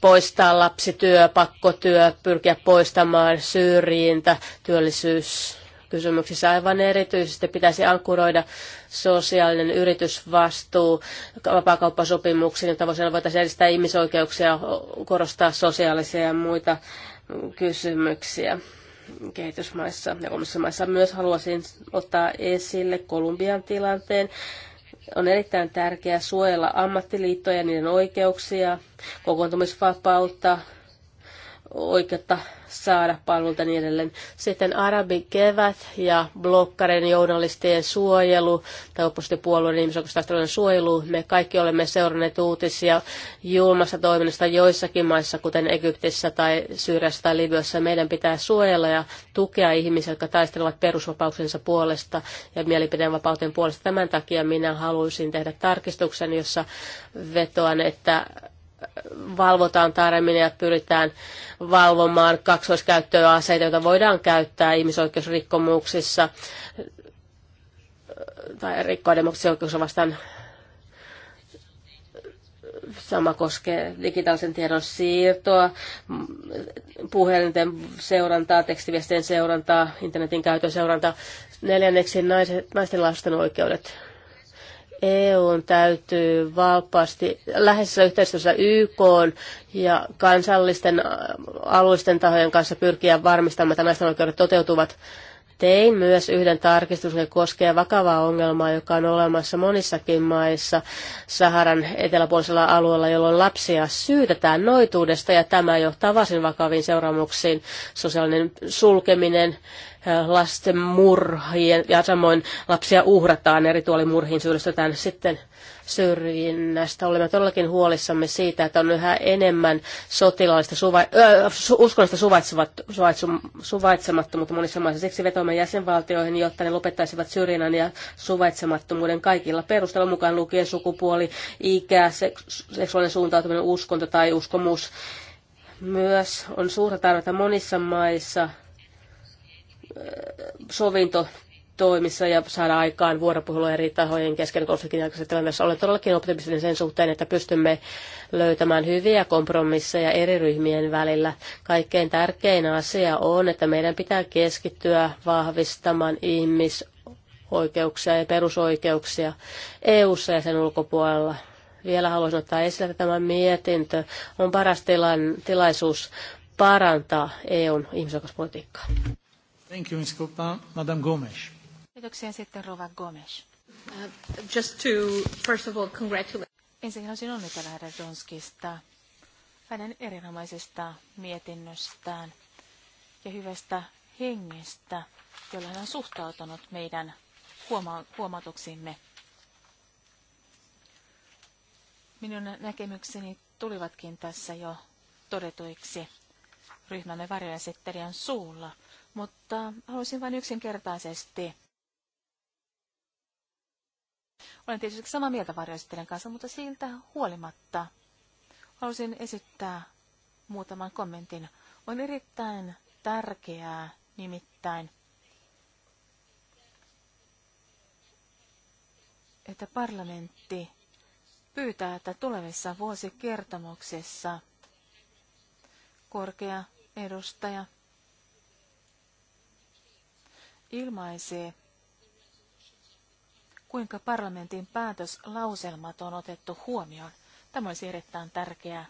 poistaa lapsityö, pakkotyö, pyrkiä poistamaan syrjintä, työllisyys, kysymyksissä. Aivan erityisesti pitäisi ankkuroida sosiaalinen yritysvastuu vapaakauppasopimuksiin, jotta voitaisiin edistää ihmisoikeuksia, korostaa sosiaalisia ja muita kysymyksiä kehitysmaissa ja omissa maissa. Myös haluaisin ottaa esille Kolumbian tilanteen. On erittäin tärkeää suojella ammattiliittoja, niiden oikeuksia, kokoontumisvapautta, oikeutta saada palveluita niin edelleen. Sitten kevät ja blokkareiden journalistien suojelu tai oppositiopuolueiden ihmisoikeustaistelujen suojelu. Me kaikki olemme seuranneet uutisia julmasta toiminnasta joissakin maissa, kuten Egyptissä tai Syyriassa tai Libyassa. Meidän pitää suojella ja tukea ihmisiä, jotka taistelevat perusvapauksensa puolesta ja mielipiteenvapauteen puolesta. Tämän takia minä haluaisin tehdä tarkistuksen, jossa vetoan, että valvotaan taremmin ja pyritään valvomaan kaksoiskäyttöä aseita, joita voidaan käyttää ihmisoikeusrikkomuksissa tai rikkoa demokratiaoikeuksia vastaan. Sama koskee digitaalisen tiedon siirtoa, puhelinten seurantaa, tekstiviestien seurantaa, internetin käytön seurantaa. Neljänneksi naiset, naisten lasten oikeudet EU täytyy vapaasti läheisessä yhteistyössä YK ja kansallisten äh, alueisten tahojen kanssa pyrkiä varmistamaan, että naisten oikeudet toteutuvat. Tein myös yhden tarkistuksen, joka koskee vakavaa ongelmaa, joka on olemassa monissakin maissa Saharan eteläpuolisella alueella, jolloin lapsia syytetään noituudesta ja tämä johtaa varsin vakaviin seuraamuksiin. Sosiaalinen sulkeminen, lasten murhien ja samoin lapsia uhrataan ja rituaalimurhiin syyllistetään sitten syrjinnästä. Olemme todellakin huolissamme siitä, että on yhä enemmän sotilaallista suva- ö, su- uskonnollista suvaitsu- suvaitsemattomuutta monissa maissa. Siksi vetoamme jäsenvaltioihin, jotta ne lopettaisivat syrjinnän ja suvaitsemattomuuden kaikilla perusteella mukaan lukien sukupuoli, ikä, seksuaalinen suuntautuminen, uskonto tai uskomus. Myös on suurta tarvetta monissa maissa sovinto toimissa ja saada aikaan vuoropuhelua eri tahojen kesken konfliktin aikaisessa tilanteessa. Olen todellakin optimistinen sen suhteen, että pystymme löytämään hyviä kompromisseja eri ryhmien välillä. Kaikkein tärkein asia on, että meidän pitää keskittyä vahvistamaan ihmisoikeuksia ja perusoikeuksia eu ja sen ulkopuolella. Vielä haluaisin ottaa esille, että tämä mietintö on paras tilaisuus parantaa EUn ihmisoikeuspolitiikkaa. Thank you, Ms. Kopa. Madame Gomes. Kiitoksia sitten Rova Gomes. Uh, just to, first of all, congratulate. Ensinnäkin haluaisin onnitella herra Donskista hänen erinomaisesta mietinnöstään ja hyvästä hengestä, jolla hän on suhtautunut meidän huoma- huomautuksimme. Minun näkemykseni tulivatkin tässä jo todetuiksi ryhmämme varjoesittelijän suulla – mutta haluaisin vain yksinkertaisesti. Olen tietysti samaa mieltä varjoesittelijän kanssa, mutta siltä huolimatta haluaisin esittää muutaman kommentin. On erittäin tärkeää nimittäin, että parlamentti pyytää, että tulevissa vuosikertomuksissa korkea edustaja – ilmaisee, kuinka parlamentin päätöslauselmat on otettu huomioon. Tämä olisi erittäin tärkeää.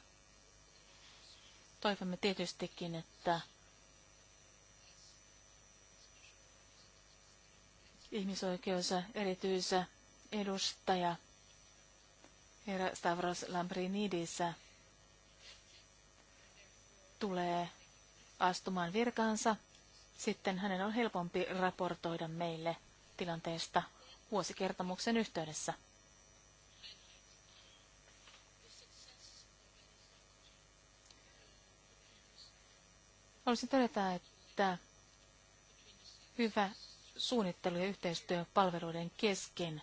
Toivomme tietystikin, että ihmisoikeus erityis edustaja herra Stavros Lambrinidis tulee astumaan virkaansa sitten hänen on helpompi raportoida meille tilanteesta vuosikertomuksen yhteydessä. Haluaisin todeta, että hyvä suunnittelu ja yhteistyö palveluiden kesken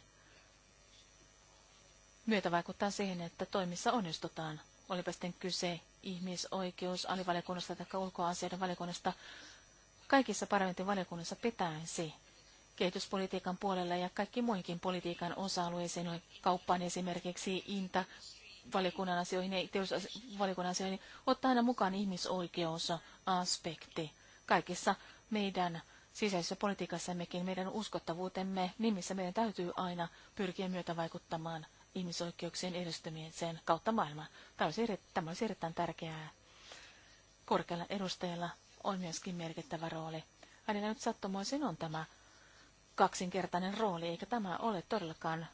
myötä vaikuttaa siihen, että toimissa onnistutaan. Olipa sitten kyse ihmisoikeus alivaliokunnasta tai ulkoasioiden valiokunnasta, kaikissa parlamentin valiokunnissa pitäisi kehityspolitiikan puolella ja kaikki muihinkin politiikan osa-alueisiin, kauppaan esimerkiksi Inta, valikunnan asioihin ja teollisuusvaliokunnan asioihin, ottaa aina mukaan ihmisoikeusaspekti. Kaikissa meidän sisäisessä politiikassammekin meidän uskottavuutemme nimissä meidän täytyy aina pyrkiä myötä vaikuttamaan ihmisoikeuksien edistymiseen kautta maailmaa. Tämä olisi erittäin tärkeää korkealla edustajalla on myöskin merkittävä rooli. Hänellä nyt sattumoisin on tämä kaksinkertainen rooli, eikä tämä ole todellakaan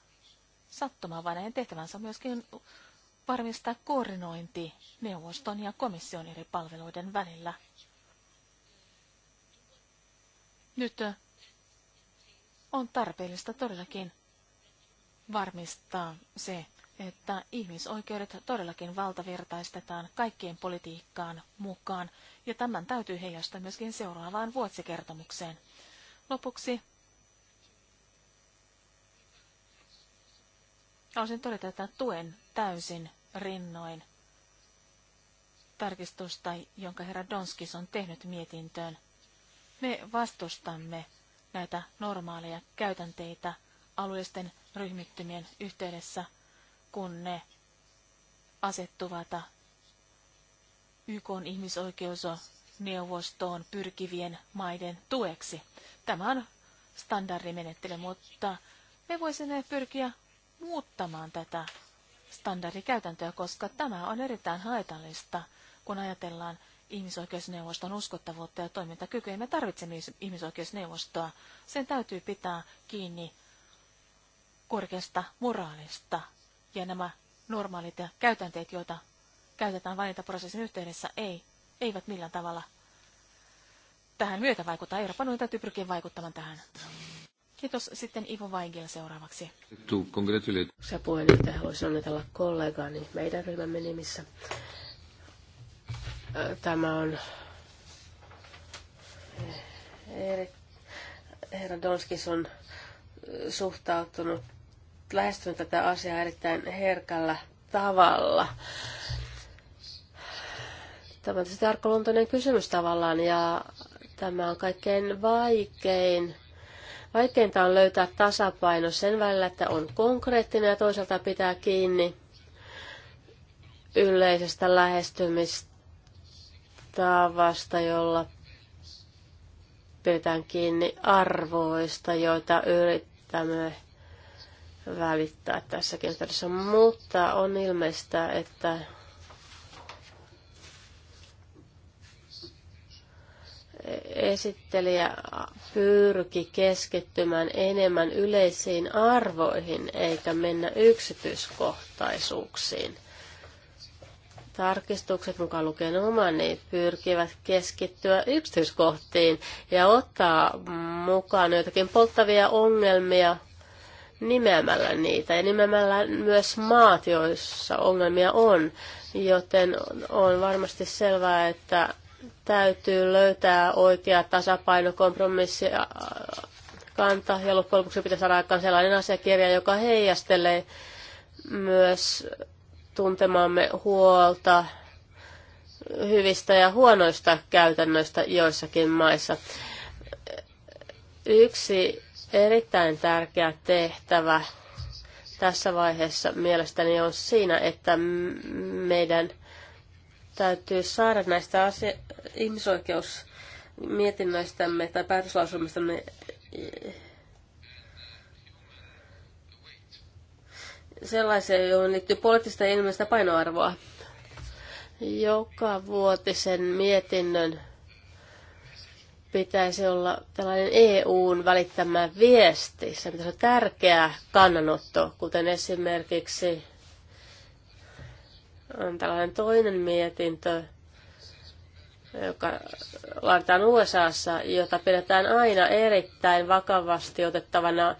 sattuma, vaan hänen tehtävänsä on myöskin varmistaa koordinointi neuvoston ja komission eri palveluiden välillä. Nyt on tarpeellista todellakin varmistaa se, että ihmisoikeudet todellakin valtavirtaistetaan kaikkien politiikkaan mukaan ja tämän täytyy heijastaa myöskin seuraavaan vuosikertomukseen. Lopuksi haluaisin todeta, että tuen täysin rinnoin tarkistusta, jonka herra Donskis on tehnyt mietintöön. Me vastustamme näitä normaaleja käytänteitä alueisten ryhmittymien yhteydessä, kun ne asettuvat YK on ihmisoikeusneuvostoon pyrkivien maiden tueksi. Tämä on standardimenettely, mutta me voisimme pyrkiä muuttamaan tätä standardikäytäntöä, koska tämä on erittäin haitallista, kun ajatellaan ihmisoikeusneuvoston uskottavuutta ja toimintakykyä. Me tarvitsemme ihmisoikeusneuvostoa. Sen täytyy pitää kiinni korkeasta moraalista ja nämä normaalit ja käytänteet, joita käytetään valintaprosessin yhteydessä, ei, eivät millään tavalla tähän myötä vaikuttaa. Euroopan unioni täytyy pyrkiä vaikuttamaan tähän. Kiitos sitten Ivo Vaigil seuraavaksi. Se puheenjohtaja haluaisin onnitella kollegaani meidän ryhmämme nimissä. Tämä on eh, herra Donskis on eh, suhtautunut, lähestynyt tätä asiaa erittäin herkällä tavalla. Tämä on tietysti arkaluontoinen kysymys tavallaan ja tämä on kaikkein vaikein. Vaikeinta on löytää tasapaino sen välillä, että on konkreettinen ja toisaalta pitää kiinni yleisestä lähestymistavasta, jolla pidetään kiinni arvoista, joita yrittämme välittää tässäkin yhteydessä. Mutta on ilmeistä, että esittelijä pyrki keskittymään enemmän yleisiin arvoihin eikä mennä yksityiskohtaisuuksiin. Tarkistukset mukaan lukien omani niin pyrkivät keskittyä yksityiskohtiin ja ottaa mukaan joitakin polttavia ongelmia nimeämällä niitä ja nimeämällä myös maat, joissa ongelmia on. Joten on varmasti selvää, että täytyy löytää oikea tasapaino, kompromissi, kanta ja loppujen lopuksi pitää saada aikaan sellainen asiakirja, joka heijastelee myös tuntemaamme huolta hyvistä ja huonoista käytännöistä joissakin maissa. Yksi erittäin tärkeä tehtävä tässä vaiheessa mielestäni on siinä, että meidän – täytyy saada näistä asia- ihmisoikeusmietinnöistämme tai päätöslausumistamme eh, sellaisia, joihin liittyy poliittista ja ilmeistä painoarvoa. Joka vuotisen mietinnön pitäisi olla tällainen EUn välittämä viesti. Se on tärkeä kannanotto, kuten esimerkiksi on tällainen toinen mietintö, joka laitetaan USAssa, jota pidetään aina erittäin vakavasti otettavana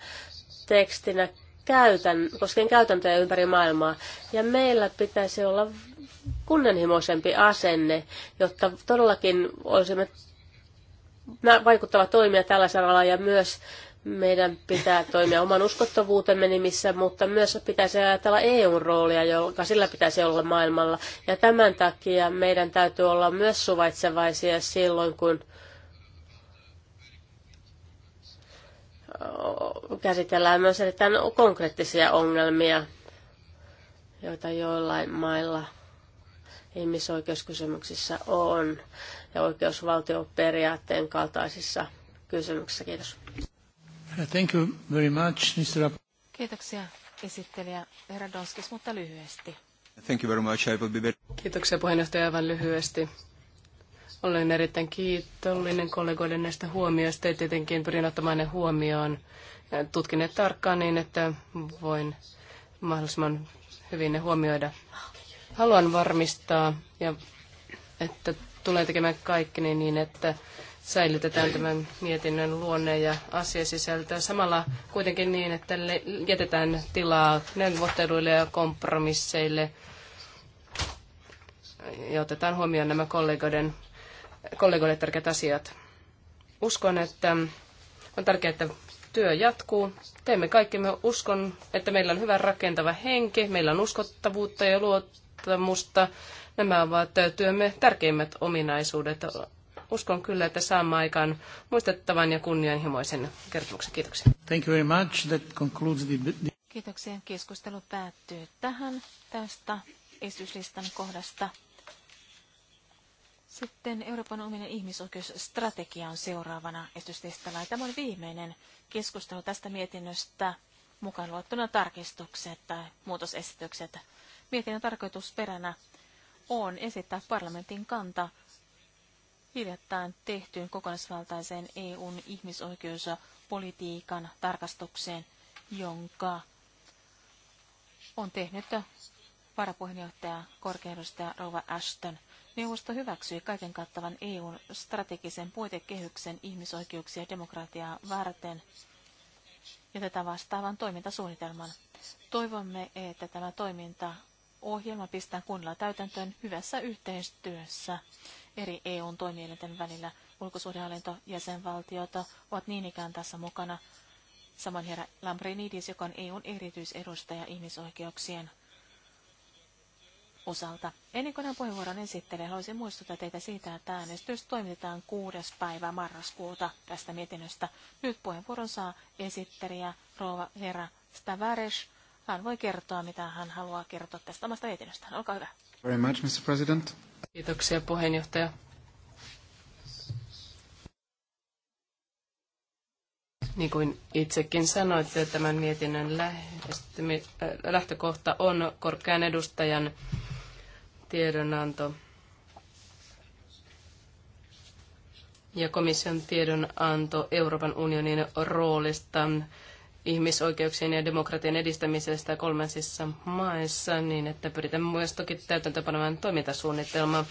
tekstinä käytän, koskien käytäntöjä ympäri maailmaa. Ja meillä pitäisi olla kunnianhimoisempi asenne, jotta todellakin olisimme vaikuttava toimija tällä saralla ja myös meidän pitää toimia oman uskottavuutemme nimissä, mutta myös pitäisi ajatella EUn roolia, joka sillä pitäisi olla maailmalla. Ja tämän takia meidän täytyy olla myös suvaitsevaisia silloin, kun käsitellään myös erittäin konkreettisia ongelmia, joita joillain mailla ihmisoikeuskysymyksissä on ja oikeusvaltioperiaatteen kaltaisissa kysymyksissä. Kiitos. Thank you very much, Mr. Kiitoksia esittelijä herra Donskis, mutta lyhyesti. Thank you very much. I will be better. Kiitoksia puheenjohtaja aivan lyhyesti. Olen erittäin kiitollinen kollegoille näistä huomioista ja tietenkin pyrin ottamaan ne huomioon. Tutkin ne tarkkaan niin, että voin mahdollisimman hyvin ne huomioida. Haluan varmistaa, ja, että tulen tekemään kaikki niin, että säilytetään tämän mietinnön luonne ja asiasisältö. Samalla kuitenkin niin, että jätetään tilaa neuvotteluille ja kompromisseille ja otetaan huomioon nämä kollegoiden, kollegoille tärkeät asiat. Uskon, että on tärkeää, että työ jatkuu. Teemme kaikki. Mä uskon, että meillä on hyvä rakentava henki, meillä on uskottavuutta ja luottamusta. Nämä ovat työmme tärkeimmät ominaisuudet uskon kyllä, että saamme aikaan muistettavan ja kunnianhimoisen kertomuksen. Kiitoksia. Thank you very much. That concludes the... Kiitoksia. Keskustelu päättyy tähän tästä esityslistan kohdasta. Sitten Euroopan ominen ihmisoikeusstrategia on seuraavana esityslistalla. Tämä on viimeinen keskustelu tästä mietinnöstä mukaan luettuna tarkistukset tai muutosesitykset. Mietinnön tarkoitusperänä on esittää parlamentin kanta hiljattain tehtyyn kokonaisvaltaiseen EUn ihmisoikeuspolitiikan tarkastukseen, jonka on tehnyt varapuheenjohtaja korkeudustaja Rova Ashton. Neuvosto hyväksyi kaiken kattavan EUn strategisen puitekehyksen ihmisoikeuksia ja demokratiaa varten ja tätä vastaavan toimintasuunnitelman. Toivomme, että tämä toiminta ohjelma pistetään kunnolla täytäntöön hyvässä yhteistyössä eri EUn toimielinten välillä. Ulkosuhdehallinto, jäsenvaltiot ovat niin ikään tässä mukana. Samoin herra Lambrinidis, joka on EUn erityisedustaja ihmisoikeuksien osalta. Ennen kuin puheenvuoron esittelee, haluaisin muistuttaa teitä siitä, että äänestys toimitetaan 6. päivä marraskuuta tästä mietinnöstä. Nyt puheenvuoron saa esittelijä Rova Herra Stavares hän voi kertoa, mitä hän haluaa kertoa tästä omasta mietinnöstään. Olkaa hyvä. Very much, Mr. President. Kiitoksia, puheenjohtaja. Niin kuin itsekin sanoitte, tämän mietinnön äh, lähtökohta on korkean edustajan tiedonanto. ja komission tiedonanto Euroopan unionin roolista ihmisoikeuksien ja demokratian edistämisestä kolmansissa maissa, niin että pyritään myös toki täytäntöpanemaan toimintasuunnitelmaa.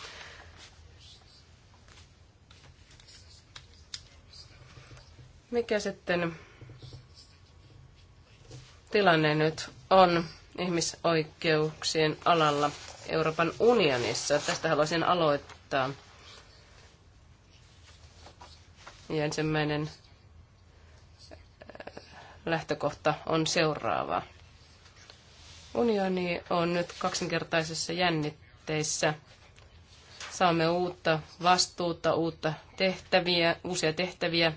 Mikä sitten tilanne nyt on ihmisoikeuksien alalla Euroopan unionissa? Tästä haluaisin aloittaa. Ja ensimmäinen lähtökohta on seuraava. Unioni on nyt kaksinkertaisessa jännitteissä. Saamme uutta vastuuta, uutta tehtäviä, uusia tehtäviä.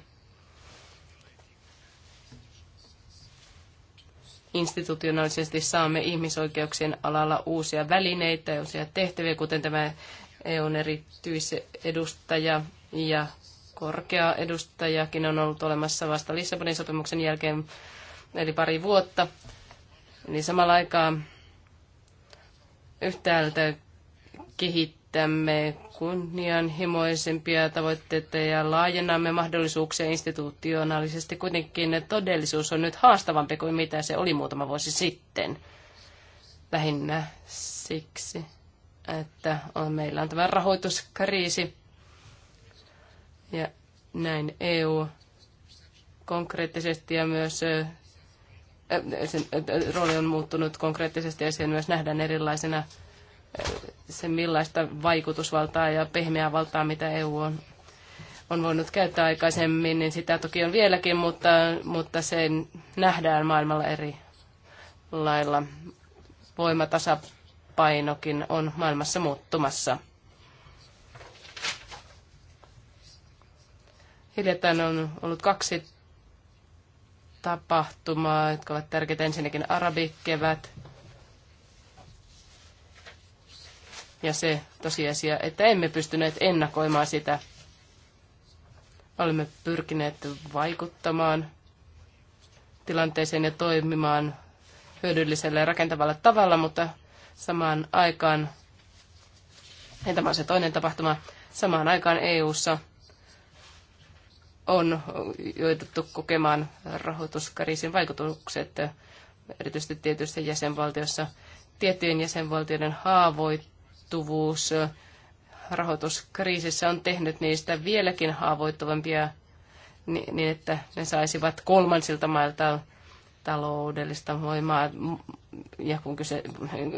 Institutionaalisesti saamme ihmisoikeuksien alalla uusia välineitä ja uusia tehtäviä, kuten tämä EUn erityisedustaja ja korkea edustajakin on ollut olemassa vasta Lissabonin sopimuksen jälkeen, eli pari vuotta. Niin samalla aikaa yhtäältä kehittämme kunnianhimoisempia tavoitteita ja laajennamme mahdollisuuksia institutionaalisesti. Kuitenkin todellisuus on nyt haastavampi kuin mitä se oli muutama vuosi sitten. Lähinnä siksi, että on, meillä on tämä rahoituskriisi ja näin EU konkreettisesti ja myös sen rooli on muuttunut konkreettisesti ja sen myös nähdään erilaisena se millaista vaikutusvaltaa ja pehmeää valtaa, mitä EU on, on voinut käyttää aikaisemmin, niin sitä toki on vieläkin, mutta, mutta se nähdään maailmalla eri lailla. Voimatasapainokin on maailmassa muuttumassa. Hiljattain on ollut kaksi tapahtumaa, jotka ovat tärkeitä. Ensinnäkin arabikevät ja se tosiasia, että emme pystyneet ennakoimaan sitä. Olemme pyrkineet vaikuttamaan tilanteeseen ja toimimaan hyödyllisellä ja rakentavalla tavalla, mutta samaan aikaan, tämä on se toinen tapahtuma, samaan aikaan EU:ssa ssa on joututtu kokemaan rahoituskriisin vaikutukset, erityisesti tietyissä jäsenvaltioissa Tiettyjen jäsenvaltioiden haavoittuvuus rahoituskriisissä on tehnyt niistä vieläkin haavoittuvampia niin, että ne saisivat kolmansilta mailta taloudellista voimaa. Ja kun kyse,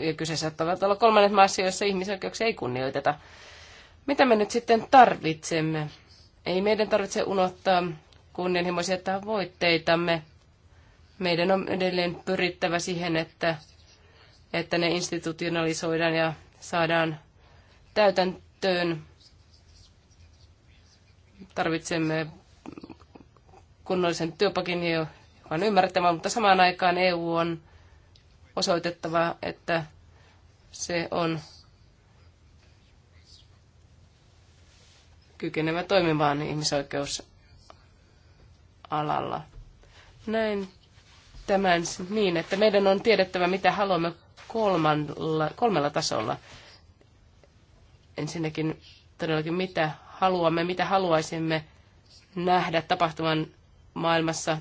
ja kyse saattavat olla kolmannet maassa, joissa ihmisoikeuksia ei kunnioiteta. Mitä me nyt sitten tarvitsemme? Ei meidän tarvitse unohtaa kunnianhimoisia tavoitteitamme. Meidän on edelleen pyrittävä siihen, että, että ne institutionalisoidaan ja saadaan täytäntöön. Tarvitsemme kunnollisen työpakin, joka on ymmärrettävä, mutta samaan aikaan EU on osoitettava, että se on kykenevät toimimaan ihmisoikeusalalla. Näin tämän niin, että meidän on tiedettävä, mitä haluamme kolmalla, kolmella tasolla. Ensinnäkin todellakin, mitä haluamme, mitä haluaisimme nähdä tapahtuvan maailmassa.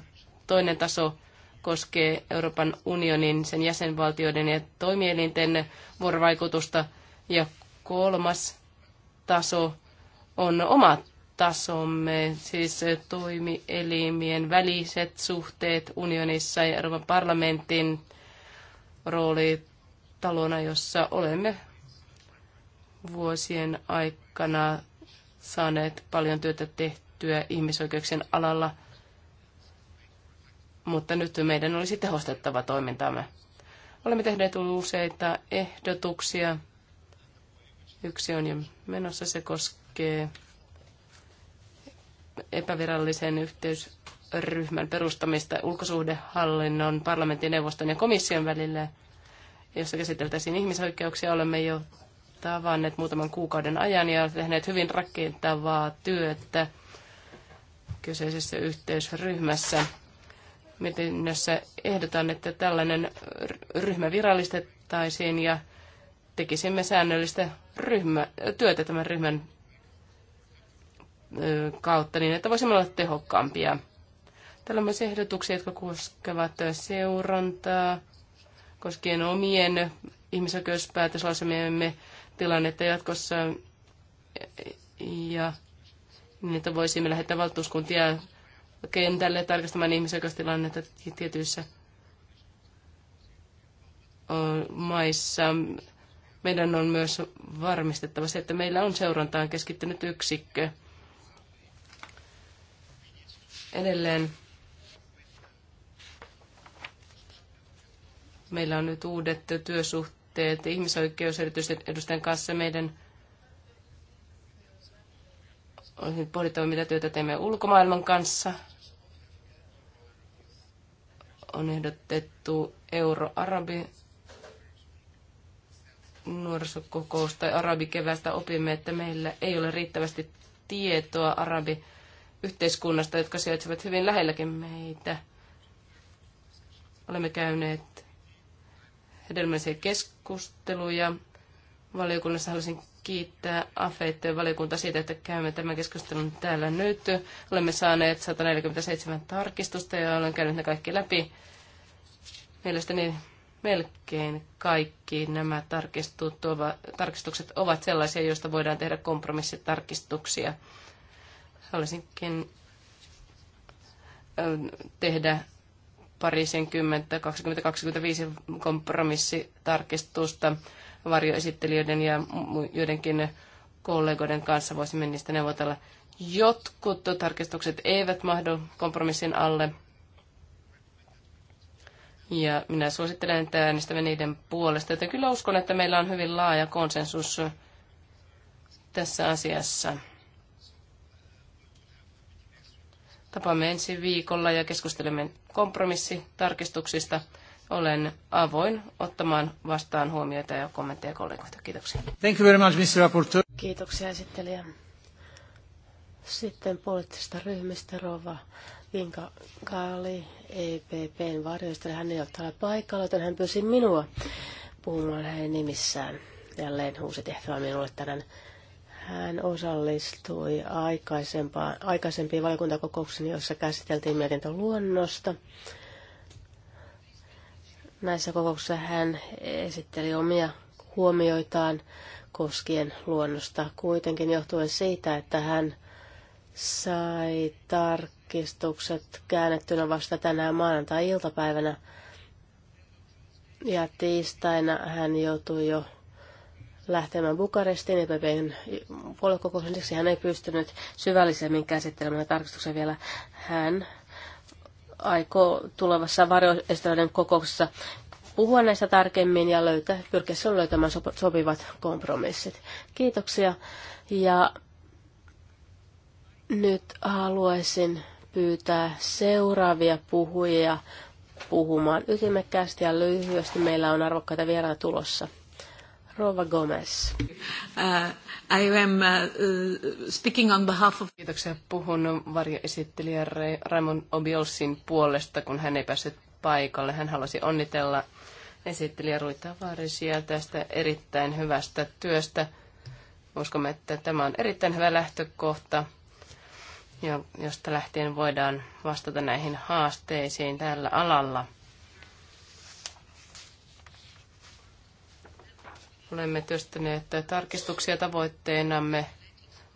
Toinen taso koskee Euroopan unionin, sen jäsenvaltioiden ja toimielinten vuorovaikutusta. Ja kolmas taso on oma tasomme, siis toimielimien väliset suhteet unionissa ja Euroopan parlamentin rooli talona, jossa olemme vuosien aikana saaneet paljon työtä tehtyä ihmisoikeuksien alalla, mutta nyt meidän olisi tehostettava toimintaamme. Olemme tehneet useita ehdotuksia. Yksi on jo menossa, se koskee epävirallisen yhteysryhmän perustamista ulkosuhdehallinnon, parlamentin, neuvoston ja komission välillä, jossa käsiteltäisiin ihmisoikeuksia. Olemme jo tavanneet muutaman kuukauden ajan ja tehneet hyvin rakentavaa työtä kyseisessä yhteysryhmässä. Mietinnössä ehdotan, että tällainen ryhmä virallistettaisiin ja tekisimme säännöllistä ryhmä, työtä tämän ryhmän kautta niin, että voisimme olla tehokkaampia. Täällä on myös ehdotuksia, jotka koskevat seurantaa, koskien omien ihmisoikeuspäätöslausemiemme tilannetta jatkossa ja niin, että voisimme lähettää valtuuskuntia kentälle tarkastamaan ihmisoikeustilannetta tietyissä maissa. Meidän on myös varmistettava se, että meillä on seurantaan keskittynyt yksikkö – Edelleen meillä on nyt uudet työsuhteet ihmisoikeuserityisten edustajan kanssa. Meidän on nyt pohdittava, mitä työtä teemme ulkomaailman kanssa. On ehdotettu euroarabi nuorisokokous tai arabikevästä opimme, että meillä ei ole riittävästi tietoa arabi yhteiskunnasta, jotka sijaitsevat hyvin lähelläkin meitä. Olemme käyneet hedelmällisiä keskusteluja. Valiokunnassa haluaisin kiittää AFEittojen valiokunta siitä, että käymme tämän keskustelun täällä nyt. Olemme saaneet 147 tarkistusta ja olen käynyt ne kaikki läpi. Mielestäni melkein kaikki nämä tarkistukset ovat sellaisia, joista voidaan tehdä kompromissitarkistuksia. tarkistuksia Haluaisinkin tehdä 10, 20-25 kompromissitarkistusta varjoesittelijöiden ja joidenkin kollegoiden kanssa voisimme niistä neuvotella. Jotkut tarkistukset eivät mahdu kompromissin alle. Ja minä suosittelen, että äänestämme niiden puolesta. Joten kyllä uskon, että meillä on hyvin laaja konsensus tässä asiassa. Tapaamme ensi viikolla ja keskustelemme kompromissitarkistuksista. Olen avoin ottamaan vastaan huomioita ja kommentteja kollegoita. Kiitoksia. Thank you very much, Mr. Rapporteur. Kiitoksia esittelijä. Sitten poliittisesta ryhmistä Rova Vinka Kaali, EPPn varjoista. Hän ei ole täällä paikalla, joten hän pyysi minua puhumaan hänen nimissään. Jälleen uusi tehtävä minulle tänään. Hän osallistui aikaisempaan, aikaisempiin valiokuntakokouksiin, joissa käsiteltiin mietintö luonnosta. Näissä kokouksissa hän esitteli omia huomioitaan koskien luonnosta, kuitenkin johtuen siitä, että hän sai tarkistukset käännettynä vasta tänään maanantai-iltapäivänä. Ja tiistaina hän joutui jo lähtemään Bukarestiin EPPn puoluekokouksen. Siksi hän ei pystynyt syvällisemmin käsittelemään tarkistuksen vielä. Hän aikoo tulevassa varjoestelöiden kokouksessa puhua näistä tarkemmin ja löytää, pyrkiä silloin löytämään sopivat kompromissit. Kiitoksia. Ja nyt haluaisin pyytää seuraavia puhujia puhumaan ytimekkäästi ja lyhyesti. Meillä on arvokkaita vieraita tulossa. Rova Gomez. Uh, I am uh, uh, speaking on behalf of... Kiitoksia. Puhun varjoesittelijä Raimon Obiolsin puolesta, kun hän ei päässyt paikalle. Hän halusi onnitella esittelijä Rui Tavarisia tästä erittäin hyvästä työstä. Uskomme, että tämä on erittäin hyvä lähtökohta, josta lähtien voidaan vastata näihin haasteisiin tällä alalla – Olemme työstäneet tarkistuksia tavoitteenamme.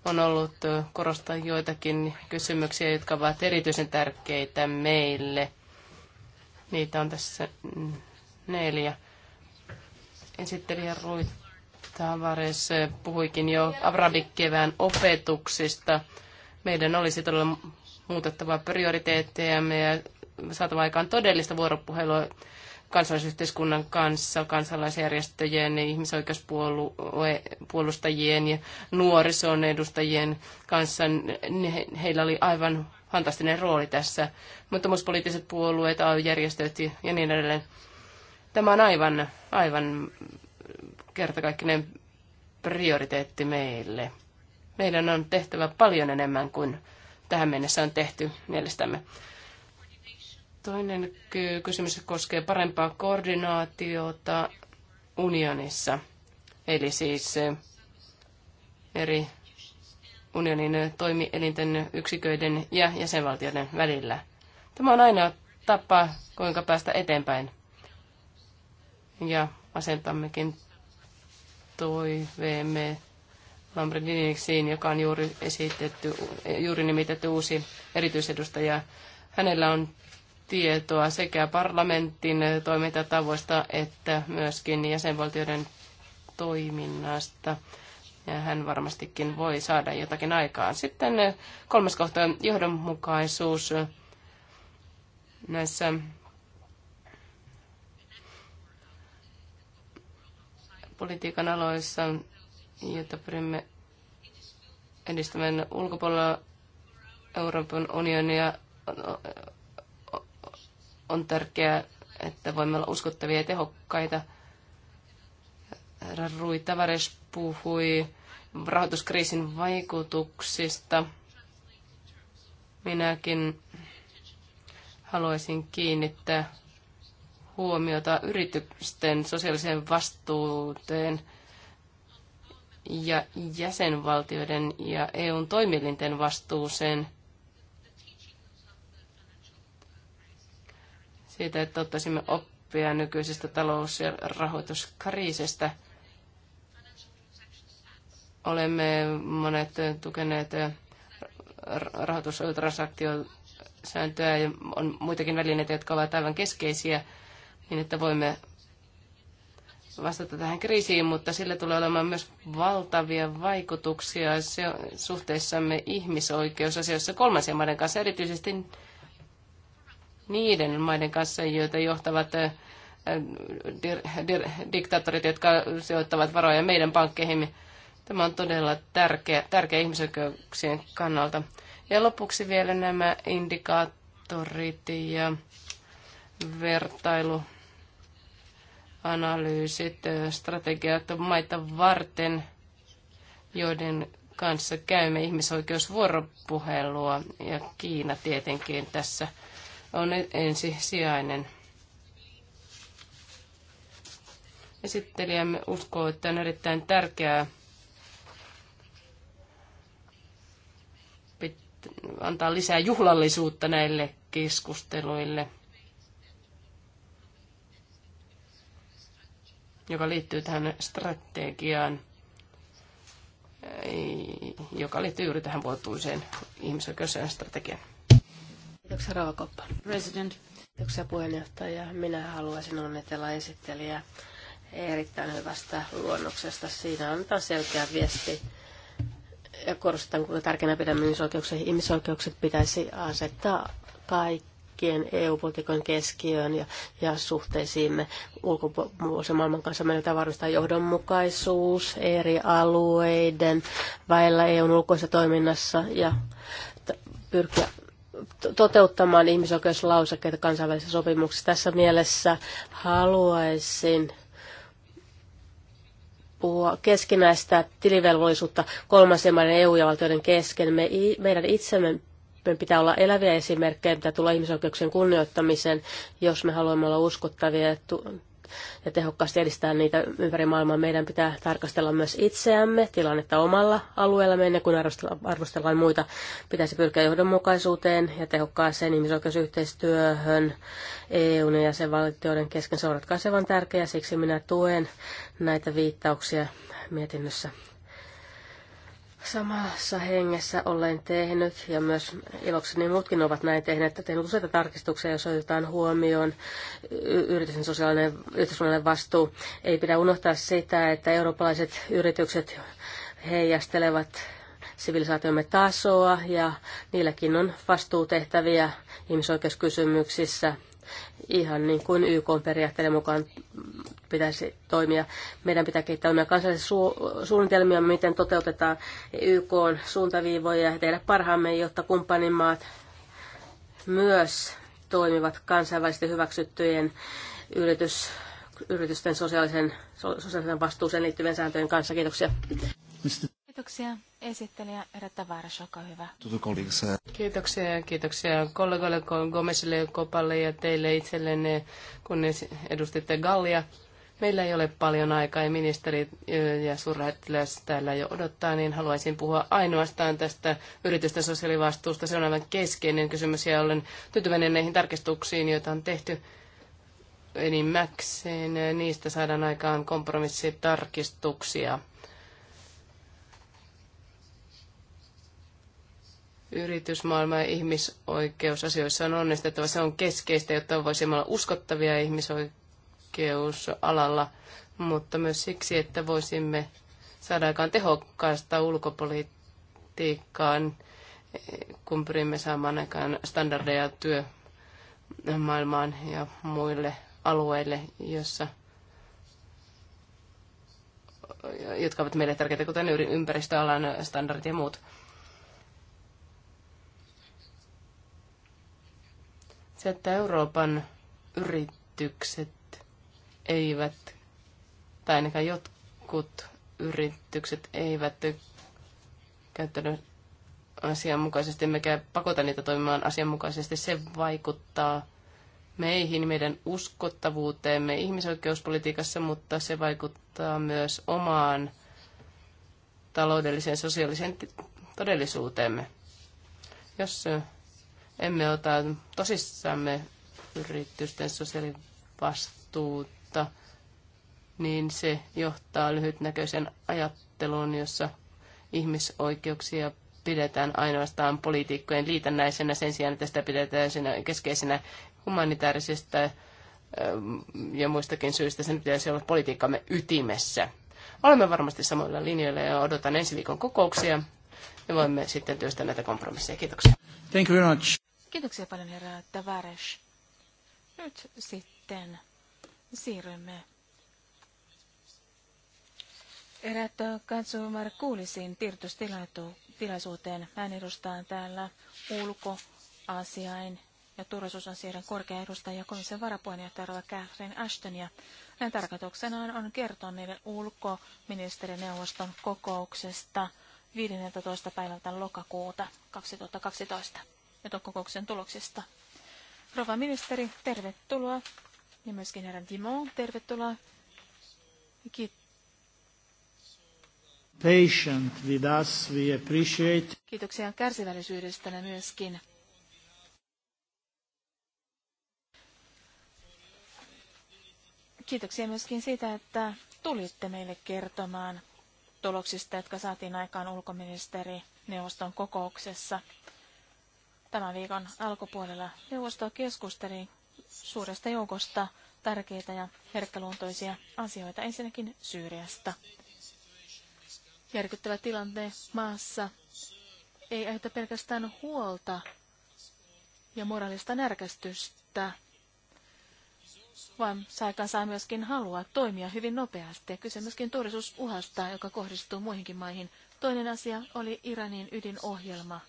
On ollut korostaa joitakin kysymyksiä, jotka ovat erityisen tärkeitä meille. Niitä on tässä neljä. Esittelijä Rui Tavares puhuikin jo Abrabikkevään opetuksista. Meidän olisi todella muutettava prioriteetteja ja saatava aikaan todellista vuoropuhelua kansalaisyhteiskunnan kanssa, kansalaisjärjestöjen, ihmisoikeuspuolustajien ja nuorison edustajien kanssa. Heillä oli aivan fantastinen rooli tässä, mutta myös poliittiset puolueet, järjestöt ja niin edelleen. Tämä on aivan, aivan kertakaikkinen prioriteetti meille. Meidän on tehtävä paljon enemmän kuin tähän mennessä on tehty mielestämme. Toinen kysymys koskee parempaa koordinaatiota unionissa, eli siis e, eri unionin toimielinten yksiköiden ja jäsenvaltioiden välillä. Tämä on aina tapa, kuinka päästä eteenpäin. Ja asentammekin toiveemme Lambrediniksiin, joka on juuri, esitetty, juuri nimitetty uusi erityisedustaja. Hänellä on tietoa sekä parlamentin toimintatavoista että myöskin jäsenvaltioiden toiminnasta. Ja hän varmastikin voi saada jotakin aikaan. Sitten kolmas kohta, johdonmukaisuus näissä politiikan aloissa, joita pyrimme edistämään ulkopuolella Euroopan unionia on tärkeää, että voimme olla uskottavia ja tehokkaita. Rui Tavares puhui rahoituskriisin vaikutuksista. Minäkin haluaisin kiinnittää huomiota yritysten sosiaaliseen vastuuteen ja jäsenvaltioiden ja EUn toimielinten vastuuseen – siitä, että ottaisimme oppia nykyisestä talous- ja rahoituskriisistä. Olemme monet tukeneet rahoitustransaktiosääntöä ja on muitakin välineitä, jotka ovat aivan keskeisiä, niin että voimme vastata tähän kriisiin, mutta sillä tulee olemaan myös valtavia vaikutuksia suhteessamme ihmisoikeusasioissa kolmansien maiden kanssa, erityisesti niiden maiden kanssa, joita johtavat diktaattorit, jotka sijoittavat varoja meidän pankkeihin. Tämä on todella tärkeä, tärkeä ihmisoikeuksien kannalta. Ja lopuksi vielä nämä indikaattorit ja vertailu analyysit, strategiat maita varten, joiden kanssa käymme ihmisoikeusvuoropuhelua ja Kiina tietenkin tässä on ensisijainen. Esittelijämme uskoo, että on erittäin tärkeää antaa lisää juhlallisuutta näille keskusteluille, joka liittyy tähän strategiaan, joka liittyy juuri tähän vuotuiseen strategiaan. Kiitoksia Rauha Koppa. President. Kiitoksia puheenjohtaja. Minä haluaisin onnitella esittelijää erittäin hyvästä luonnoksesta. Siinä on taas selkeä viesti ja korostetaan, kuinka tärkeänä pidämme ihmisoikeuksia. Ihmisoikeukset pitäisi asettaa kaikkien EU-politiikan keskiöön ja, ja suhteisiimme ulkopuolisen maailman kanssa. pitää varmistaa johdonmukaisuus eri alueiden väillä EUn ulkoisessa toiminnassa ja pyrkiä toteuttamaan ihmisoikeuslausekkeita kansainvälisissä sopimuksissa. Tässä mielessä haluaisin puhua keskinäistä tilivelvollisuutta kolmansien maiden EU-valtioiden kesken. Me, meidän itsemme me pitää olla eläviä esimerkkejä, mitä tulee ihmisoikeuksien kunnioittamiseen, jos me haluamme olla uskottavia ja ja tehokkaasti edistää niitä ympäri maailmaa. Meidän pitää tarkastella myös itseämme, tilannetta omalla alueella ennen kuin arvostellaan muita. Pitäisi pyrkiä johdonmukaisuuteen ja tehokkaaseen ihmisoikeusyhteistyöhön EUn ja jäsenvaltioiden kesken. Se on ratkaisevan tärkeä, siksi minä tuen näitä viittauksia mietinnössä samassa hengessä olen tehnyt, ja myös ilokseni muutkin ovat näin tehneet, että tehnyt useita tarkistuksia, jos otetaan huomioon yritysten sosiaalinen yhteiskunnallinen vastuu. Ei pidä unohtaa sitä, että eurooppalaiset yritykset heijastelevat sivilisaatiomme tasoa, ja niilläkin on vastuutehtäviä ihmisoikeuskysymyksissä – ihan niin kuin YK periaatteiden mukaan pitäisi toimia. Meidän pitää kehittää omia kansallisia su- suunnitelmia, miten toteutetaan YK suuntaviivoja ja tehdä parhaamme, jotta kumppanimaat myös toimivat kansainvälisesti hyväksyttyjen yritys, yritysten sosiaalisen, sosiaalisen vastuuseen liittyvien sääntöjen kanssa. Kiitoksia. Kiitoksia esittelijä Retta Vaaras, olkaa hyvä. Kiitoksia ja kiitoksia kollegoille Gomesille ja Kopalle ja teille itsellenne, kun edustitte Gallia. Meillä ei ole paljon aikaa ja ministeri ja suurlähettiläs täällä jo odottaa, niin haluaisin puhua ainoastaan tästä yritysten sosiaalivastuusta. Se on aivan keskeinen kysymys ja olen tyytyväinen näihin tarkistuksiin, joita on tehty enimmäkseen. Niistä saadaan aikaan kompromissitarkistuksia. yritysmaailma ja ihmisoikeusasioissa on onnistettava. Se on keskeistä, jotta voisimme olla uskottavia ihmisoikeusalalla, mutta myös siksi, että voisimme saada aikaan tehokkaasta ulkopolitiikkaan, kun pyrimme saamaan aikaan standardeja työmaailmaan ja muille alueille, jossa jotka ovat meille tärkeitä, kuten ympäristöalan standardit ja muut. Se, että Euroopan yritykset eivät, tai ainakaan jotkut yritykset eivät käyttänyt asianmukaisesti, mikä pakota niitä toimimaan asianmukaisesti, se vaikuttaa meihin, meidän uskottavuuteemme ihmisoikeuspolitiikassa, mutta se vaikuttaa myös omaan taloudelliseen, sosiaaliseen todellisuuteemme. Jos emme ota tosissamme yritysten sosiaalivastuuta, niin se johtaa lyhytnäköisen ajatteluun, jossa ihmisoikeuksia pidetään ainoastaan poliitikkojen liitännäisenä sen sijaan, että sitä pidetään sen keskeisenä humanitaarisista ja muistakin syistä sen pitäisi olla politiikkamme ytimessä. Olemme varmasti samoilla linjoilla ja odotan ensi viikon kokouksia ja voimme sitten työstää näitä kompromisseja. Kiitoksia. Thank you very much. Kiitoksia paljon herra Tavares. Nyt sitten siirrymme Erättä katsomar kuulisin tiedotustilaisuuteen. Hän edustaa täällä ulkoasiain ja turvallisuusasioiden korkea edustaja komission varapuheenjohtaja Rova Catherine Ja Hänen tarkoituksena on kertoa meille ulkoministerineuvoston kokouksesta 15. päivältä lokakuuta 2012 etokokouksen tuloksista. Rova ministeri, tervetuloa. Ja myöskin herran Timo, tervetuloa. Kiitos. with us, we appreciate. Kiitoksia kärsivällisyydestänne myöskin. Kiitoksia myöskin siitä, että tulitte meille kertomaan tuloksista, jotka saatiin aikaan ulkoministeri neuvoston kokouksessa. Tämän viikon alkupuolella neuvosto keskusteli suuresta joukosta tärkeitä ja herkkäluontoisia asioita, ensinnäkin Syyriasta. Järkyttävä tilanne maassa ei aiheuta pelkästään huolta ja moraalista närkästystä, vaan saikaan saa myöskin halua toimia hyvin nopeasti. Ja kyse myöskin turvallisuusuhasta, joka kohdistuu muihinkin maihin. Toinen asia oli Iranin ydinohjelma.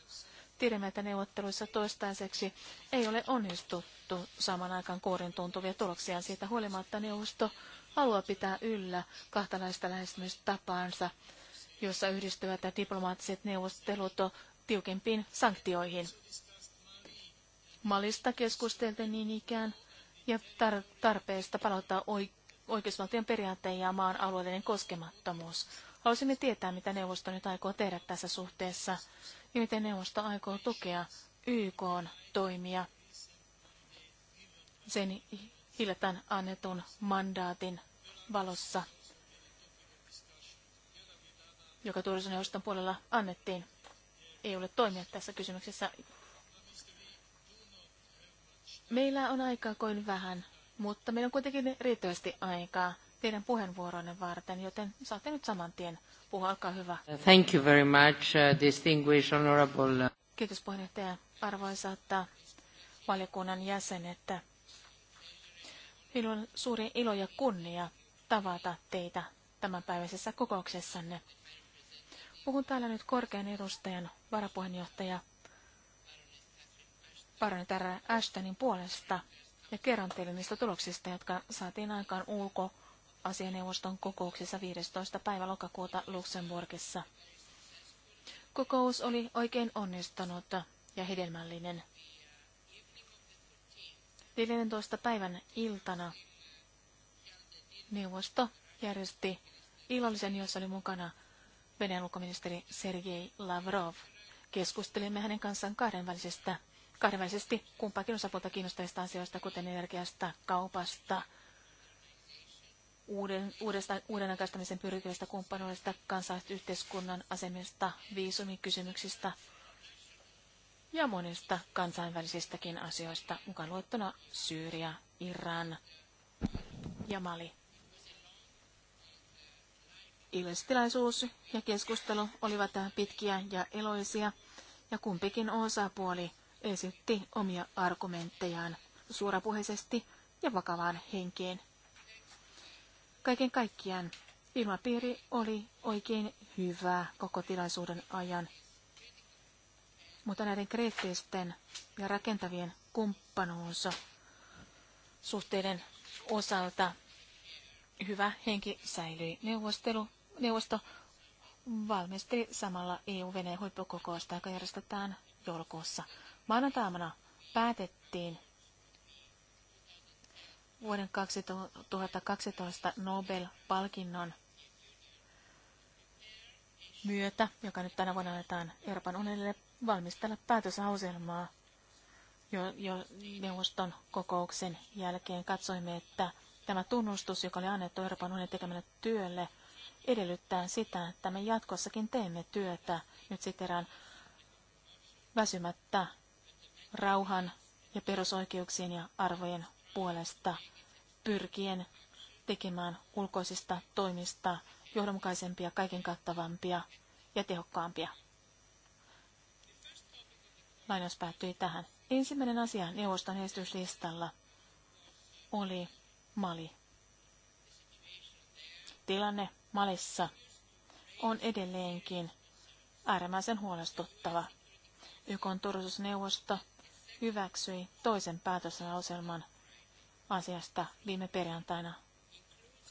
Tiedämme, että neuvotteluissa toistaiseksi ei ole onnistuttu saman aikaan kuoren tuntuvia tuloksia. Siitä huolimatta neuvosto haluaa pitää yllä kahtalaista lähestymistapaansa, jossa yhdistyvät diplomaattiset neuvottelut tiukempiin sanktioihin. Malista keskusteltiin niin ikään ja tar- tarpeesta palauttaa oikeusvaltion periaatteen ja maan alueellinen koskemattomuus. Haluaisimme tietää, mitä neuvosto nyt aikoo tehdä tässä suhteessa ja miten neuvosto aikoo tukea YK toimia sen hiljattain annetun mandaatin valossa, joka turvallisuusneuvoston puolella annettiin. Ei ole toimia tässä kysymyksessä. Meillä on aikaa kuin vähän, mutta meillä on kuitenkin riittävästi aikaa teidän puheenvuoronne varten, joten saatte nyt saman tien puhua, olkaa hyvä. Thank you very much, uh, distinguished honorable. Uh, Kiitos puheenjohtaja, arvoisat uh, valiokunnan jäsenet. Minulla on suuri ilo ja kunnia tavata teitä tämänpäiväisessä kokouksessanne. Puhun täällä nyt korkean edustajan varapuheenjohtaja Baronitar Ashtonin puolesta ja kerron teille niistä tuloksista, jotka saatiin aikaan ulko- asianeuvoston kokouksessa 15. päivä lokakuuta Luxemburgissa. Kokous oli oikein onnistunut ja hedelmällinen. 14. päivän iltana neuvosto järjesti illallisen, jossa oli mukana Venäjän ulkoministeri Sergei Lavrov. Keskustelimme hänen kanssaan kahdenvälisesti kumpaakin osapuolta kiinnostavista asioista, kuten energiasta, kaupasta – uuden, uudesta, uuden aikaistamisen pyrkivästä kumppanuudesta, asemista, viisumikysymyksistä ja monista kansainvälisistäkin asioista, mukaan luettuna Syyria, Iran ja Mali. Ilmestilaisuus ja keskustelu olivat pitkiä ja eloisia, ja kumpikin osapuoli esitti omia argumenttejaan suorapuheisesti ja vakavaan henkeen. Kaiken kaikkiaan ilmapiiri oli oikein hyvä koko tilaisuuden ajan, mutta näiden kreettisten ja rakentavien kumppanuus suhteiden osalta hyvä henki säilyi. Neuvostelu, neuvosto valmisti samalla EU-veneen huippukokousta, joka järjestetään joulukuussa. Maanantaamana päätettiin vuoden 2012 Nobel-palkinnon myötä, joka nyt tänä vuonna annetaan Euroopan unionille, valmistella päätösauselmaa jo, jo neuvoston kokouksen jälkeen. Katsoimme, että tämä tunnustus, joka oli annettu Euroopan unionin tekemälle työlle, edellyttää sitä, että me jatkossakin teemme työtä nyt siteraan väsymättä rauhan ja perusoikeuksien ja arvojen puolesta pyrkien tekemään ulkoisista toimista johdonmukaisempia, kaiken kattavampia ja tehokkaampia. Lainaus päättyi tähän. Ensimmäinen asia neuvoston esityslistalla oli Mali. Tilanne Malissa on edelleenkin äärimmäisen huolestuttava. YK turvallisuusneuvosto hyväksyi toisen päätöslauselman asiasta viime perjantaina.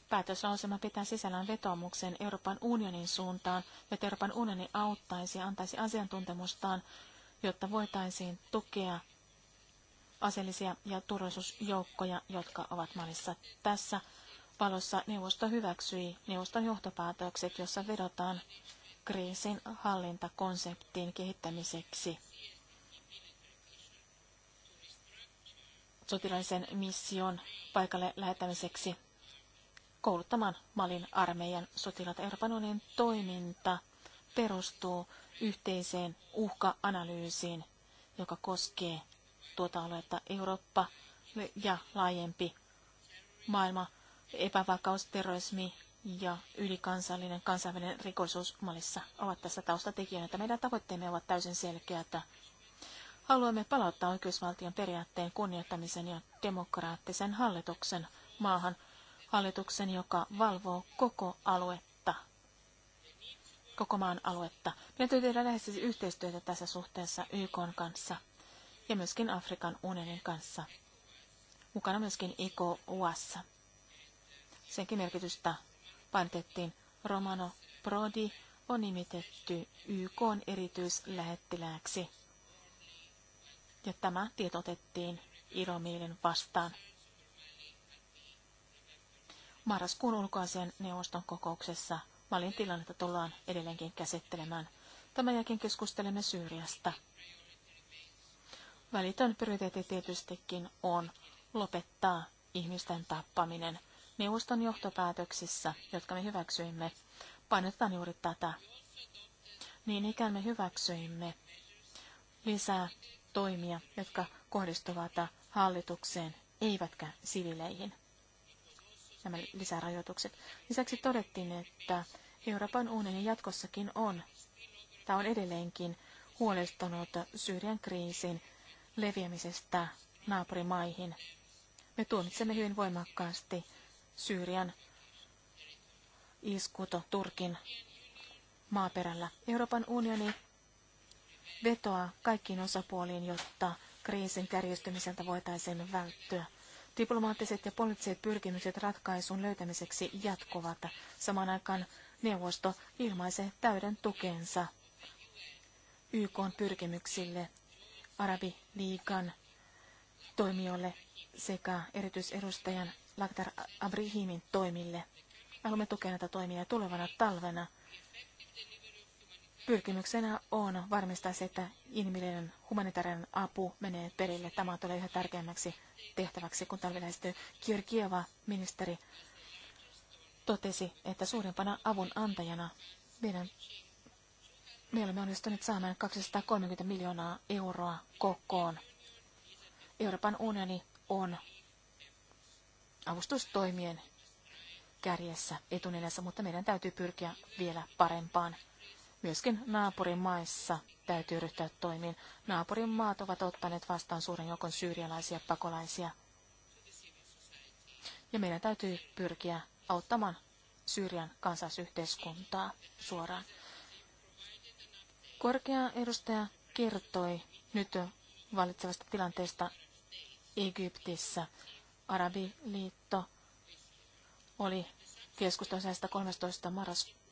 Päätöslausema pitää sisällään vetoomuksen Euroopan unionin suuntaan, että Euroopan unioni auttaisi ja antaisi asiantuntemustaan, jotta voitaisiin tukea aseellisia ja turvallisuusjoukkoja, jotka ovat Malissa tässä valossa neuvosto hyväksyi neuvoston johtopäätökset, jossa vedotaan kriisin hallintakonseptin kehittämiseksi sotilaisen mission paikalle lähettämiseksi kouluttamaan Malin armeijan sotilaita. Euroopan unionin toiminta perustuu yhteiseen uhka-analyysiin, joka koskee tuota aluetta Eurooppa ja laajempi maailma, epävakaus, terrorismi ja ylikansallinen kansainvälinen rikollisuus Malissa ovat tässä taustatekijöinä. Meidän tavoitteemme ovat täysin selkeät, Haluamme palauttaa oikeusvaltion periaatteen kunnioittamisen ja demokraattisen hallituksen maahan, hallituksen, joka valvoo koko aluetta, koko maan aluetta. Meidän täytyy tehdä lähes yhteistyötä tässä suhteessa YK kanssa ja myöskin Afrikan unionin kanssa. Mukana myöskin IKUassa. Senkin merkitystä painotettiin Romano Prodi on nimitetty YK erityislähettilääksi ja tämä tieto otettiin ilomielin vastaan. Marraskuun ulkoasian neuvoston kokouksessa Malin tilannetta tullaan edelleenkin käsittelemään. Tämän jälkeen keskustelemme Syyriasta. Välitön prioriteetti tietystikin on lopettaa ihmisten tappaminen. Neuvoston johtopäätöksissä, jotka me hyväksyimme, painotetaan juuri tätä. Niin ikään me hyväksyimme lisää toimia, jotka kohdistuvat hallitukseen, eivätkä sivileihin. Nämä lisärajoitukset. Lisäksi todettiin, että Euroopan unioni jatkossakin on, tai on edelleenkin, huolestunut Syyrian kriisin leviämisestä naapurimaihin. Me tuomitsemme hyvin voimakkaasti Syyrian iskuto Turkin maaperällä. Euroopan unioni vetoaa kaikkiin osapuoliin, jotta kriisin kärjistymiseltä voitaisiin välttyä. Diplomaattiset ja poliittiset pyrkimykset ratkaisun löytämiseksi jatkuvat. Samaan aikaan neuvosto ilmaisee täyden tukensa YK pyrkimyksille, Arabiliikan toimijoille sekä erityisedustajan Lakhdar Abrihimin toimille. Haluamme tukea näitä toimia tulevana talvena – Pyrkimyksenä on varmistaa se, että inhimillinen humanitaarinen apu menee perille. Tämä tulee yhä tärkeämmäksi tehtäväksi, kun talvi lähestyy. ministeri totesi, että suurimpana avun antajana meidän, me olemme onnistuneet saamaan 230 miljoonaa euroa kokoon. Euroopan unioni on avustustoimien kärjessä etunenässä, mutta meidän täytyy pyrkiä vielä parempaan. Myöskin naapurimaissa täytyy ryhtyä toimiin. Naapurimaat ovat ottaneet vastaan suuren joukon syyrialaisia pakolaisia. Ja meidän täytyy pyrkiä auttamaan Syyrian kansallisyhteiskuntaa suoraan. Korkea edustaja kertoi nyt valitsevasta tilanteesta Egyptissä. Arabiliitto oli keskustelussa 13. marraskuuta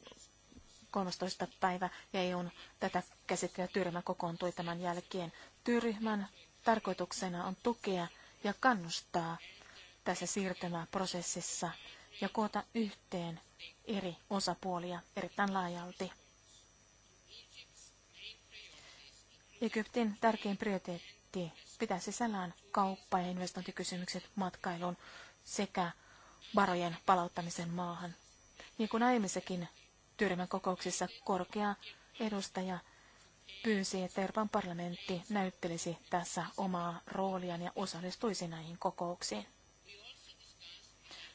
13. päivä ja EUn tätä käsittelyä työryhmä kokoontui tämän jälkeen. Työryhmän tarkoituksena on tukea ja kannustaa tässä siirtymäprosessissa ja koota yhteen eri osapuolia erittäin laajalti. Egyptin tärkein prioriteetti pitää sisällään kauppa- ja investointikysymykset matkailun sekä varojen palauttamisen maahan. Niin kuin aiemmissakin työryhmän kokouksissa korkea edustaja pyysi, että Euroopan parlamentti näyttelisi tässä omaa rooliaan ja osallistuisi näihin kokouksiin.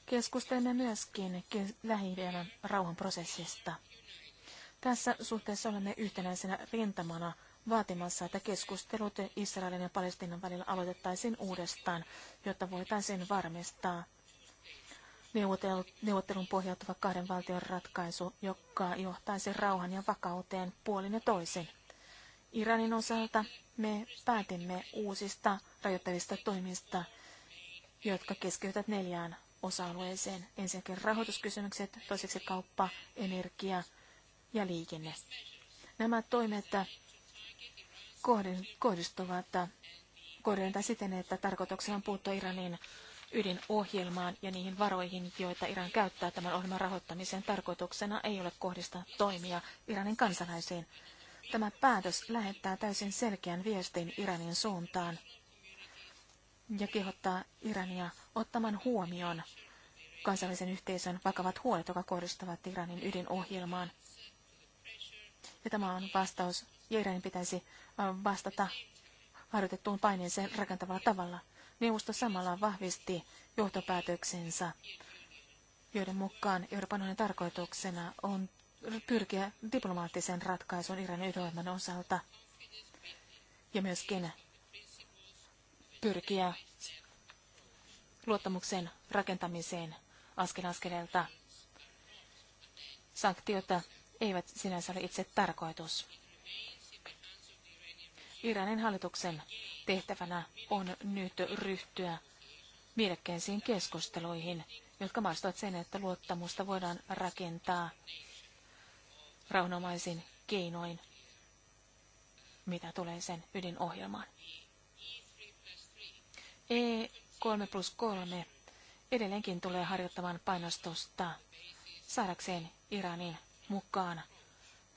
Keskustelemme myöskin lähi rauhanprosessista. Tässä suhteessa olemme yhtenäisenä rintamana vaatimassa, että keskustelut Israelin ja Palestiinan välillä aloitettaisiin uudestaan, jotta voitaisiin varmistaa, neuvottelun pohjautuva kahden valtion ratkaisu, joka johtaisi rauhan ja vakauteen puolin ja toisin. Iranin osalta me päätimme uusista rajoittavista toimista, jotka keskeytyvät neljään osa-alueeseen. Ensinnäkin rahoituskysymykset, toiseksi kauppa, energia ja liikenne. Nämä toimet kohdistuvat kohdentaa siten, että tarkoituksena on puuttua Iranin ydinohjelmaan ja niihin varoihin, joita Iran käyttää tämän ohjelman rahoittamiseen. Tarkoituksena ei ole kohdistaa toimia Iranin kansalaisiin. Tämä päätös lähettää täysin selkeän viestin Iranin suuntaan ja kehottaa Irania ottamaan huomioon kansainvälisen yhteisön vakavat huolet, jotka kohdistuvat Iranin ydinohjelmaan. Ja tämä on vastaus, ja Iranin pitäisi vastata harjoitettuun paineeseen rakentavalla tavalla. Neuvosto samalla vahvisti johtopäätöksensä, joiden mukaan Euroopan unionin tarkoituksena on pyrkiä diplomaattiseen ratkaisuun Iranin ydinvoiman osalta ja myöskin pyrkiä luottamuksen rakentamiseen askel askeleelta. Sanktiota eivät sinänsä ole itse tarkoitus. Iranin hallituksen tehtävänä on nyt ryhtyä mielekkäisiin keskusteluihin, jotka maastavat sen, että luottamusta voidaan rakentaa rauhanomaisin keinoin, mitä tulee sen ydinohjelmaan. E3 plus 3 edelleenkin tulee harjoittamaan painostusta saadakseen Iranin mukaan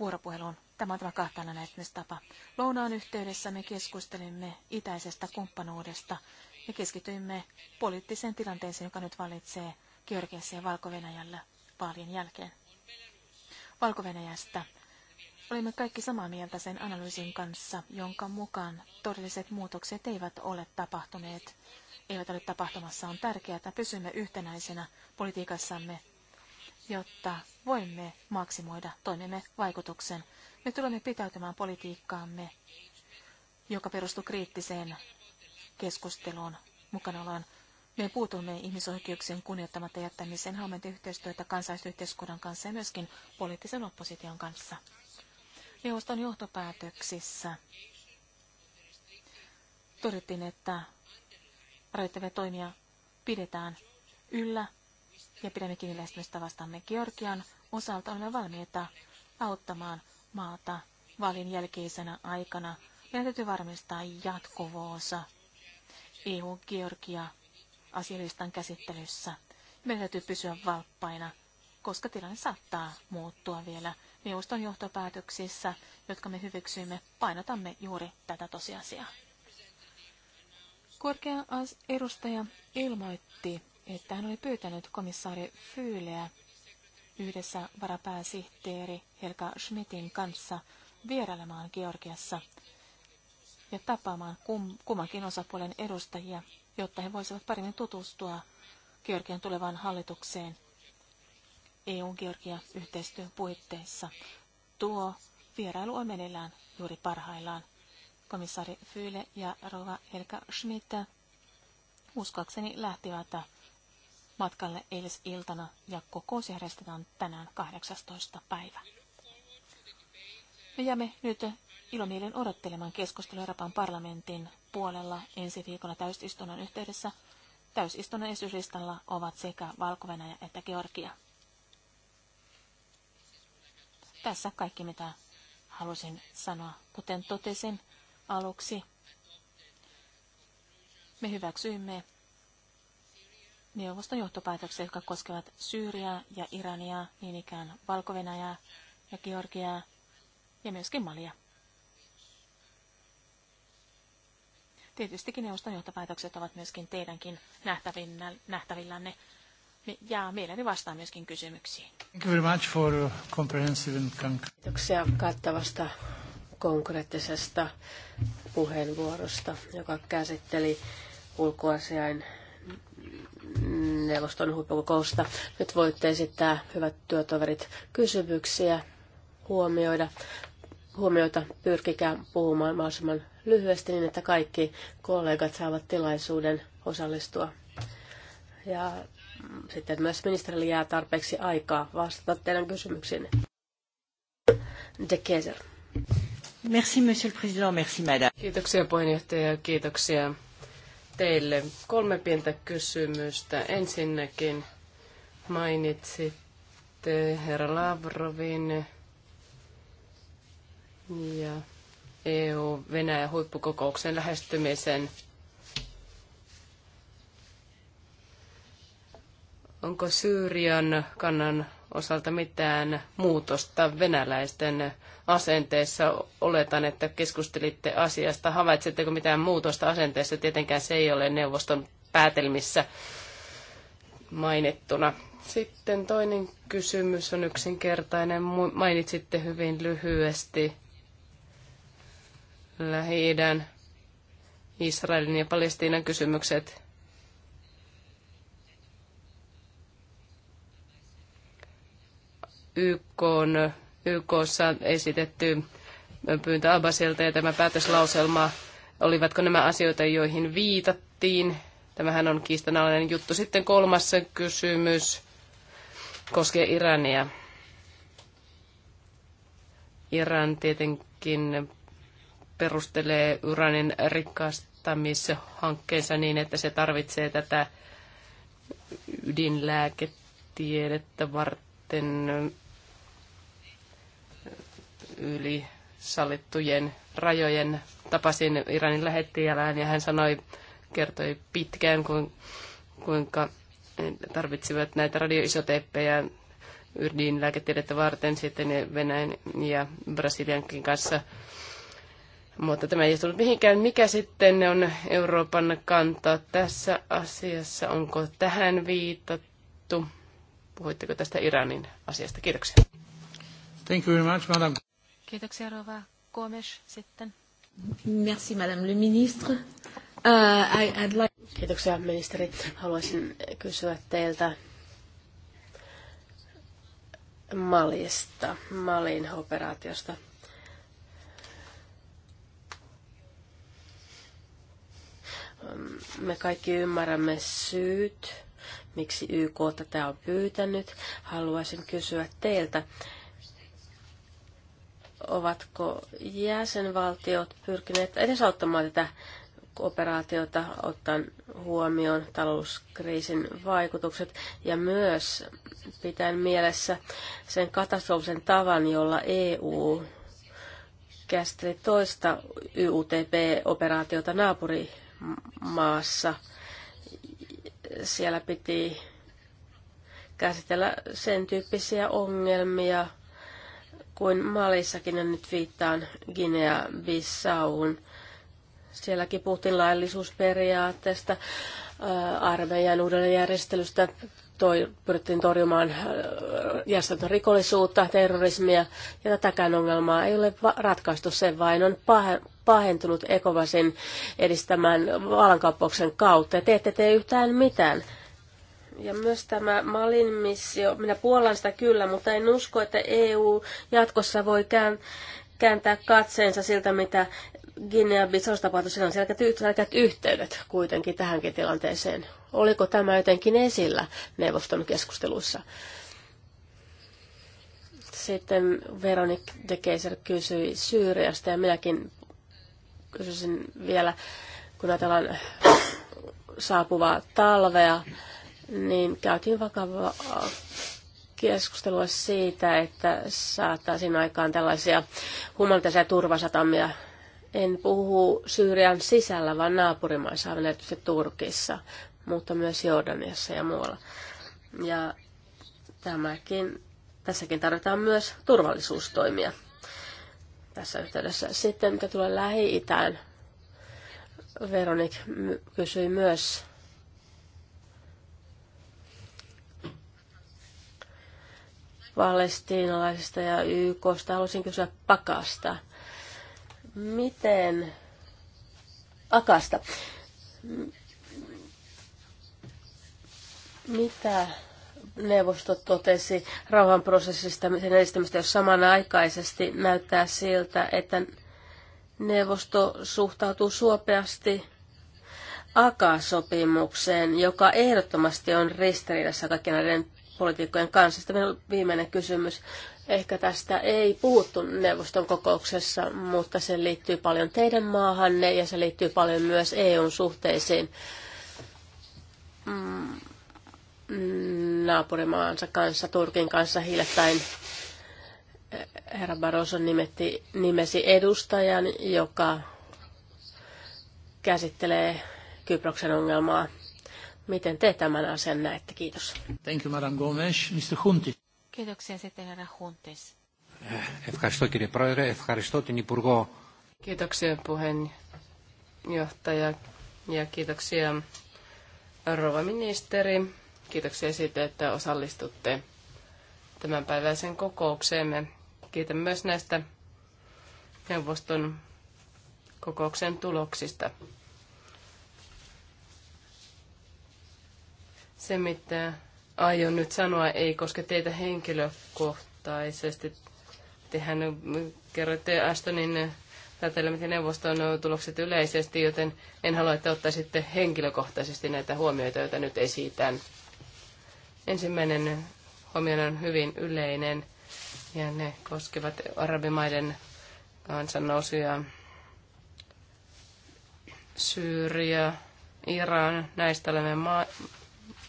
vuoropuheluun. Tämä on tämä kahtana tapa. Lounaan yhteydessä me keskustelimme itäisestä kumppanuudesta ja keskityimme poliittiseen tilanteeseen, joka nyt valitsee Georgiassa ja Valko-Venäjällä vaalien jälkeen. Valko-Venäjästä olimme kaikki samaa mieltä sen analyysin kanssa, jonka mukaan todelliset muutokset eivät ole tapahtuneet, eivät ole tapahtumassa. On tärkeää, että pysymme yhtenäisenä politiikassamme jotta voimme maksimoida toimimme vaikutuksen. Me tulemme pitäytymään politiikkaamme, joka perustuu kriittiseen keskusteluun mukanaoloon. Me puutumme ihmisoikeuksien kunnioittamatta jättämiseen, haluamme yhteistyötä kansalaisyhteiskunnan kanssa ja myöskin poliittisen opposition kanssa. Neuvoston johtopäätöksissä todettiin, että rajoittavia toimia pidetään yllä ja pidämme kiinni lähestymistavastamme Georgian osalta. Olemme valmiita auttamaan maata valin jälkeisenä aikana. Meidän täytyy varmistaa jatkuvuus EU-Georgia asialistan käsittelyssä. Meidän täytyy pysyä valppaina, koska tilanne saattaa muuttua vielä. Neuvoston johtopäätöksissä, jotka me hyväksyimme, painotamme juuri tätä tosiasiaa. Korkea edustaja ilmoitti että hän oli pyytänyt komissaari Fyyleä yhdessä varapääsihteeri Helga Schmidtin kanssa vierailemaan Georgiassa ja tapaamaan kum, kummankin osapuolen edustajia, jotta he voisivat paremmin tutustua Georgian tulevaan hallitukseen EU-Georgia-yhteistyön puitteissa. Tuo vierailu on meneillään juuri parhaillaan. Komissaari Fyyle ja Rova Helga Schmidt uskoakseni lähtivät matkalle eilisiltana ja kokous järjestetään tänään 18. päivä. Me jäämme nyt ilomielin odottelemaan keskustelua Euroopan parlamentin puolella ensi viikolla täysistunnon yhteydessä. Täysistunnon esityslistalla ovat sekä valko että Georgia. Tässä kaikki, mitä halusin sanoa. Kuten totesin aluksi, me hyväksyimme neuvoston johtopäätöksiä, jotka koskevat Syyriaa ja Irania, niin ikään valko ja Georgiaa ja myöskin Malia. Tietystikin neuvoston johtopäätökset ovat myöskin teidänkin nähtävillänne. Ja mielelläni vastaan myöskin kysymyksiin. Thank you very much for comprehensive and Kiitoksia kattavasta konkreettisesta puheenvuorosta, joka käsitteli ulkoasiain neuvoston huippukokousta. Nyt voitte esittää, hyvät työtoverit, kysymyksiä, huomioida, huomioita. Pyrkikää puhumaan mahdollisimman lyhyesti niin, että kaikki kollegat saavat tilaisuuden osallistua. Ja sitten myös ministerille jää tarpeeksi aikaa vastata teidän kysymyksiinne. De Keser. Merci, monsieur le président. Merci, madame. Kiitoksia puheenjohtaja kiitoksia teille kolme pientä kysymystä. Ensinnäkin mainitsitte herra Lavrovin ja eu Venäjän huippukokouksen lähestymisen. Onko Syyrian kannan osalta mitään muutosta venäläisten asenteessa. Oletan, että keskustelitte asiasta. Havaitsetteko mitään muutosta asenteessa? Tietenkään se ei ole neuvoston päätelmissä mainittuna. Sitten toinen kysymys on yksinkertainen. Mainitsitte hyvin lyhyesti lähi Israelin ja Palestiinan kysymykset. YK on, YKssa esitetty pyyntö Abbasilta ja tämä päätöslauselma, olivatko nämä asioita, joihin viitattiin? Tämähän on kiistanalainen juttu. Sitten kolmas kysymys koskee Irania. Iran tietenkin perustelee uranin rikastamishankkeensa niin, että se tarvitsee tätä ydinlääketiedettä varten yli sallittujen rajojen. Tapasin Iranin lähettiälään ja hän sanoi, kertoi pitkään, kuinka tarvitsivat näitä radioisoteeppeja Yrdin lääketiedettä varten sitten Venäjän ja Brasiliankin kanssa. Mutta tämä ei tullut mihinkään. Mikä sitten on Euroopan kanta tässä asiassa? Onko tähän viitattu? Puhuitteko tästä Iranin asiasta? Kiitoksia. Thank you very much, madam. Kiitoksia Rova Komes sitten. Merci Madame le Ministre. Uh, I, I'd like... Kiitoksia ministeri. Haluaisin kysyä teiltä Malista, Malin operaatiosta. Me kaikki ymmärrämme syyt, miksi YK tätä on pyytänyt. Haluaisin kysyä teiltä, Ovatko jäsenvaltiot pyrkineet edesauttamaan tätä operaatiota ottaen huomioon talouskriisin vaikutukset ja myös pitäen mielessä sen katastrofisen tavan, jolla EU käsitteli toista YUTP-operaatiota naapurimaassa. Siellä piti käsitellä sen tyyppisiä ongelmia, kuin Malissakin, ja nyt viittaan Guinea-Bissauun. Sielläkin puhuttiin laillisuusperiaatteesta, äh, armeijan uudelleenjärjestelystä, toi, pyrittiin torjumaan äh, järjestelmän rikollisuutta, terrorismia, ja tätäkään ongelmaa ei ole ratkaistu, sen, vain on pahentunut Ekovasin edistämään vallankaappauksen kautta, ja te ette tee yhtään mitään ja myös tämä Malin missio, minä puolan sitä kyllä, mutta en usko, että EU jatkossa voi kääntää katseensa siltä, mitä guinea bissau tapahtui. Siinä on selkeät yhteydet kuitenkin tähänkin tilanteeseen. Oliko tämä jotenkin esillä neuvoston keskusteluissa? Sitten Veronik de Keiser kysyi Syyriasta ja minäkin kysyisin vielä, kun ajatellaan saapuvaa talvea, niin käytiin vakavaa keskustelua siitä, että saattaisiin aikaan tällaisia humanitaisia turvasatamia. En puhu Syyrian sisällä, vaan naapurimaissa, aivan erityisesti Turkissa, mutta myös Jordaniassa ja muualla. Ja tämäkin, tässäkin tarvitaan myös turvallisuustoimia tässä yhteydessä. Sitten mitä tulee Lähi-Itään, Veronik kysyi myös palestiinalaisista ja YKsta. Haluaisin kysyä Pakasta. Miten... Akasta. Mitä neuvosto totesi rauhanprosessista sen edistämistä, jos samanaikaisesti näyttää siltä, että neuvosto suhtautuu suopeasti akasopimukseen, sopimukseen joka ehdottomasti on ristiriidassa kaikkien näiden poliitikkojen kanssa. Sitten viimeinen kysymys. Ehkä tästä ei puhuttu neuvoston kokouksessa, mutta se liittyy paljon teidän maahanne ja se liittyy paljon myös EUn suhteisiin mm, naapurimaansa kanssa, Turkin kanssa hiljattain eh, herra Barroso nimetti, nimesi edustajan, joka käsittelee Kyproksen ongelmaa Miten te tämän asian näette? Kiitos. Thank you, Madam Gomes. Mr. Huntis. Kiitoksia sitten, herra Huntis. Eh, ευχαριστώ κύριε Πρόεδρε, ευχαριστώ την Υπουργό. Kiitoksia puheenjohtaja ja kiitoksia rouva ministeri. Kiitoksia siitä, että osallistutte päiväisen kokoukseemme. Kiitän myös näistä neuvoston kokouksen tuloksista. Se, mitä aion nyt sanoa, ei koske teitä henkilökohtaisesti. Tehän kerroitte Astonin päätelmät neuvoston tulokset yleisesti, joten en halua, että ottaisitte henkilökohtaisesti näitä huomioita, joita nyt esitän. Ensimmäinen huomio on hyvin yleinen ja ne koskevat arabimaiden kansannousuja Syyria, Iran, näistä olemme ma-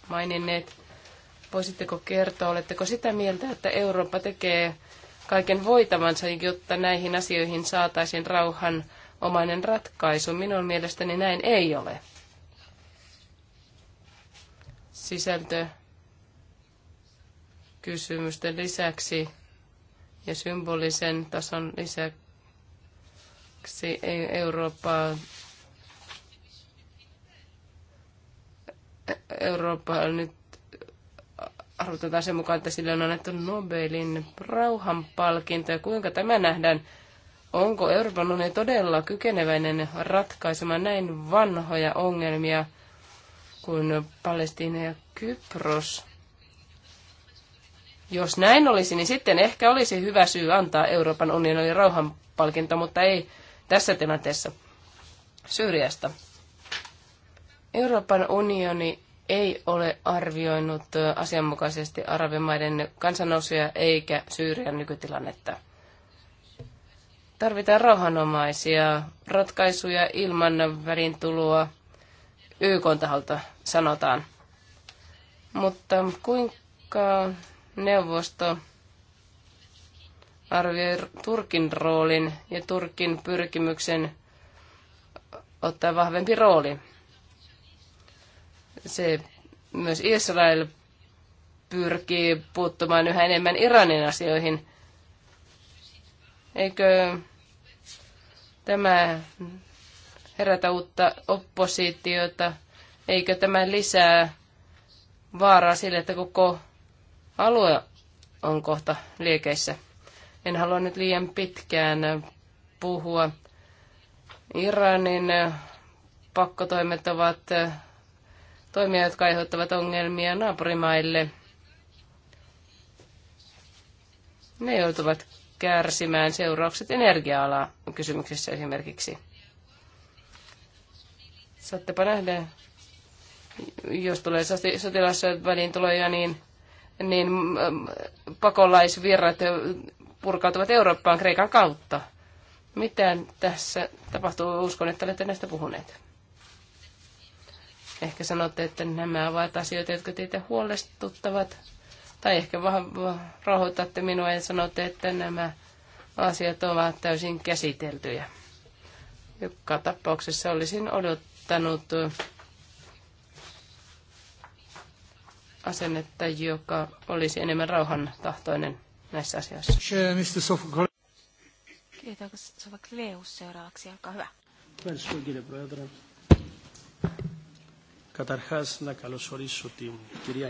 maininneet. Voisitteko kertoa, oletteko sitä mieltä, että Eurooppa tekee kaiken voitavansa, jotta näihin asioihin saataisiin omainen ratkaisu? Minun mielestäni näin ei ole. Sisältö kysymysten lisäksi ja symbolisen tason lisäksi Eurooppaa Eurooppa on nyt arvotetaan sen mukaan, että sille on annettu Nobelin rauhanpalkinto. Ja kuinka tämä nähdään? Onko Euroopan unioni todella kykeneväinen ratkaisemaan näin vanhoja ongelmia kuin Palestiina ja Kypros? Jos näin olisi, niin sitten ehkä olisi hyvä syy antaa Euroopan unionin rauhanpalkinto, mutta ei tässä tilanteessa Syyriasta. Euroopan unioni ei ole arvioinut asianmukaisesti arabimaiden kansannousuja eikä Syyrian nykytilannetta. Tarvitaan rauhanomaisia ratkaisuja ilman välintuloa YK taholta, sanotaan. Mutta kuinka neuvosto arvioi Turkin roolin ja Turkin pyrkimyksen ottaa vahvempi rooli se myös Israel pyrkii puuttumaan yhä enemmän Iranin asioihin. Eikö tämä herätä uutta oppositiota? Eikö tämä lisää vaaraa sille, että koko alue on kohta liekeissä? En halua nyt liian pitkään puhua. Iranin pakkotoimet ovat toimia, jotka aiheuttavat ongelmia naapurimaille. Ne joutuvat kärsimään seuraukset energia-alaa kysymyksessä esimerkiksi. Saattepa nähdä, jos tulee sotilasväliintuloja, niin, niin mm, pakolaisvirrat purkautuvat Eurooppaan Kreikan kautta. Mitä tässä tapahtuu? Uskon, että olette näistä puhuneet. Ehkä sanotte, että nämä ovat asioita, jotka teitä huolestuttavat. Tai ehkä vähän rahoitatte minua ja sanotte, että nämä asiat ovat täysin käsiteltyjä. Joka tapauksessa olisin odottanut asennetta, joka olisi enemmän rauhan tahtoinen näissä asioissa. Kiitos, Sofokleus. Seuraavaksi, olkaa hyvä. Καταρχάς να καλωσορίσω την κυρία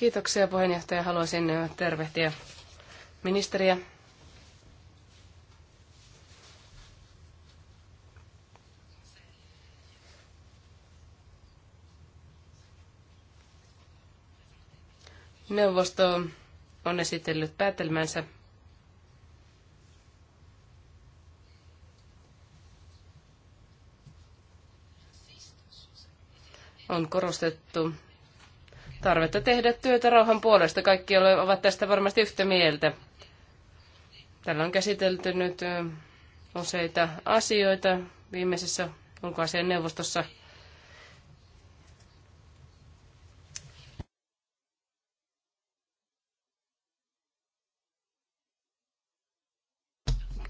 Kiitoksia puheenjohtaja. Haluaisin tervehtiä ministeriä. Neuvosto on esitellyt päätelmänsä on korostettu tarvetta tehdä työtä rauhan puolesta. Kaikki ovat tästä varmasti yhtä mieltä. Tällä on käsitelty nyt useita asioita viimeisessä ulkoasian neuvostossa –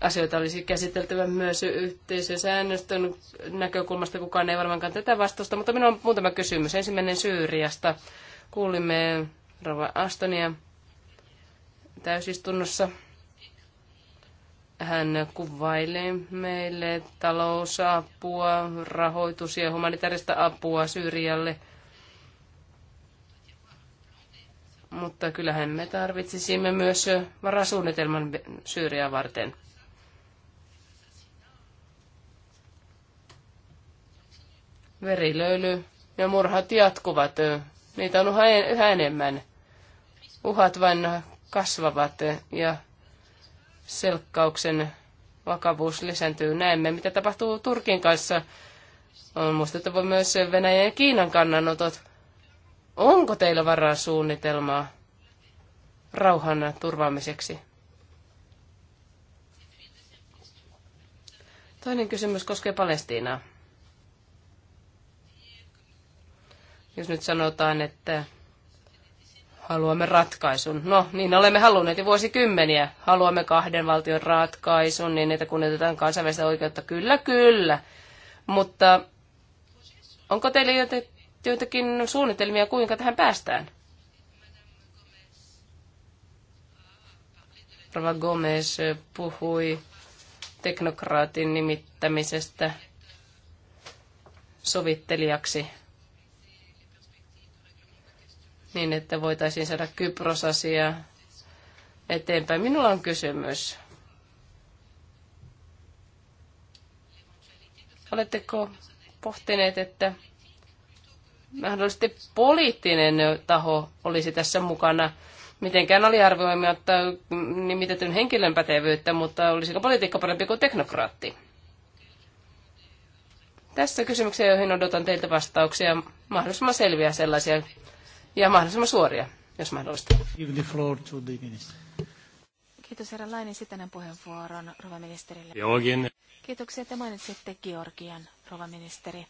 asioita olisi käsiteltävä myös yhteisösäännöstön näkökulmasta. Kukaan ei varmaankaan tätä vastusta, mutta minulla on muutama kysymys. Ensimmäinen Syyriasta. Kuulimme Rova Astonia täysistunnossa. Hän kuvailee meille talousapua, rahoitus- ja humanitaarista apua Syyrialle. Mutta kyllähän me tarvitsisimme myös varasuunnitelman Syyriaa varten. Verilöyly ja murhat jatkuvat. Niitä on yhä enemmän. Uhat vain kasvavat ja selkkauksen vakavuus lisääntyy. Näemme, mitä tapahtuu Turkin kanssa. On muistettava myös Venäjän ja Kiinan kannanotot. Onko teillä varaa suunnitelmaa rauhan turvaamiseksi? Toinen kysymys koskee Palestiinaa. Jos nyt sanotaan, että haluamme ratkaisun. No, niin olemme halunneet jo vuosikymmeniä. Haluamme kahden valtion ratkaisun niin, että kunnioitetaan kansainvälistä oikeutta. Kyllä, kyllä. Mutta onko teillä joitakin suunnitelmia, kuinka tähän päästään? Rava Gomez puhui teknokraatin nimittämisestä sovittelijaksi niin, että voitaisiin saada Kyprosasia eteenpäin. Minulla on kysymys. Oletteko pohtineet, että mahdollisesti poliittinen taho olisi tässä mukana? Mitenkään aliarvioimatta nimitetyn henkilön pätevyyttä, mutta olisiko politiikka parempi kuin teknokraatti? Tässä kysymyksiä, joihin odotan teiltä vastauksia. Mahdollisimman selviä sellaisia ja mahdollisimman suoria, jos mahdollista. Give the floor to the minister. Kiitos herra Lainin Sitänen puheenvuoron rovaministerille. Georgian. Kiitoksia, että mainitsitte Georgian, rovaministeri.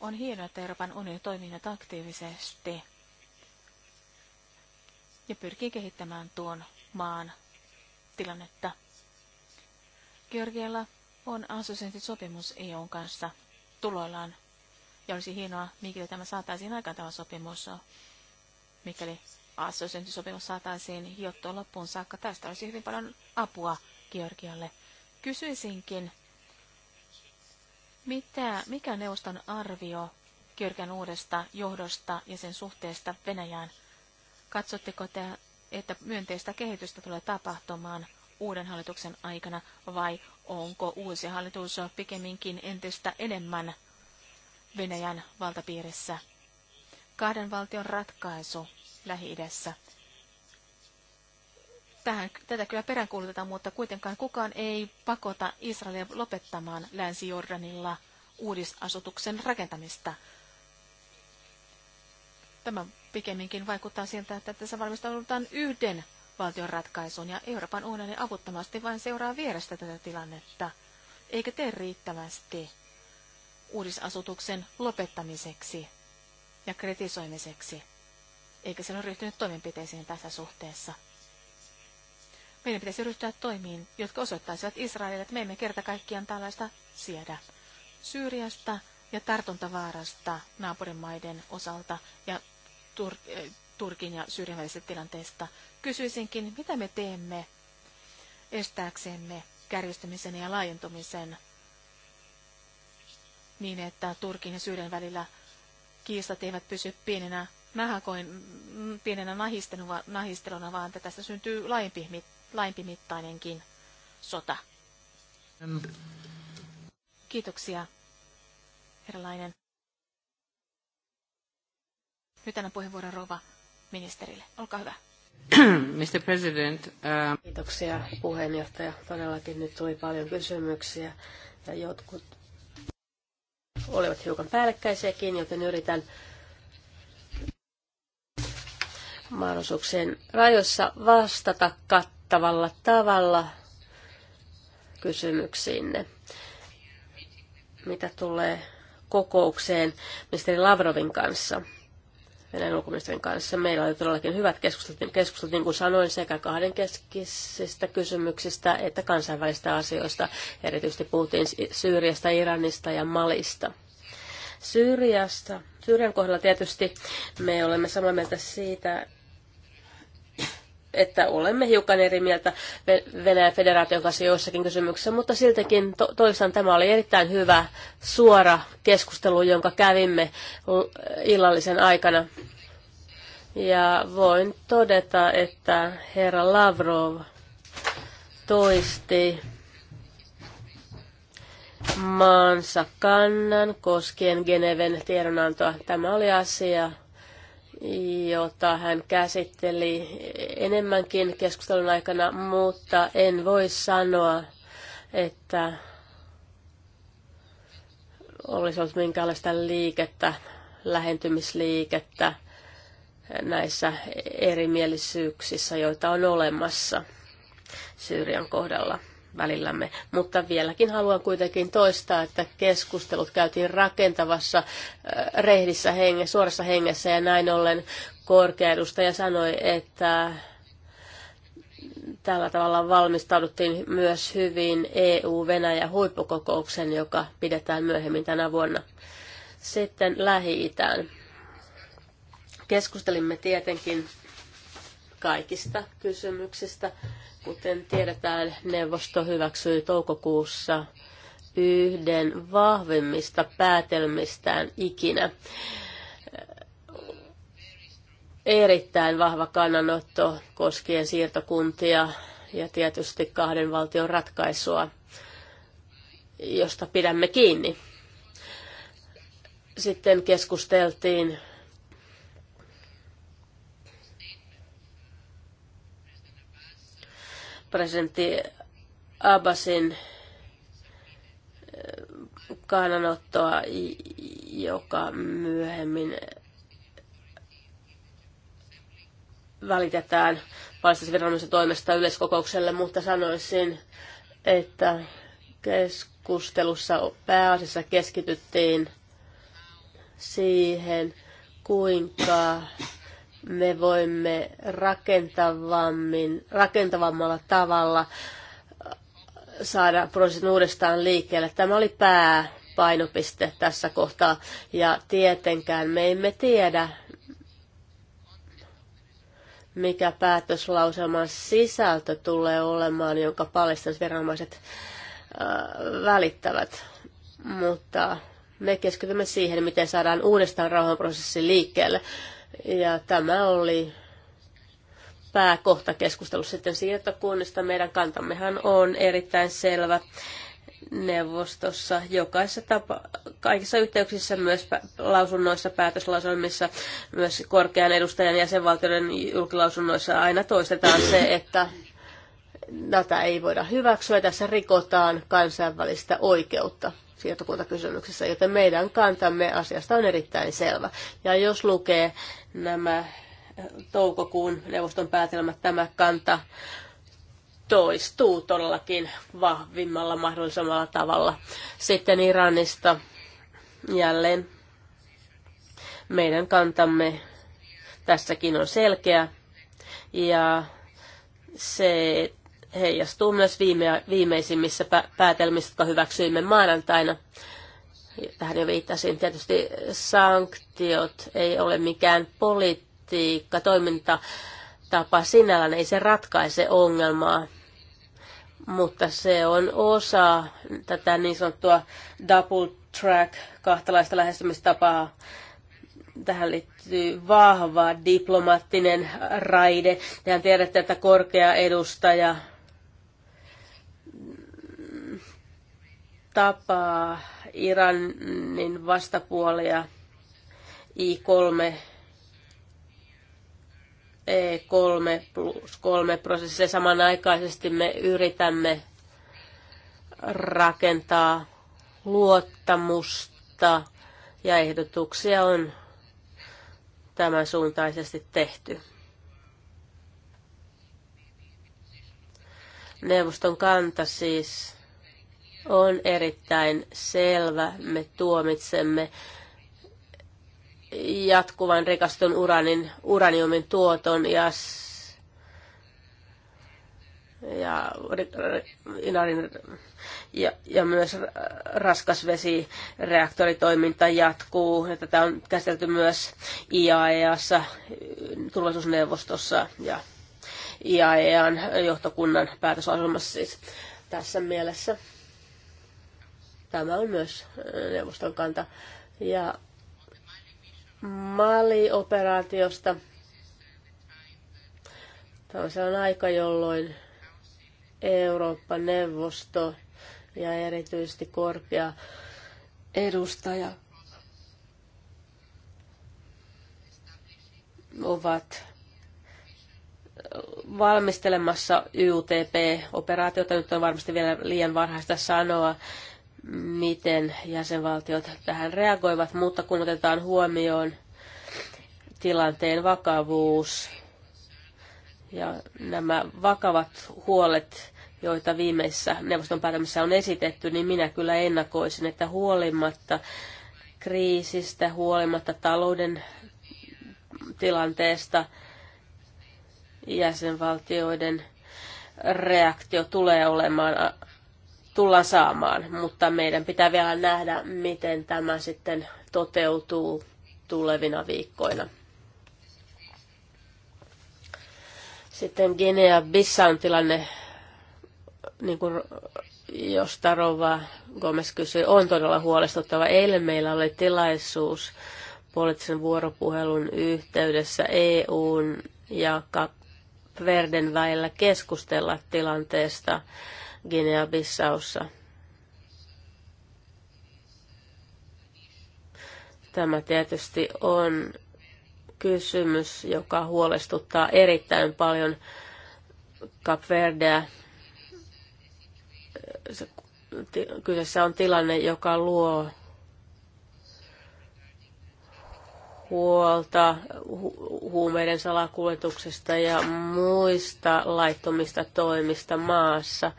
On hienoa, että Euroopan unio toimii nyt aktiivisesti ja pyrkii kehittämään tuon maan tilannetta. Georgialla on sopimus EUn kanssa tuloillaan ja olisi hienoa, mikä tämä saataisiin aikaan tämä sopimus mikäli aassosyntysopimus saataisiin hiottua loppuun saakka. Tästä olisi hyvin paljon apua Georgialle. Kysyisinkin, mitä, mikä neuvoston arvio Georgian uudesta johdosta ja sen suhteesta Venäjään? Katsotteko te, että myönteistä kehitystä tulee tapahtumaan uuden hallituksen aikana vai onko uusi hallitus pikemminkin entistä enemmän Venäjän valtapiirissä? kahden valtion ratkaisu Lähi-idässä. Tähän, tätä kyllä peräänkuulutetaan, mutta kuitenkaan kukaan ei pakota Israelia lopettamaan Länsi-Jordanilla uudisasutuksen rakentamista. Tämä pikemminkin vaikuttaa siltä, että tässä valmistaudutaan yhden valtion ratkaisuun ja Euroopan unioni avuttomasti vain seuraa vierestä tätä tilannetta, eikä tee riittävästi uudisasutuksen lopettamiseksi ja kritisoimiseksi, eikä se ole ryhtynyt toimenpiteisiin tässä suhteessa. Meidän pitäisi ryhtyä toimiin, jotka osoittaisivat Israelille, että me emme kerta kaikkiaan tällaista siedä. Syyriasta ja tartuntavaarasta maiden osalta ja Tur- eh, Turkin ja Syyrian välisestä tilanteesta kysyisinkin, mitä me teemme estääksemme kärjistymisen ja laajentumisen niin, että Turkin ja Syyrian välillä kiistat eivät pysy pieninä nahakoin, mm, pienenä nahisteluna, vaan että tästä syntyy laajempi, laajempi mittainenkin sota. Mm. Kiitoksia, herralainen. Nyt annan puheenvuoron rouva ministerille. Olkaa hyvä. Mr. President. Uh... Kiitoksia puheenjohtaja. Todellakin nyt tuli paljon kysymyksiä ja jotkut olivat hiukan päällekkäisiäkin, joten yritän mahdollisuuksien rajoissa vastata kattavalla tavalla kysymyksiinne. Mitä tulee kokoukseen ministeri Lavrovin kanssa – Venäjän ulkoministerin kanssa. Meillä oli todellakin hyvät keskustelut, keskustelut niin kuin sanoin, sekä kahdenkeskisistä kysymyksistä että kansainvälistä asioista. Erityisesti puhuttiin Syyriasta, Iranista ja Malista. Syyriasta. Syyrian kohdalla tietysti me olemme samaa mieltä siitä, että olemme hiukan eri mieltä Venäjän federaation kanssa joissakin kysymyksissä, mutta siltikin to- toistaan tämä oli erittäin hyvä suora keskustelu, jonka kävimme illallisen aikana. Ja voin todeta, että herra Lavrov toisti maansa kannan koskien Geneven tiedonantoa. Tämä oli asia, jota hän käsitteli enemmänkin keskustelun aikana, mutta en voi sanoa, että olisi ollut minkäänlaista liikettä, lähentymisliikettä näissä erimielisyyksissä, joita on olemassa Syyrian kohdalla välillämme. Mutta vieläkin haluan kuitenkin toistaa, että keskustelut käytiin rakentavassa, rehdissä henge, suorassa hengessä ja näin ollen korkea edustaja sanoi, että tällä tavalla valmistauduttiin myös hyvin EU-Venäjä huippukokouksen, joka pidetään myöhemmin tänä vuonna. Sitten Lähi-Itään. Keskustelimme tietenkin kaikista kysymyksistä. Kuten tiedetään, neuvosto hyväksyi toukokuussa yhden vahvimmista päätelmistään ikinä. Erittäin vahva kannanotto koskien siirtokuntia ja tietysti kahden valtion ratkaisua, josta pidämme kiinni. Sitten keskusteltiin presidentti Abbasin eh, kannanottoa, joka myöhemmin välitetään palestinviranomaisen toimesta yleiskokoukselle, mutta sanoisin, että keskustelussa pääasiassa keskityttiin siihen, kuinka me voimme rakentavammin, rakentavammalla tavalla äh, saada prosessin uudestaan liikkeelle. Tämä oli pääpainopiste tässä kohtaa ja tietenkään me emme tiedä, mikä päätöslauselman sisältö tulee olemaan, jonka palestinaisviranomaiset äh, välittävät. Mutta me keskitymme siihen, miten saadaan uudestaan rauhanprosessi liikkeelle. Ja tämä oli pääkohta keskustelu sitten siirtokunnista. Meidän kantammehan on erittäin selvä neuvostossa jokaisessa tapa, kaikissa yhteyksissä, myös lausunnoissa, päätöslausunnoissa, myös korkean edustajan jäsenvaltioiden julkilausunnoissa aina toistetaan se, että tätä ei voida hyväksyä. Tässä rikotaan kansainvälistä oikeutta siirtokuntakysymyksessä, joten meidän kantamme asiasta on erittäin selvä. Ja jos lukee nämä toukokuun neuvoston päätelmät, tämä kanta toistuu todellakin vahvimmalla mahdollisella tavalla. Sitten Iranista jälleen meidän kantamme tässäkin on selkeä ja se heijastuu myös viime, viimeisimmissä päätelmissä, jotka hyväksyimme maanantaina. Tähän jo viittasin. Tietysti sanktiot ei ole mikään politiikka, toimintatapa sinällään, ei se ratkaise ongelmaa mutta se on osa tätä niin sanottua double track kahtalaista lähestymistapaa. Tähän liittyy vahva diplomaattinen raide. Tehän tiedätte, että korkea edustaja tapaa Iranin vastapuolia I3 E3 plus 3 prosessia. Samanaikaisesti me yritämme rakentaa luottamusta ja ehdotuksia on tämän suuntaisesti tehty. Neuvoston kanta siis on erittäin selvä. Me tuomitsemme jatkuvan rikastun uranin, uraniumin tuoton ja, ja, ja, ja myös raskasvesireaktoritoiminta jatkuu. Ja tätä on käsitelty myös IAEAssa, turvallisuusneuvostossa ja IAEAn johtokunnan päätösasemassa siis tässä mielessä. Tämä on myös äh, neuvoston kanta. Ja Mali-operaatiosta. Tämä on sellainen aika, jolloin Eurooppa-neuvosto ja erityisesti korkea edustaja ovat valmistelemassa utp operaatiota Nyt on varmasti vielä liian varhaista sanoa, miten jäsenvaltiot tähän reagoivat, mutta kun otetaan huomioon tilanteen vakavuus ja nämä vakavat huolet, joita viimeisessä neuvoston päätelmissä on esitetty, niin minä kyllä ennakoisin, että huolimatta kriisistä, huolimatta talouden tilanteesta, jäsenvaltioiden reaktio tulee olemaan tullaan saamaan, mutta meidän pitää vielä nähdä, miten tämä sitten toteutuu tulevina viikkoina. Sitten Guinea Bissan tilanne, niin kuin josta Rova Gomes kysyi, on todella huolestuttava. Eilen meillä oli tilaisuus poliittisen vuoropuhelun yhteydessä EUn ja Verden välillä keskustella tilanteesta Guinea-Bissaussa. Tämä tietysti on kysymys, joka huolestuttaa erittäin paljon Kapverdeä. Kyseessä on tilanne, joka luo huolta hu- huumeiden salakuljetuksesta ja muista laittomista toimista maassa.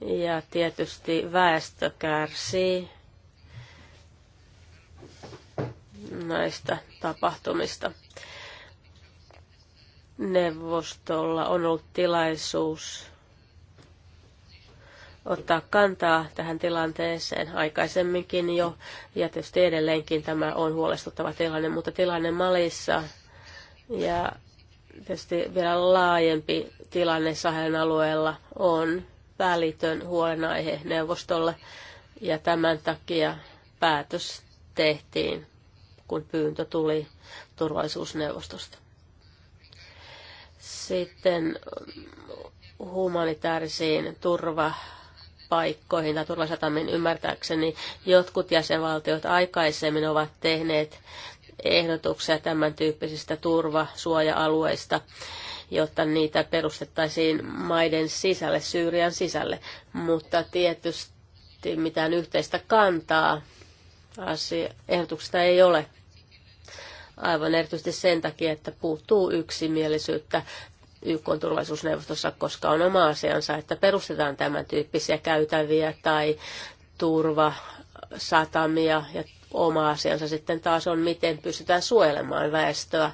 Ja tietysti väestö kärsii näistä tapahtumista. Neuvostolla on ollut tilaisuus ottaa kantaa tähän tilanteeseen aikaisemminkin jo, ja tietysti edelleenkin tämä on huolestuttava tilanne, mutta tilanne Malissa ja tietysti vielä laajempi tilanne Sahelin alueella on välitön huolenaihe neuvostolle, ja tämän takia päätös tehtiin, kun pyyntö tuli turvallisuusneuvostosta. Sitten humanitaarisiin turva paikkoihin tai turvasatamiin ymmärtääkseni. Jotkut jäsenvaltiot aikaisemmin ovat tehneet ehdotuksia tämän tyyppisistä turvasuoja-alueista, jotta niitä perustettaisiin maiden sisälle, Syyrian sisälle. Mutta tietysti mitään yhteistä kantaa asia, ehdotuksesta ei ole aivan erityisesti sen takia, että puuttuu yksimielisyyttä YK turvallisuusneuvostossa, koska on oma asiansa, että perustetaan tämän tyyppisiä käytäviä tai turvasatamia ja oma asiansa sitten taas on, miten pystytään suojelemaan väestöä,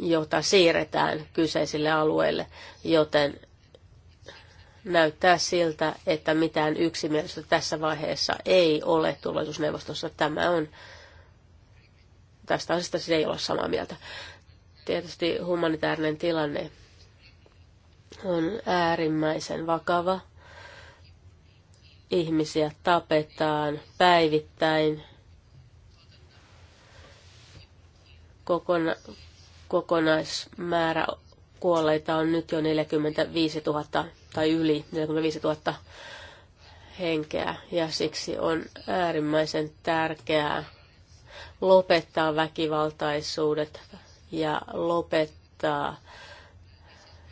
jota siirretään kyseisille alueille, joten näyttää siltä, että mitään yksimielisyyttä tässä vaiheessa ei ole turvallisuusneuvostossa. Tämä on, tästä asiasta siis ei ole samaa mieltä. Tietysti humanitaarinen tilanne on äärimmäisen vakava. Ihmisiä tapetaan päivittäin. Kokona- kokonaismäärä kuolleita on nyt jo 45 000 tai yli 45 000 henkeä ja siksi on äärimmäisen tärkeää lopettaa väkivaltaisuudet, ja lopettaa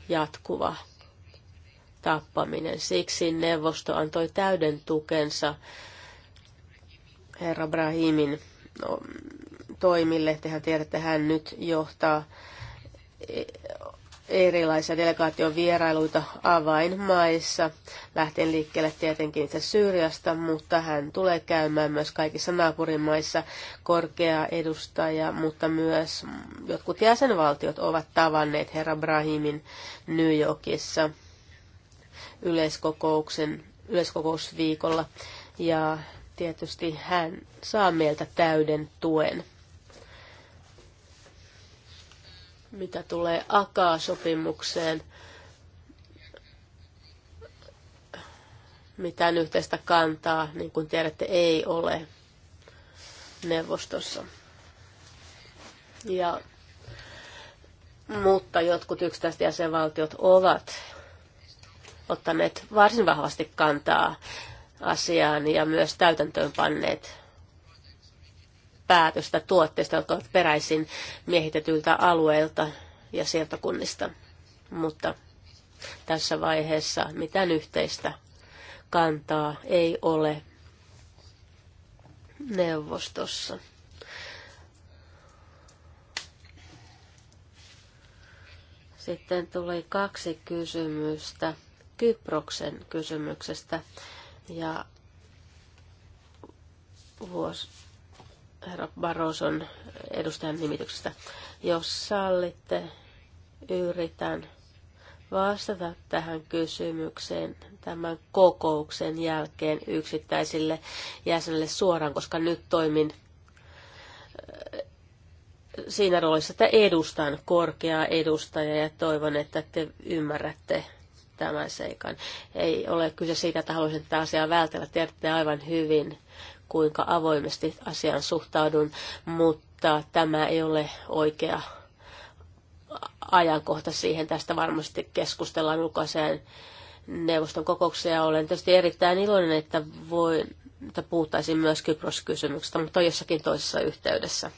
jatkuva tappaminen. Siksi neuvosto antoi täyden tukensa herra Brahimin no, toimille. Tehän tiedätte, hän nyt johtaa erilaisia delegaation vierailuita avainmaissa, lähtien liikkeelle tietenkin itse Syyriasta, mutta hän tulee käymään myös kaikissa naapurimaissa korkea edustaja, mutta myös jotkut jäsenvaltiot ovat tavanneet herra Brahimin New Yorkissa yleiskokouksen, yleiskokousviikolla ja tietysti hän saa meiltä täyden tuen mitä tulee AKA-sopimukseen, mitään yhteistä kantaa, niin kuin tiedätte, ei ole neuvostossa. Ja, mutta jotkut yksittäiset jäsenvaltiot ovat ottaneet varsin vahvasti kantaa asiaan ja myös täytäntöön panneet päätöstä tuotteista, jotka ovat peräisin miehitetyltä alueelta ja siirtokunnista. Mutta tässä vaiheessa mitään yhteistä kantaa ei ole neuvostossa. Sitten tuli kaksi kysymystä Kyproksen kysymyksestä ja vuos, herra Barroson edustajan nimityksestä. Jos sallitte, yritän vastata tähän kysymykseen tämän kokouksen jälkeen yksittäisille jäsenille suoraan, koska nyt toimin äh, siinä roolissa, että edustan korkeaa edustajaa ja toivon, että te ymmärrätte tämän seikan. Ei ole kyse siitä, että haluaisin tätä asiaa vältellä. Tiedätte aivan hyvin, kuinka avoimesti asiaan suhtaudun, mutta tämä ei ole oikea ajankohta siihen. Tästä varmasti keskustellaan ulkoiseen neuvoston kokouksia. Olen tietysti erittäin iloinen, että, voi, että puhuttaisiin myös Kypros-kysymyksestä, mutta on jossakin toisessa yhteydessä.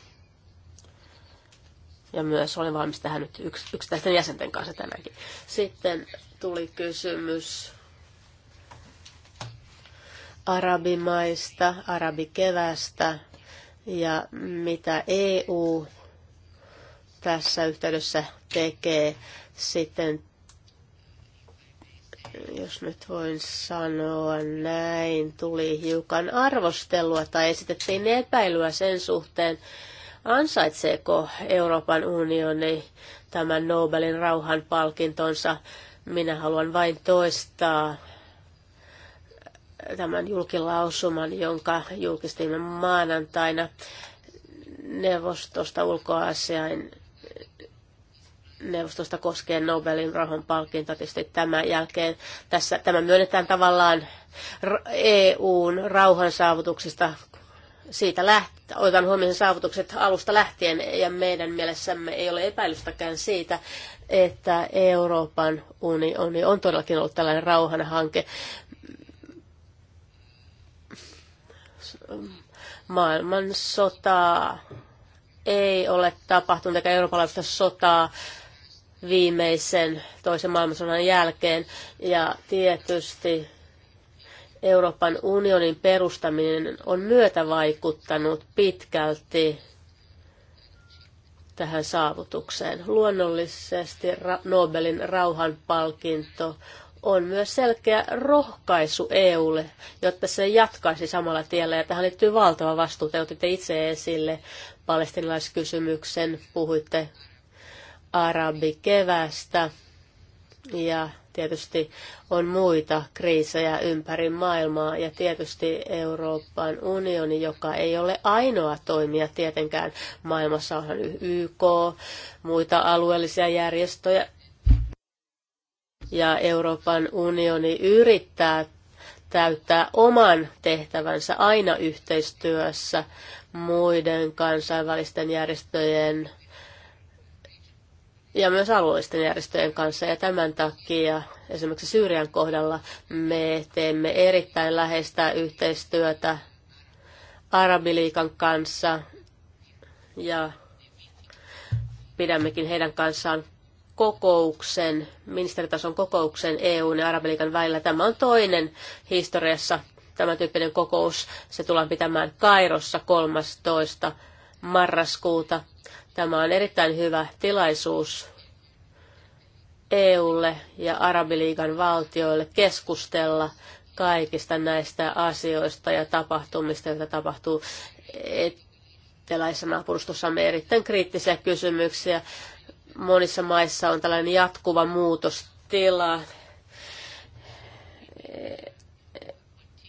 Ja myös olen valmis tähän nyt yks, yksittäisten jäsenten kanssa tänäänkin. Sitten tuli kysymys arabimaista, arabikevästä ja mitä EU tässä yhteydessä tekee sitten, jos nyt voin sanoa näin, tuli hiukan arvostelua tai esitettiin epäilyä sen suhteen, ansaitseeko Euroopan unioni tämän Nobelin rauhanpalkintonsa. Minä haluan vain toistaa tämän julkilausuman, jonka julkistimme maanantaina neuvostosta ulkoasiain neuvostosta koskee Nobelin rahon palkinto tietysti tämän jälkeen. Tässä, tämä myönnetään tavallaan EUn rauhan saavutuksista siitä lähtien. otan huomioon saavutukset alusta lähtien ja meidän mielessämme ei ole epäilystäkään siitä, että Euroopan unioni on todellakin ollut tällainen rauhanhanke. maailman sotaa ei ole tapahtunut eikä eurooppalaista sotaa viimeisen toisen maailmansodan jälkeen. Ja tietysti Euroopan unionin perustaminen on vaikuttanut pitkälti tähän saavutukseen. Luonnollisesti Nobelin rauhanpalkinto on myös selkeä rohkaisu EUlle, jotta se jatkaisi samalla tiellä. Ja tähän liittyy valtava vastuu. Te otitte itse esille palestinalaiskysymyksen, puhuitte arabikevästä ja tietysti on muita kriisejä ympäri maailmaa ja tietysti Euroopan unioni, joka ei ole ainoa toimija tietenkään. Maailmassa onhan YK, muita alueellisia järjestöjä ja Euroopan unioni yrittää täyttää oman tehtävänsä aina yhteistyössä muiden kansainvälisten järjestöjen ja myös alueellisten järjestöjen kanssa. Ja tämän takia esimerkiksi Syyrian kohdalla me teemme erittäin läheistä yhteistyötä Arabiliikan kanssa ja pidämmekin heidän kanssaan kokouksen, ministeritason kokouksen EUn ja Arabiliikan välillä. Tämä on toinen historiassa tämä tyyppinen kokous. Se tullaan pitämään Kairossa 13. marraskuuta. Tämä on erittäin hyvä tilaisuus EUlle ja Arabiliikan valtioille keskustella kaikista näistä asioista ja tapahtumista, joita tapahtuu eteläisessä naapurustossamme erittäin kriittisiä kysymyksiä monissa maissa on tällainen jatkuva muutostila.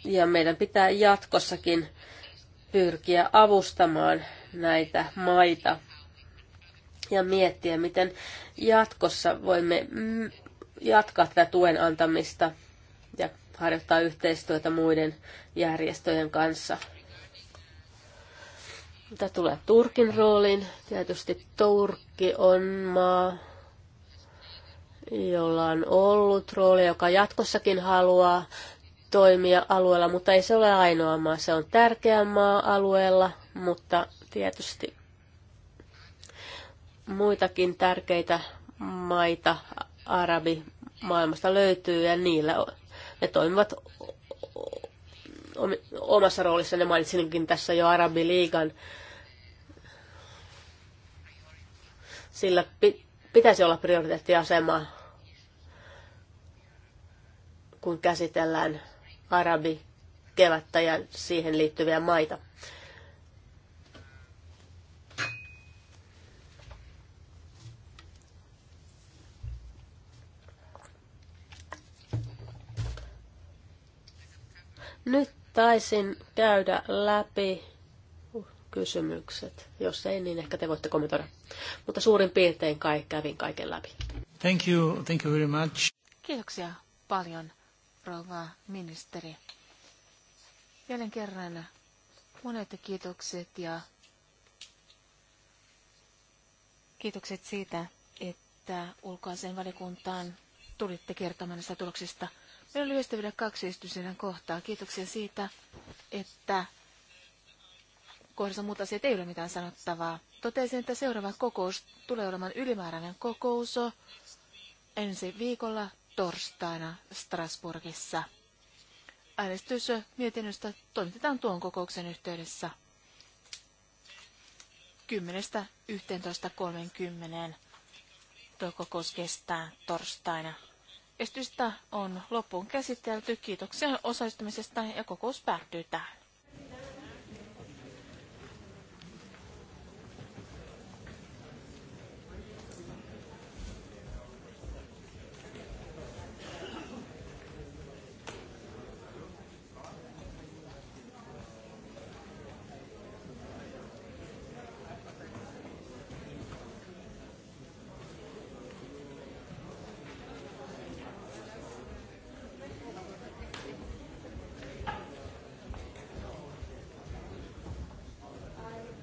Ja meidän pitää jatkossakin pyrkiä avustamaan näitä maita ja miettiä, miten jatkossa voimme jatkaa tätä tuen antamista ja harjoittaa yhteistyötä muiden järjestöjen kanssa. Mitä tulee Turkin rooliin, tietysti Turkki on maa, jolla on ollut rooli, joka jatkossakin haluaa toimia alueella, mutta ei se ole ainoa maa. Se on tärkeä maa alueella, mutta tietysti muitakin tärkeitä maita Arabimaailmasta löytyy ja niillä ne toimivat omassa roolissa ne mainitsinkin tässä jo Arabiliigan. Sillä pitäisi olla prioriteettiasema, kun käsitellään arabi kevättä ja siihen liittyviä maita. Nyt taisin käydä läpi kysymykset. Jos ei, niin ehkä te voitte kommentoida. Mutta suurin piirtein kai kävin kaiken läpi. Thank you, thank you very much. Kiitoksia paljon, rouva ministeri. Jälleen kerran monet kiitokset ja kiitokset siitä, että ulkoasen valikuntaan tulitte kertomaan näistä tuloksista. Meillä on lyhyesti vielä kaksi ystävyyden kohtaa. Kiitoksia siitä, että kohdassa muuta asiat ei ole mitään sanottavaa. Totesin, että seuraava kokous tulee olemaan ylimääräinen kokous ensi viikolla torstaina Strasburgissa. Äänestys mietinnöstä toimitetaan tuon kokouksen yhteydessä 10.11.30. Tuo kokous kestää torstaina. Esitystä on loppuun käsitelty. Kiitoksia osallistumisesta ja kokous päättyy tähän.